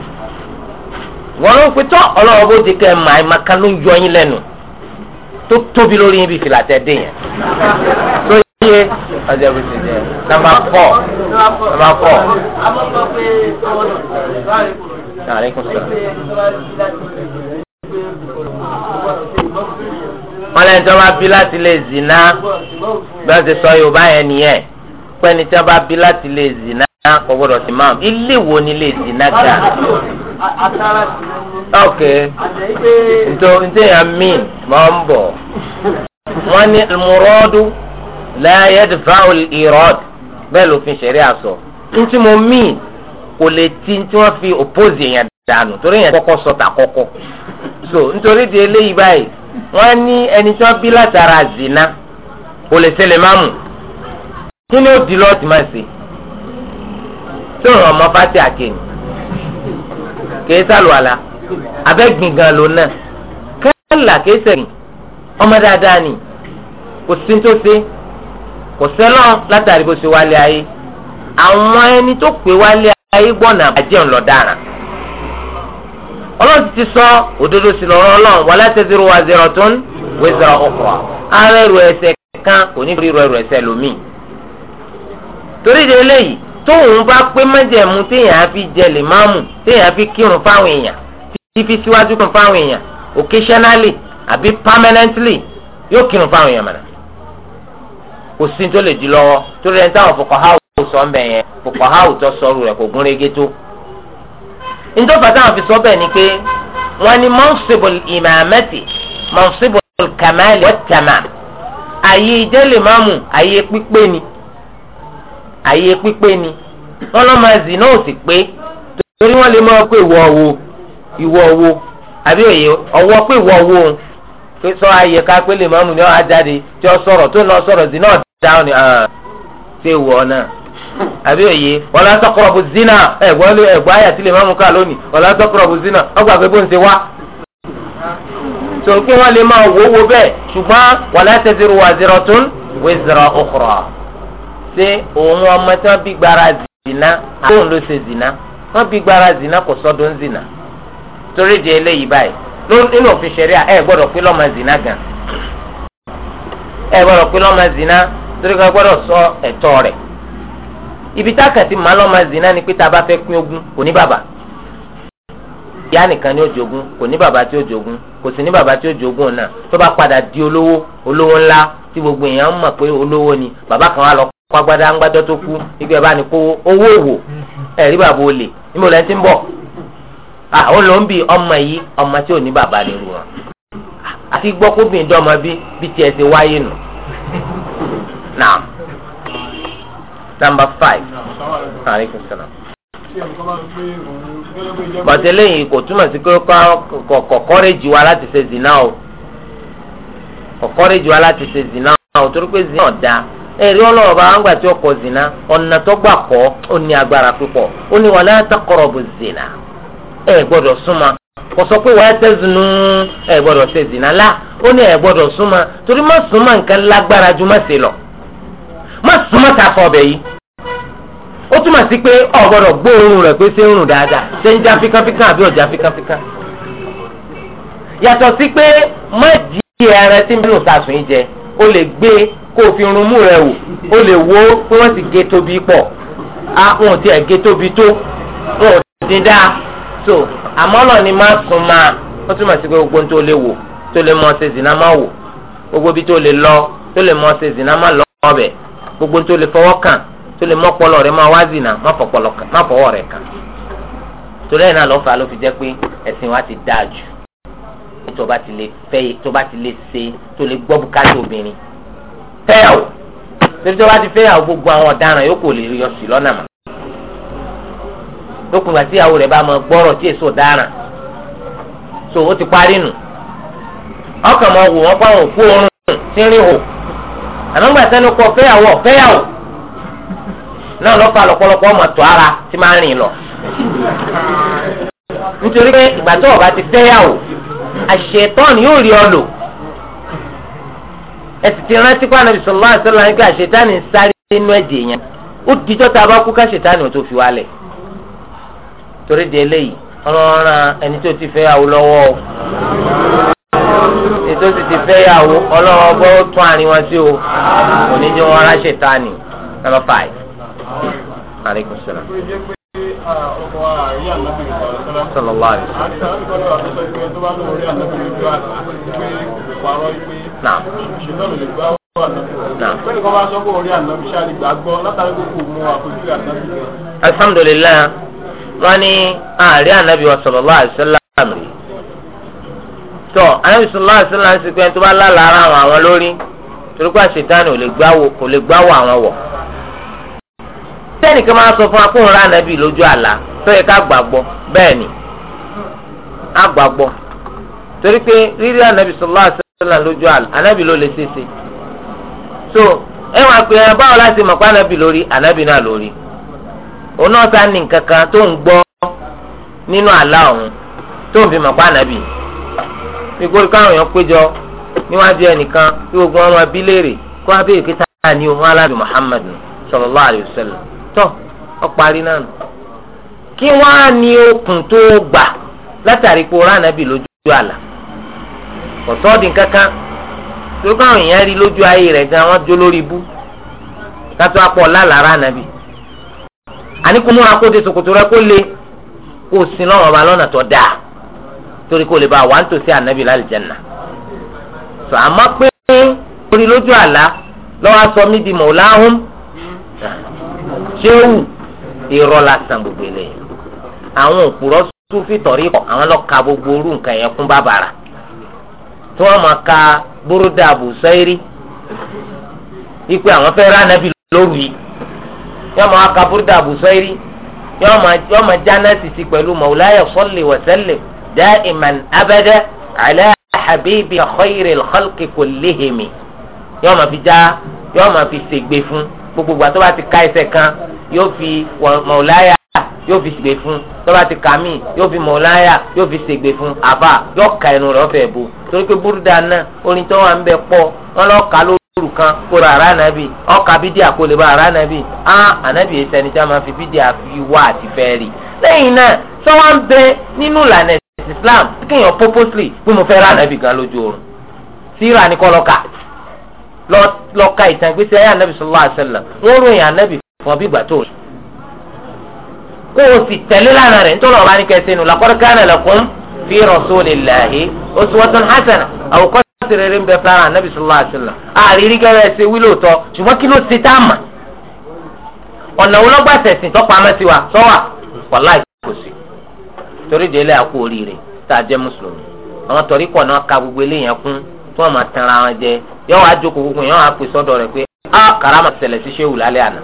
wọn ló ń pe tọ ọlọ́rọ̀ bó ti kẹ mà ẹ màkà ló ń yọ yín lẹ́nu tó tóbi lórí yín bí fìlà tẹ dé yẹn tó ti jẹ nàmbà fọ nàmbà fọ. àmọ́ sọ pé wọn lẹ́yìn tí wọ́n bá bí láti lè zina bí wọ́n ti sọ yorùbá yẹn nìyẹn pẹ́ni tí wọ́n bá bí láti lè zina kò gbọ́dọ̀ sí máa ilé wo ni lè zina gà. ok nto nto yẹn mean mọ n bọ wọn ní mùrọ́dù láyé dìfáwọl ìrọ́d bẹ́ẹ̀ lófin ṣẹ̀rí àṣọ ntí mo mean kò lè ti tí wọ́n fi oppose yẹn dànù torí yẹn kọ́kọ́ sọ̀tà kọ́kọ́ so nítorí di eléyìí báyìí wọ́n ní ẹni tí wọ́n bí látara zina kò lè ṣẹlẹ̀ máa mú kí ni ó di lọ́ọ̀tì máa ṣe tó ràn ọmọ fati àkèyìn kìí sàlùwàlà abẹ́gbìn gan ló náà kẹ́là kìí sẹ̀yìn ọmọ dáadáa ni kò sí tó ṣe kò sẹ́lọ̀ látàrí kó ṣe wálé ayé àwọn ẹni tó pè wálé ayé gbọ́nà àbàjẹ́ ńlọ dára ọlọ́run ti ti sọ òdodo sí lọ́rọ́ ọlọ́run wala taziru waziratun zero ukhra ara ẹrù ẹ̀ṣẹ̀ kan kò ní rí ẹrù ẹ̀ṣẹ̀ lómi. torí de eléyìí tóun bá pé májẹ̀mú téèyàn á fi jẹ lèmáàmù téèyàn á fi kírun fáwọn èèyàn tí fi síwájú kan fáwọn èèyàn occasionally àbí permanently yóò kírun fáwọn èèyàn mọ̀nà. kò sí tó lè di lọ́wọ́ torí ẹni táwọn fòkàháwò sọ ń bẹ̀ yẹn fòkàháwò tó sọ ntọ́fà táwọn fi sọ bẹ́ẹ̀ ni pé wọ́n ní mọ́nsibul ìmàmẹ́tì mọ́nsibul kàmáàlì wọ́tàmà àyè ìjẹ́lẹ̀mọ́mù àyè pípé ni àyè pípé ni wọ́n lọ́ máa zì náà sì pé torí wọ́n lè máa pé ìwọ owó ìwọ owó àbí òye ọwọ́ pé ìwọ owó òun pé sọ àyè ká pé lè mọ́mù ni wọ́n á jáde tí wọ́n sọ̀rọ̀ tó náà sọ̀rọ̀ zì náà dáhùn ni ah, ṣé ìwọ náà. àbí òye wala taqrabu zina ẹ̀gbọ́n ẹ̀gbọ́n ayé àti lè má mú ká lónìí wala zina ọgbà pé bó ń ṣe wá. sòkè wọn lè máa wò wò bẹ́ẹ̀ ṣùgbọ́n wala taziru waziratun wizra ṣé òun ọmọ tí bí gbára zina ló ṣe zina bí gbára zina kò zina torí di eléyìí báyìí nínú òfin ẹ gbọ́dọ̀ pé lọ́mọ zina gan ẹ gbọ́dọ̀ pé lọ́mọ zina torí gbọ́dọ̀ sọ ẹ̀tọ́ rẹ̀ ibi tá a kàn ti máa zina ni pé tá a bá fẹ́ pín ogún kò ní bàbá ìyá nìkan ni ó jogún kò ní bàbá tí ó jogún kò sì ní bàbá tí di olówó olówó ńlá tí gbogbo èèyàn mọ̀ pé olówó ni bàbá kan wà lọ kó agbádá ńgbádọ́ tó kú ìgbẹ́ bá ní kó owó òwò ẹ̀rí bàbá olè ń bọ̀ bi ọmọ yìí ọmọ tí ò ní bàbá ni rú wọn àti gbọ́ dọ́mọ bí bí tiẹ̀ ti wáyé number five. aleykum salaam. bàtẹ́ lẹ́yìn kò túmọ̀ sí pé kọ̀kọ́rẹ́jì wa láti ṣe zina o kọ̀kọ́rẹ́jì wa láti ṣe zina o torí pé zina ọ̀dà ẹ̀rí ọlọ́wọ́ bá wọn gbà tí ọkọ̀ zina ọ̀nà tó gbà kọ́ ó ní agbára púpọ̀ ó ní wala taqrabu zina ẹ̀ gbọ́dọ̀ súnmọ́ kò sọ pé wàá tẹ̀sínú ẹ̀ gbọ́dọ̀ ṣe zina lá ó ní ẹ̀ gbọ́dọ̀ súnmọ́ torí má súnmọ́ nǹkan lágbára ju má ṣe lọ má súnmọ́ ta kọ ọbẹ̀ yìí ó túmọ̀ sí pé o gbọ́dọ̀ gbóòórùn rẹ̀ pé ṣé ń rùn dáadáa ṣé ń já fíkánfíkán àbí ọ̀já fíkánfíkán yàtọ̀ sí pé má jí ẹran tí mílò sàṣùn yìí jẹ o lè gbé kó o fi rún mú rẹ wò o lè wo pé wọ́n ti gé tóbi pọ̀ a wọn ò tiẹ̀ gé tóbi tó wọn ò dín dáa so àmọ́ náà ni má sùn máa ó túmọ̀ sí pé gbogbo tó lè wò tó lè mọ ṣe zìnnà má wò gbogbo bí tó lè lọ tó lè mọ ṣe zìnnà má lọ ọbẹ̀ gbogbo tó lè fọwọ́ kàn tó lè mọ́pọlọ rẹ̀ máa wá zìnà má fọwọ́ rẹ̀ kàn torí ẹ̀ náà lọ́fà ló fi jẹ́ pé ẹ̀sìn wa ti dáa jù tó bá ti lè fẹ́ tó bá ti lè ṣe tó lè gbọ́ bùkátà obìnrin torí ti gbogbo àwọn ọ̀daràn yóò kò lè sí lọ́nà mọ́ lókun ìgbà tí ìyàwó rẹ̀ bá ọ̀daràn so ó ti parí nù ọkàn wò wọ́n tí ń àmọ́ gbà sẹ́nu kọ fẹ́yàwó fẹ́yàwó náà lọ́fà lọ́pọ̀lọpọ̀ ọmọ tó ara tí máa ń rìn lọ. nítorí pé ìgbà tó ọba ti fẹ́yàwó àṣetán yóò rí ọ lò ẹ sì ti rántí pa Ànábì sallallahu alaihi wasallam nípa àṣetán ń sáré nínú ẹ̀jẹ̀ yẹn ó dijọ́ tá a bá kú ká àṣetán ò tó fi wálẹ̀ torí di eléyìí ọlọ́run ẹni tó ti fẹ́yàwó lọ́wọ́ o ètò sì ti fẹ́ yàwó ọlọ́wọ́ bọ́ ó tún àárín wọn sí o òní jẹ́ wọn ráṣẹ̀ tá ni number five. aleykum salaam. sallallahu alhamdulilayi wọ́n ní anabi wa sallallahu alaihi wasallam rí tọ anabi sallallahu alaihi wasallam ṣe pé tó bá lálàára àwọn àwọn lórí torí pé àṣetánì ò lè gbáwò àwọn wọ. máa sọ fún akóhùn rà nàbì lójú àlá tó ká gbàgbọ́ bẹ́ẹ̀ ni á gbàgbọ́ torí pé rírí anabi sallallahu lójú àlá anabi ló lè ṣeéṣe. so ẹ wàá pé báwo láti mọ̀ pé anabi lórí anabi náà lórí òun náà sá ní nǹkan kan tó ń nígbó káwọn èèyàn péjọ níwájú ẹnìkan tí gbogbo wọn máa bí léèrè kó wá béèrè kíta ní ohun a Muhammad sallallahu alaihi wasallam tó ọ parí náà nù. kí wọ́n á ní okùn tó gbà látàrí pé orí ànábì lójú àlà kò sọ́ọ̀dì kankan tó káwọn èèyàn rí lójú ayé rẹ̀ gan wọ́n jó lórí ibú kátó apọ̀ ànábì kó de rẹ kó torí kò lè ba wà nítòsí ànábì lálìjẹnà sọ àmọ́ pé orí lójú àlá lọ́wọ́ sọ mí di mọ̀láhùn ṣéwù irọ́ lásán gbogbo eléyìí àwọn òpùrọ́ súnfì tọ̀rí kọ̀ àwọn lọ́ka gbogbo orú nǹkan yẹn kún bàbàrà tí wọ́n máa ka búrúdà àbùsẹ́rì ipe àwọn fẹ́ rà ànábì lóru yìí yọ́n máa ka búrúdà àbùsẹ́rì yọ́n máa já náà sí pẹ̀lú mọ̀láyà sọ́lẹ̀ wẹ̀sẹ̀lẹ̀. دائما أبدا على حبيب خير الخلق كلهم يوم في جاء يوم في سيكبفون gbogbo ìgbà tó bá ti ka ẹsẹ̀ kan yóò fi mọ̀láyà yóò fi ṣègbè fún tó bá ti ka mí yóò fi mọ̀láyà yóò fi ṣègbè fún àbá yóò ka ẹnu rẹ̀ ọ̀fẹ́ bò torí pé búrúdà náà orin tó wà ń bẹ pọ̀ wọn lọ́ọ́ ka lóru kan kó ara nàbì ọkà bídí àkólé ara nàbì á ànábì ẹsẹ̀ ni tí a máa fi bídí àfi wá àti fẹ́ rí lẹ́yìn náà sọ ń bẹ nínú ìlànà ẹ̀sìn Islam kéèyàn purposely pé mo fẹ́ rà nàbì gan lójú oorun síra ni kọ́ lọ́ka lọ́ka ìtàn ìgbésí ayé ànábì sallallahu alaihi wasallam wọ́n ròyìn ànábì fún ọbí ìgbà tó rí kó o sì tẹ̀lé lánàá rẹ̀ nítorí ọba ní kẹsẹ̀ nù laqad kana o fi rasulillahi uswatun hasana àwòkọ́ sí rere ń bẹ fúlára ànábì sallallahu alaihi wasallam àrírí gẹ́gẹ́ ẹ̀ ṣe wílò tọ́ ṣùgbọ́n kí ló ṣe tá a mà ọ̀nà wo lọ́gbà sẹ̀sìn tọ́pọ̀ amẹ́sí wa sọ́wà wàláì torí délé àkú oríire tá a jẹ́ mùsùlùmí àwọn tọ̀rí kọ̀ náà ka gbogbo eléyàn kún tí wọ́n máa tanra wọn jẹ yọ wá jókòó gbogbo yẹn pé karama ṣẹlẹ̀ sí àná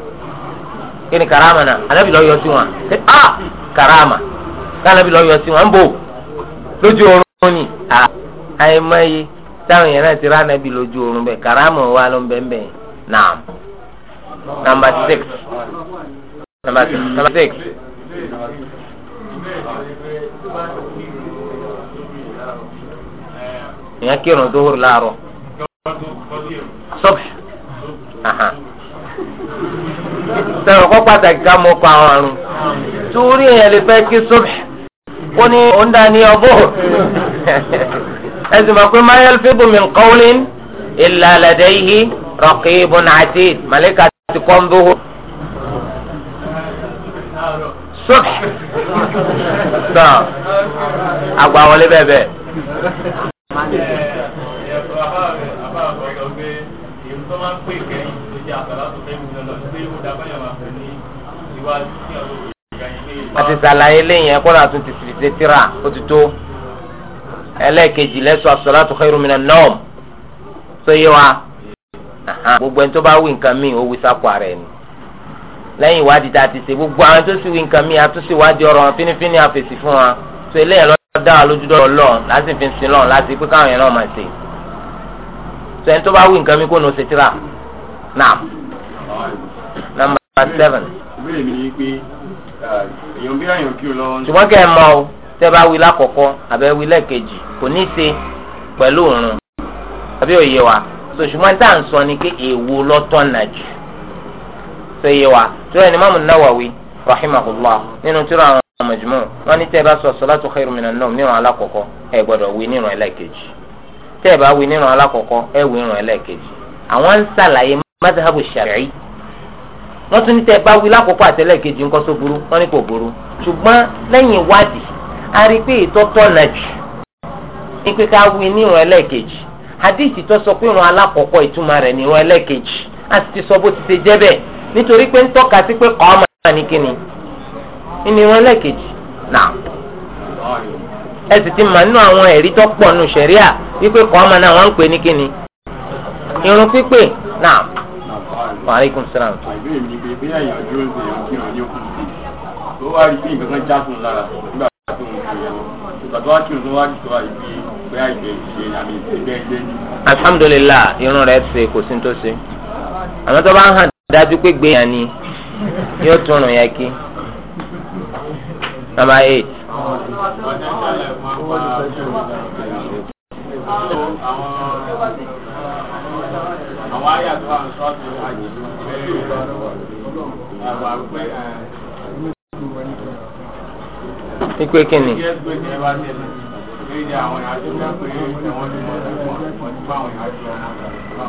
kí ni karama náà bi lọ yọ sí wọn ṣe ah karama lọ yọ sí wọn ń bò lójú oorun táwọn yẹn náà ti rá anabi lójú oorun bẹ karama wà ló ń bẹ́ẹ̀ bẹ́ẹ̀ náà ìyẹn kírun zuhur láàárọ̀ sọ́bì sọ̀rọ̀ kọ́ pàtàkì ká mọ̀ kọ́ àwọn àrùn torí èèyàn lè fẹ́ kí sọ́bì kó ní ọ̀ndà ní ọ̀bọ̀ ẹ̀sìn máa pé mayel fíbu min qawlin illa ladayhi raqibun atid màlẹ́kà ti kọ́ ń zuhur sókè tán àgbà wọlé bẹ́ẹ̀ bẹ́ẹ̀. àti sàlàyé lẹ́yìn ẹ̀kọ́ náà tún ti fìdí tíra ó ti tó ẹlẹ́ẹ̀kejì lẹ́sọ̀ as-salatu khairu minan nawm tó yé wa gbogbo ẹni tó bá wí nǹkan míì ó wí sápò ara ẹni lẹ́yìn ìwádìí tá a ti ṣe gbogbo àwọn tó sì wí nǹkan mi àtúnṣe ìwádìí ọ̀rọ̀ wọn fínífíní àfèsì fún wa tó eléyìí lọ́dọ̀ dá wa lójú dọ́rọ̀ lọ́n láti fi sin lọ́n láti pé káwọn yẹn náà máa ṣe. tó ẹni tó bá wí nǹkan mi kó nu ṣe tíra náà. nọ́mbà seven. ìbéèrè mi ni pé èèyàn bí àyàn kí o lọ. ṣùgbọ́n kẹ́ ẹ o tẹ́ bá wí lákọ̀ọ́kọ́ àbẹ́ wí lẹ́ẹ̀kejì kò ní ṣe pẹ̀lú òórùn àbí òye wa so sèye wa tura ni Imam Nawawi rahimahullah nínú tura àwọn Majmu wọn ní tẹ́ẹ̀ bá sọ salatu khairu minan nawm nínú alákọ̀ọ́kọ́ ẹ gbọ́dọ̀ wí nínú ẹlẹ́ẹ̀kejì tẹ́ẹ̀ bá wí nínú alákọ̀ọ́kọ́ ẹ wí nínú ẹlẹ́ẹ̀kejì àwọn ń sàlàyé madhabu Shafi'i wọ́n tún ní tẹ́ẹ̀ bá wí lákòókò àtẹ́lẹ́ẹ̀kejì ńkọ́ só burú wọ́n ní kò burú ṣùgbọ́n lẹ́yìn ìwádìí a rí pé ìtọ́tọ́ náà jù ní pé ká wí nínú ẹlẹ́ẹ̀kejì hadith tó sọ pé ìrun alákọ̀ọ́kọ́ ìtumọ̀ rẹ̀ nínú ẹlẹ́ẹ̀kejì a sì ti sọ bó ti ṣe jẹ́ bẹ́ẹ̀ nítorí pé ń tọ́ka sí pé kọ́ ọmọ náà ní kíni nínú ìran lẹ́ẹ̀kejì náà ẹ sì ti mà nínú àwọn ẹ̀rí tó pọ̀ nù sẹ̀ríà wípé kọ́ ọmọ náà wọ́n ń pè ní kíni irun pípé náà maaleykum salaam. àìbéèrè mi pé bí àyà dúró ṣe èèyàn kí ọ̀yọ́ kù sí i wá rí bí nǹkan kan já fún un lára nígbà tó ń fi ẹ̀rọ alhamdulilah irun rẹ̀ ṣe kò sí ní tó ṣe àmọ́ tó bá ń hàn dájú pé gbéyàn ni yóò tún rùn yẹn kí. Nàmbà eight. Àwọn àyà tó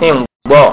ń gbọ́.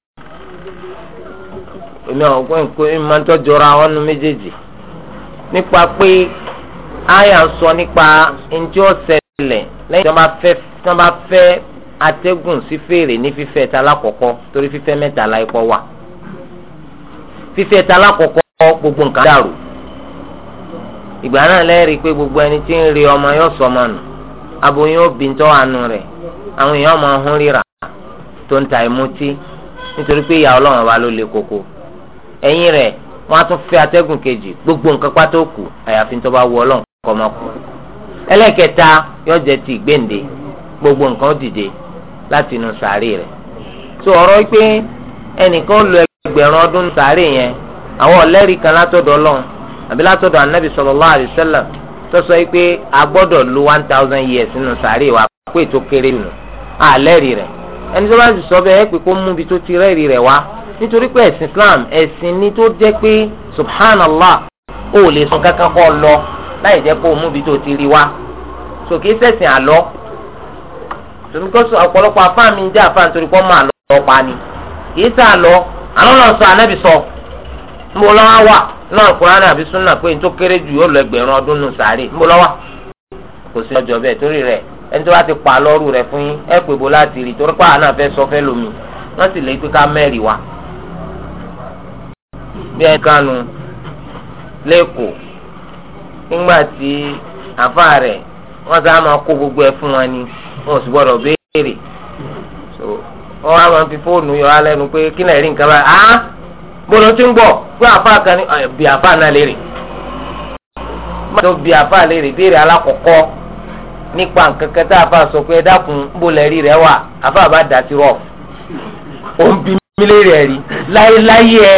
èmi àwọn kó nǹkó ẹ máa ń tọ́jú ra wọn nu méjèèjì nípa pé àyà ń sọ nípa njẹ́ ọ̀sẹ̀lẹ̀ lẹ́yìn tí wọ́n bá fẹ́ atẹ́gùn sí fèrè ní fífẹ́ ta lákọ̀ọ́kọ́ torí fífẹ́ mẹ́ta wà fífẹ́ gbogbo nǹkan dàrú ìgbà náà lẹ́rìí pé gbogbo ẹni tí ń rí ọmọ yóò sọ ọmọ nù nítorí pé ìyá ọlọ́run wa ló le koko ẹ̀yìn rẹ̀ wọ́n á tún fẹ́ atẹ́gùn kejì gbogbo nǹkan pátó kù àyàfi tó bá wù ọlọ́run kọ́ ọmọ kù ẹlẹ́kẹta yóò jẹ́ ti ìgbéǹde gbogbo nǹkan dìde láti inú sàárè rẹ̀ tó ọ̀rọ̀ pé ẹnìkan lo ẹgbẹ̀rún ọdún sàárè yẹn àwọn ọ̀lẹ́rìí kan látọ̀dọ̀ ọlọ́run àbí látọ̀dọ̀ anabi sallallahu alaihi wasallam tó sọ pé a gbọ́dọ̀ one thousand years nínú sàárè wa pé tó kéré nù àlẹ́rìí rẹ̀ ẹni tó bá sì sọ bẹ́ẹ̀ ẹ pé kó mú ibi tó ti rẹ́ẹ̀rì rẹ̀ wá nítorí pé ẹ̀sìn Islam ẹ̀sìn ni tó jẹ́ pé subhanallah ó lè sun kankan kọ́ lọ láì jẹ́ kó mú ibi tó ti rí wá sòkè sẹ̀sìn àlọ́ tòmíkọ́sọ ọ̀pọ̀lọpọ̀ afá mi jẹ́ afá nítorí pọ́ máa lọ pa ni kì í sà lọ àlọ́ náà sọ ànábì sọ nbọ lọ́wọ́ wà náà Kùránì àbí súnà pé ní tó kéré jù yóò lọ ẹgbẹ̀rún ọdún nù sàárè nbọ lọ́wọ́ kò sí ọjọ́ bẹ́ẹ̀ torí rẹ̀ ẹni tó bá ti pa lọ́rù rẹ̀ fún yín ẹ pè bó láti rí torí pààrọ̀ náà fẹ́ sọ fẹ́ lomi wọ́n sì lè pé ká mẹ́rin wa. bí ẹ kanu lẹ́kọ̀ọ́ nígbà tí àfa rẹ̀ wọ́n sá máa kó gbogbo ẹ fún wọn ni wọn ò sì gbọ́dọ̀ béèrè wọ́n á máa fi fóònù yọ alẹ́nu pé kí náà rí nǹkan báyìí á gbọ́dọ̀ tí ń bọ̀ pé àfa kan ní bí àfa náà lè rè. bí àfa lè rè béèrè alákọ̀ọ́kọ́. nípa nǹkan kan tá a fa sọ pé dákun ń bò lẹ́rí rẹ wà àfa bá dà sí rọ̀f ó ń bí mílẹ̀ rẹ̀ rí láyéláyé ẹ.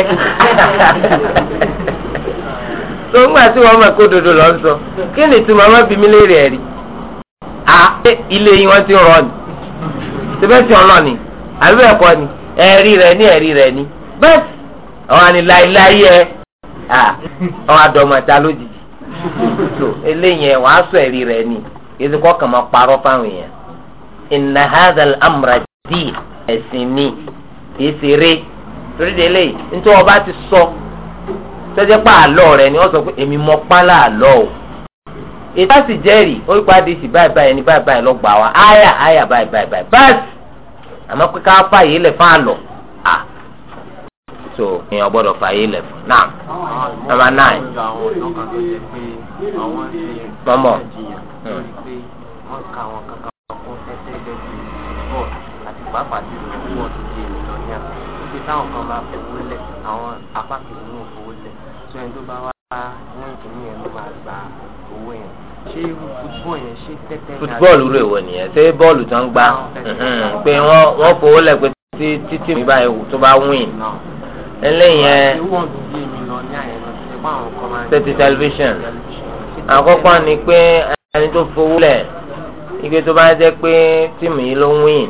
tó ń gbà tí wọ́n mọ̀ kó dodo lọ sọ kí ni tí màmá bí mílẹ̀ rẹ̀ rí. à ilé yín wọ́n ti rọ ni tẹ́fẹ́tì ọ̀nà ni àbí bẹ́ẹ̀ ni ẹ̀rí rẹ̀ ní ẹ̀rí rẹ̀ ní bẹ́ẹ̀ àwọn àni láyéláyé ẹ àwọn àdọ̀mọ̀ta lójijì eléyìí ẹ̀ wọ́n á sọ ẹ̀rí rẹ̀ ni. èsì kọ́ kama kparo parọ́ fáwọn Ina inna amra di Esini esere. kì í ṣe sọ pa àlọ́ rẹ ni wọ́n sọ o ìta sì jẹ́rìí ó bye bye bye bye bye báyìí báyìí lọ́gbà wa bye áyà báyìí báyìí báyìí báyìí àmọ́ so èèyàn gbọ́dọ̀ fààyè lẹ̀ fún náà nọ́mbà náà. mọ́mọ́ pàápàá hmm. fútbọ́ọ̀lù rẹ̀ wọ̀ nìyẹn ṣé bọ́ọ̀lù tó gbá hmm. pé wọ́n fowó lẹ̀ pé títí mi báyìí tó bá wíìn eléyẹn tètè tẹlifíṣàn àkọ́kọ́ ni pé ẹni tó fowó lẹ̀ ike tó bá jẹ́ pé tíìmù yìí ló ń win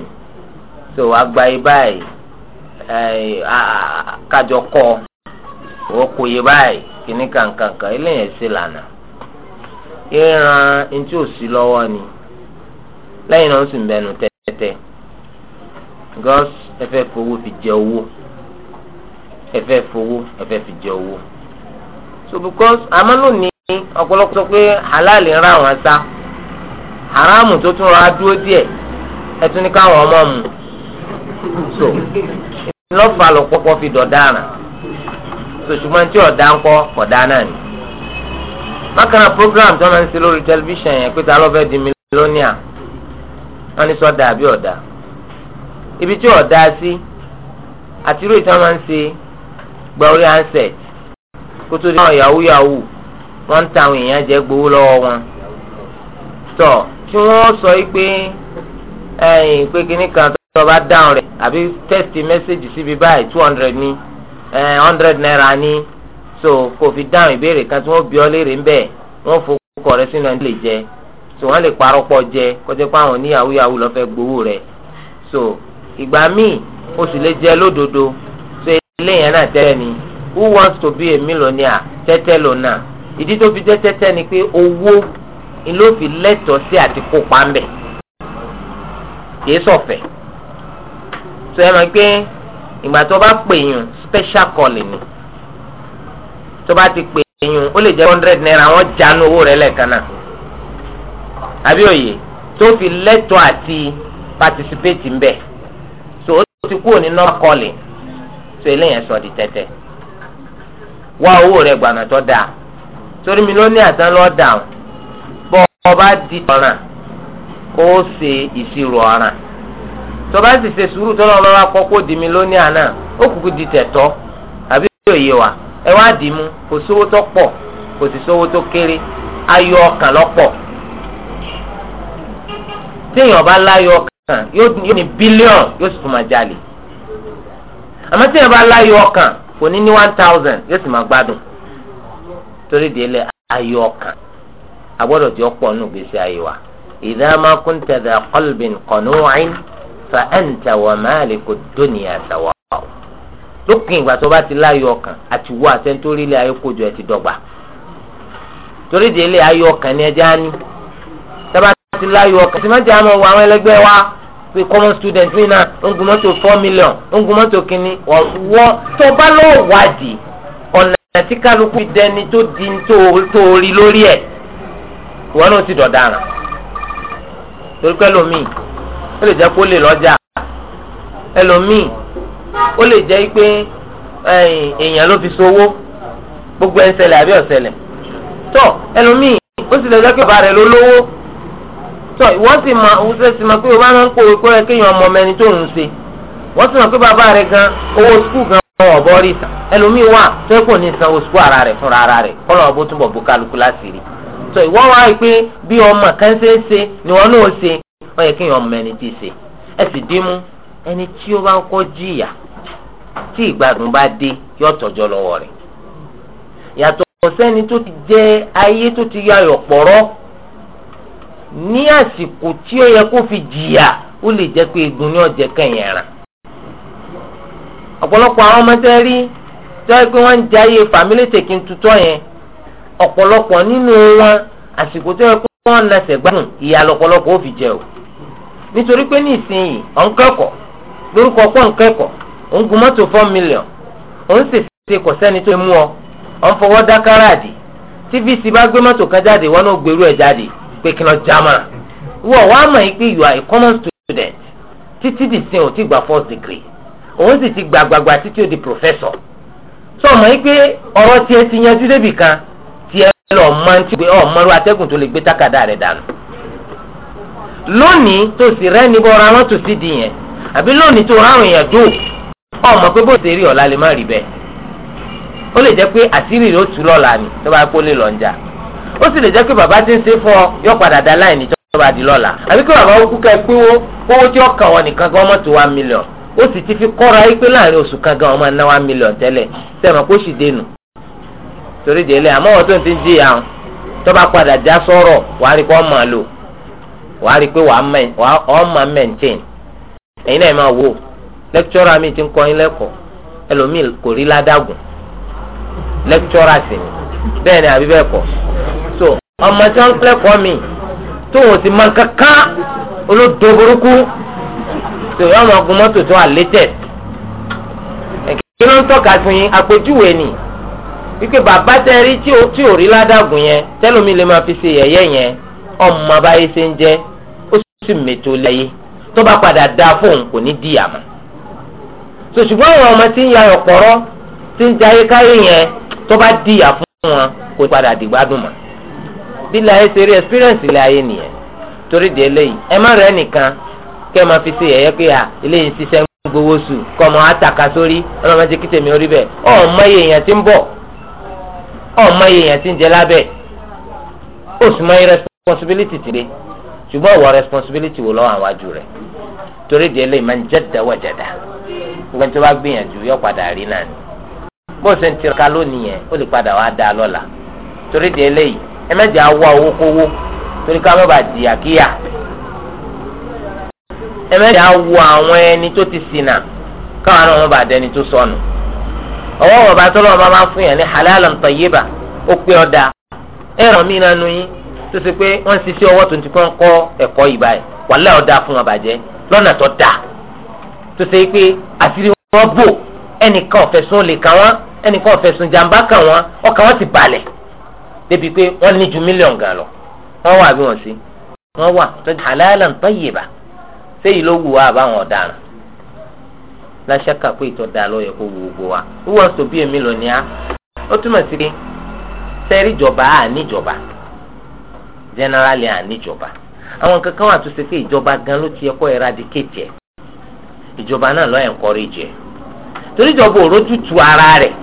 so agbaye báyìí kájọ kọ òwò kò yé báyìí kìíní kankankan eléyẹn ṣe lànà ìran ntí ò sí lọ́wọ́ ni lẹ́yìn náà ó sì ń bẹnu tẹ́tẹ́ gọ́s ẹ fẹ́ fowó fi jẹ owó ẹfẹ fowó ẹfẹ fi jẹ owó so because àmọ́ lónìí ọ̀pọ̀lọpọ̀ sọ pé halal ń ra àwọn sá haramu tó tún ra dúró díẹ̀ ẹ tún ní káwọn ọmọ mu so lọ́fà lọ́pọ̀pọ̀ fi dọ̀daràn so ṣùgbọ́n tí ọ̀dà ń kọ́ ọ̀dà náà ni bákan náà program tó máa ń ṣe lórí tẹlifíṣàn yẹn pé ta ló fẹ́ di mílíọ̀nìà wọ́n ní sọ́dà àbí ọ̀dà ibi tí ọ̀dà sí àtirò ìtàn máa ń ṣe gba orí handset kótó di àwọn yahoo yahoo wọ́n ń ta àwọn èèyàn jẹ gbowó lọ́wọ́ wọn tọ tí wọ́n sọ yìí pé ẹ̀yìn pé kíní kan tó bá dáhùn rẹ̀ àbí tẹ́sítì mẹ́sẹ̀gì síbi báyìí two hundred ní hundred naira ní so kò fi dáhùn ìbéèrè kan tí wọ́n bi ọ́ léèrè ń bẹ̀ wọ́n fowó kọ̀ rẹ sínú ẹ̀ lè jẹ so wọ́n lè parọ́ pọ̀ jẹ kọjá pé àwọn oníyahoo yahoo lọ fẹ́ gbowó rẹ̀ so ìgbà míì o sì lè jẹ lódodo ilé náà tẹ́tẹ́ ni who wants to be a millionaire tẹ́tẹ́ ló náà ìdí tó fi jẹ́ tẹ́tẹ́ ni pé owó ló fi lẹ́tọ̀ọ́ sí àti kópa ń bẹ̀ kìí sọ̀fẹ̀ tó ẹ máa gbé ìgbà tó bá pè yín special calling. ni tó bá ti pè yín ó lè jẹ́ hundred naira wọ́n jánu owó rẹ̀ lẹ́ẹ̀kan náà àbí òye tó fi lẹ́tọ̀ọ́ àti participate ń bẹ̀ so ó ti kúrò ní normal calling. so eléyẹn sọ di tẹtẹ wá owó rẹ gbàna tó dáa torí mi ló ní àtàn ọba di ọ̀ràn kó o ṣe ìṣirò ọ̀ràn tọba sì ṣe sùúrù tọ́lọ́ ọba wa kọ́ kó di mi ló ní àná ó kúkú di àbí òye wa ẹ wá dì mu kò sówó tó pọ̀ kò sì sówó tó kéré ọkàn téèyàn bá ọkàn yóò ní bílíọ̀n yóò sì jalè. àmọ́ tí yẹn bá láyọ̀ ọkàn kò ní ní one thousand yóò sì máa gbádùn torí délé ayọ̀ ọkàn agbọ́dọ̀ tí ó pọ̀ nù gbèsè ayé wa idha ma kunta dha qalbin qanu'in fa anta wa malikud dunya sawa lókè ìgbà tó bá ti láyọ̀ ọkàn àti wọ àtẹntórí ilé ayé kojú ẹ ti dọ́gba torí délé ayọ̀ ọkàn ni ẹja ní sábà ti láyọ̀ ọkàn pé common student mi náà ń gun mọ́tò four million ń gun mọ́tò kínní wọ́ tó bá lọ́ọ́ wádìí ọ̀nà tí kálukú fi dẹni tó di tó rí lórí ẹ̀ ìwọ náà ti dọ̀daràn torí pé ẹlòmíì ó lè jẹ́ kó lè lọ́jà ẹlòmíì ó lè jẹ́ pé èèyàn ló fi sowó gbogbo ẹ̀ ń ṣẹlẹ̀ àbí ọ̀ṣẹlẹ̀ tó ẹlòmíì ó sì lè jẹ́ pé bàbá rẹ̀ ló lówó tọ ìwọ sì mọ òwúṣẹ sì mọ pé o bá máa ń kó o kó ẹ kéèyàn ọmọ mẹni tó ń ṣe wọ́n sì mọ pé bàbá rẹ gan owó skul gan wọn ọ̀bọ rí san ẹlòmíín wà tó kò ní sanwó skul ara rẹ fúnra ara rẹ kọ́nà ọ̀bọ túnbọ̀ bó kálukú láti rí tọ ìwọ wá pé bí ọmọ kan ṣe ń ṣe ni wọn náà ṣe wọ́n yẹ kéèyàn ọmọ mẹni tí ṣe ẹ sì dín mú ẹni tí ó bá kọ́ jìyà tí ìgbádùn bá dé yọ tọjọ́ ní àsìkò tí ó yẹ kó fi jìyà ó lè jẹ́ pé egun ní ọ̀jẹ̀ kẹ̀yìn ẹ̀ràn. ọ̀pọ̀lọpọ̀ àwọn ọmọ tẹ́ rí tẹ́ pé wọ́n ń jẹ ayé fàmílì tèkí tutọ́ yẹn ọ̀pọ̀lọpọ̀ nínú wọn àsìkò tó yẹ kó wọ́n lẹsẹ̀ gbádùn ìyá lọ́pọ̀lọpọ̀ ó fi jẹ o. nítorí pé ní ìsinyìí ọ̀nkẹ́kọ̀ọ́ lórúkọ pọ̀ ọ̀nkẹ́kọ̀ọ́ òun gun mọ́tò four million òun sì ṣe kò sẹ́ni tó mú ọ ọ̀n dá káràdì tí vc bá gbé mọ́tò kan jáde wọn náà gbèrú ẹ̀ jáde pé kí lọ jámà wọ́n wá mọ̀ yìí pé you are a common student títí di sin ò ti gba first degree òun sì ti gbàgbàgbà títí ó di professor sọ mọ̀ yìí pé ọ̀rọ̀ tiẹ̀ ti yanjú débì kan tiẹ̀ lọ máa ń ti gbé ọ̀mọ́rú atẹ́gùn tó lè gbé tákàdá rẹ̀ dànù lónìí tó sì rẹ́ níbo ra wọn tó sì di yẹn àbí lónìí tó ráhùn yẹn dùn ọmọ pé bó ṣe rí ọ̀la lè má rí bẹ́ẹ̀ ó lè jẹ́ pé àṣírí rẹ̀ ó tú lọ́la ni tó bá pọ́lé lọ́njà. ó sì lè jẹ́ pé bàbá ti ń ṣe fún ọ yóò padà dá láì ní ìjọba lọ́la àbí pé bàbá pínwó owó tí ó wọn nìkan gan ti fi kọ́ra yìí pé láàrin oṣù kan gan ọmọ náà wa mílíọ̀n tẹ́lẹ̀ si kó sì dénú torí délé àmọ́ wọn tó ń ti ń jìyà hàn tọ́ba padà já wàá rí pé ọmọ lò wàá rí pé ọmọ maintain ẹ̀yin náà máa wò lẹ́kítọ́rà mi ti ń kọ́ yín lẹ́kọ̀ọ́ ẹlòmíì kò rí ládàgùn bẹ́ẹ̀ ni àbí bẹ́ẹ̀ kọ́ ọmọ tí wọ́n ń lẹ́kọ̀ọ́ mi tó o sì máa kankan olódò burúkú tó yọ ọmọ ogun mọ́tò tó àlétẹ̀ kí ló ń tọ́ka fún yín àpèjúwe ni wípé bàbá tẹ rí tí ò rí ládàgùn yẹn tẹ́lómi lè máa fi ṣe yẹ̀yẹ́ yẹn ọmọ abáyé ṣe ń jẹ́ ó sì mètò lẹ́yìn tó bá padà da fóun kò ní di àmọ́ sòṣùgbọ́n àwọn ọmọ tí ń ya ọ̀pọ̀rọ̀ tí ń jayé káyé yẹn tó bá di ìyà fún wọn kò padà dìgbádùn mọ́ bí láyé ṣe rí experience láyé nìyẹn torí di eléyìí ẹ má rẹ nìkan kẹ ẹ máa fi ṣe yẹ̀yẹ́ pé à eléyìí ń ṣiṣẹ́ ń gbowó sùn kọ ọmọ àtàkà sórí ọlọmọ ti kíte mi orí bẹ́ẹ̀ ọmọ iye èèyàn ti ń bọ̀ ọmọ iye èèyàn ti ń jẹ lábẹ́ ó sì mọ irresponsibility ti dé ṣùgbọ́n ìwọ responsibility wò lọ́wọ́ àwájú rẹ̀ torí di eléyìí máa ń jẹ́dá wọ̀jẹ̀dá gbogbo tí wọ́n bá gbìyànjú yọ padà rí náà ni bó ṣe ń tiraka lónìí yẹn ó lè padà wá dá lọ́la torí di eléyìí ẹ mẹ́jẹ̀ á wá owó kówó torí ká má bàa jìyà kíyà ẹ mẹ́jẹ̀ á wo àwọn ẹni tó ti ṣìnà káwọn náà má bàa dẹni tó sọnù ọwọ́ wọn bá tọ́lọ́ ọba máa fún yàn ní halalan tayyiba ó pé ọ̀dà ẹ ràn mí nánú yín tó ṣe pé wọ́n ti ṣe ọwọ́ tó ti kọ́ ẹ̀kọ́ yìí báyìí wàlẹ́ ọ̀dà fún wọn bàjẹ́ lọ́nà tó dáa tó ṣe pé àṣírí wọn bò ẹnìkan ọ̀fẹ́ lè kàn wọ́n ẹnìkan ọ̀fẹ́ jàǹbá kàn wọ́n ọkàn wọn ti balẹ̀ débi pé wọ́n ní ju mílíọ̀nù gan lọ wọ́n wà bí wọ́n sí wọ́n wà lọ́jọ́ halalan tayyiba séyìí ló wù wá àbáwọn ọ̀daràn láṣáká pé ìtọ́da ló yẹ kó wù gbogbo wa wíwọ́n sọ bí èmi lónìí á ó túmọ̀ sí pé sẹ́rí ìjọba á níjọba generally á níjọba àwọn kankan wà tó ṣe pé ìjọba gan ló ti yẹ kó eradicate ẹ̀ ìjọba náà ló encourage ẹ̀ torí ìjọba ò rójú ara rẹ̀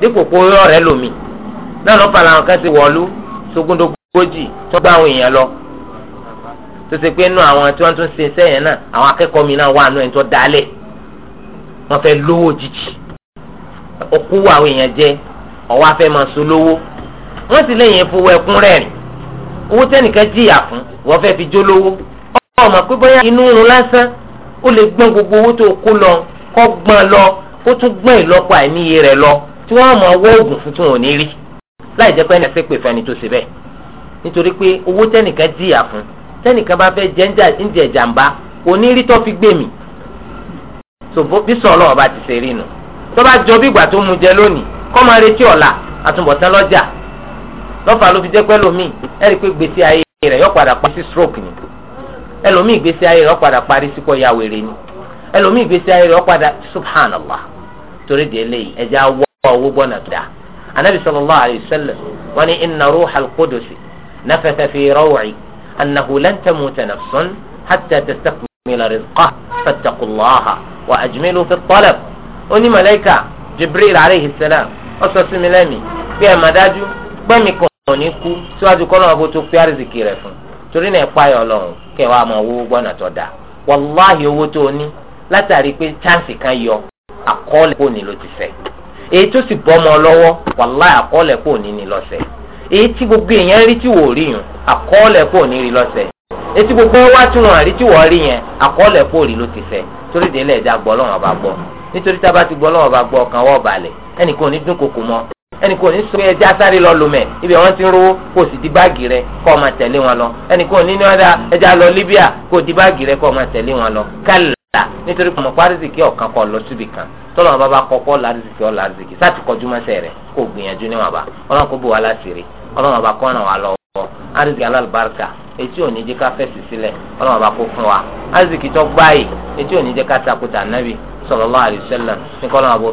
dípò pé ó yọ̀ rẹ̀ lómi náà lọ́pàá làwọn kan ti wọ̀lú sógúndógójì tó gbá àwọn èèyàn lọ tó ṣe pé nù àwọn tí wọ́n tún ṣe iṣẹ́ yẹn náà àwọn akẹ́kọ̀ọ́ mi náà wà nù ẹni tó dálẹ̀ wọ́n fẹ́ lówó jìjì òkú àwọn èèyàn jẹ ọwọ́ afẹ́ máa so lówó wọ́n sì lẹ́yìn fowó ẹkún rẹ̀ owó tẹ́nìkan jìyà fún wọ́n fẹ́ fi jó lówó ọmọ pé bóyá inú run lásán ó lè gbọ́n gbogbo owó tó kó lọ kọ́ gbọ́n lọ kó tún gbọ́n ìlọ́po àìníye rẹ̀ lọ tí wọ́n mọ̀ ọwọ́ òògùn fún tí wọn ò ní rí. láì jẹ́ pé ẹnì ṣe pè fún ẹni tó ṣe bẹ́ẹ̀ nítorí pé owó tẹ́nìkan jìyà fún tẹ́nìkan bá fẹ́ fi gbé bí sọ̀rọ̀ ọba ti ṣe rí nu tó bá jọ bí ìgbà mu jẹ lónìí kọ́ máa retí ọ̀la àtúbọ̀tán lọ́jà lọ́fà ló fi jẹ́ pẹ́ lómi ẹ̀rí pé gbèsè ayé rẹ̀ yọ padà parí sí stroke ni ẹlòmí ìgbésí ayé rẹ̀ yọ padà parí sí wèrè ni ayé anabi sallallahu alayhi wa sallam wọn ni inna ruuxa alqudusi nafata fi rawci annahu lan tamuta nafsun hatta tastakmila rizqah fattaqullaha wa ajmilu fi talab oni malaika jibril alayhi salam ọsọ sinmi lẹ́mi pé ẹ̀ má dájú gbẹ́mi kan ò ní kú síwájú kọ́ náà bó tó pé àrísìkì rẹ̀ fún torí náà ẹ̀pá yọ lọ́rùn kẹ́ wàá mọ owó gbọ́nà tó dáa wàláhì owó tó o ní látàrí pé chance kan yọ àkọọ́lẹ̀ kò ní ló ti fẹ́ èyí tó sì bọ́ ọmọ lọ́wọ́ wàláì àkọọ́lẹ̀ kò ní ní lọ́sẹ̀ èyí tí gbogbo èèyàn rí tí wò rí yùn àkọọ́lẹ̀ kò ní rí lọ́sẹ̀ èyí tí gbogbo wá tí wọn rí tí wọ́n rí yẹn àkọọ́lẹ̀ kò rí ló ti fẹ́ torí délé ẹ̀dá gbọ́ lọ́wọ́n bá gbọ́ nítorí tá a bá ti gbọ́ lọ́wọ́n bá gbọ́ ọkàn wọ́ balẹ̀ ẹnì kò ní dún kòkò mọ́ ẹnì kò ní sọ ẹjẹ asáré lọ lomẹ ibi àwọn ti ń rówó kò sì di báàgì rẹ kó o máa tẹ̀lé wọn lọ ẹnì kò ní ní ọ̀dà ẹjẹ alọ Libya kò di báàgì rẹ kó o máa tẹ̀lé wọn lọ kálí ta ah, nítorí pé ọmọkú arizikì ọ̀kan kọ lọ síbi kan tọ́lọ́ wọn bá bá kọ́kọ́ larizikì ọ̀ larizikì sáti kọjú mọ́sẹ̀ rẹ̀ kó gbìyànjú níwọ̀n bá ọlọ́run kó bò wá láṣìírí ọlọ́run wọn bá kọ́ ràn wá lọ́wọ́ arizikì alálùbáríkà etí òní jẹ́ ká fẹ̀sì sílẹ̀ ọlọ́run wọn bá kó fún wa arizikì tó gbáyì etí òní jẹ́ ká takuta nábì sallallahu alaihi wasallam ní kọ́lọ́run wọn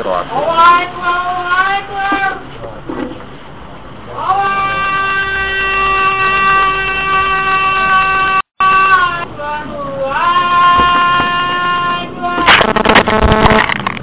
bó fi ràn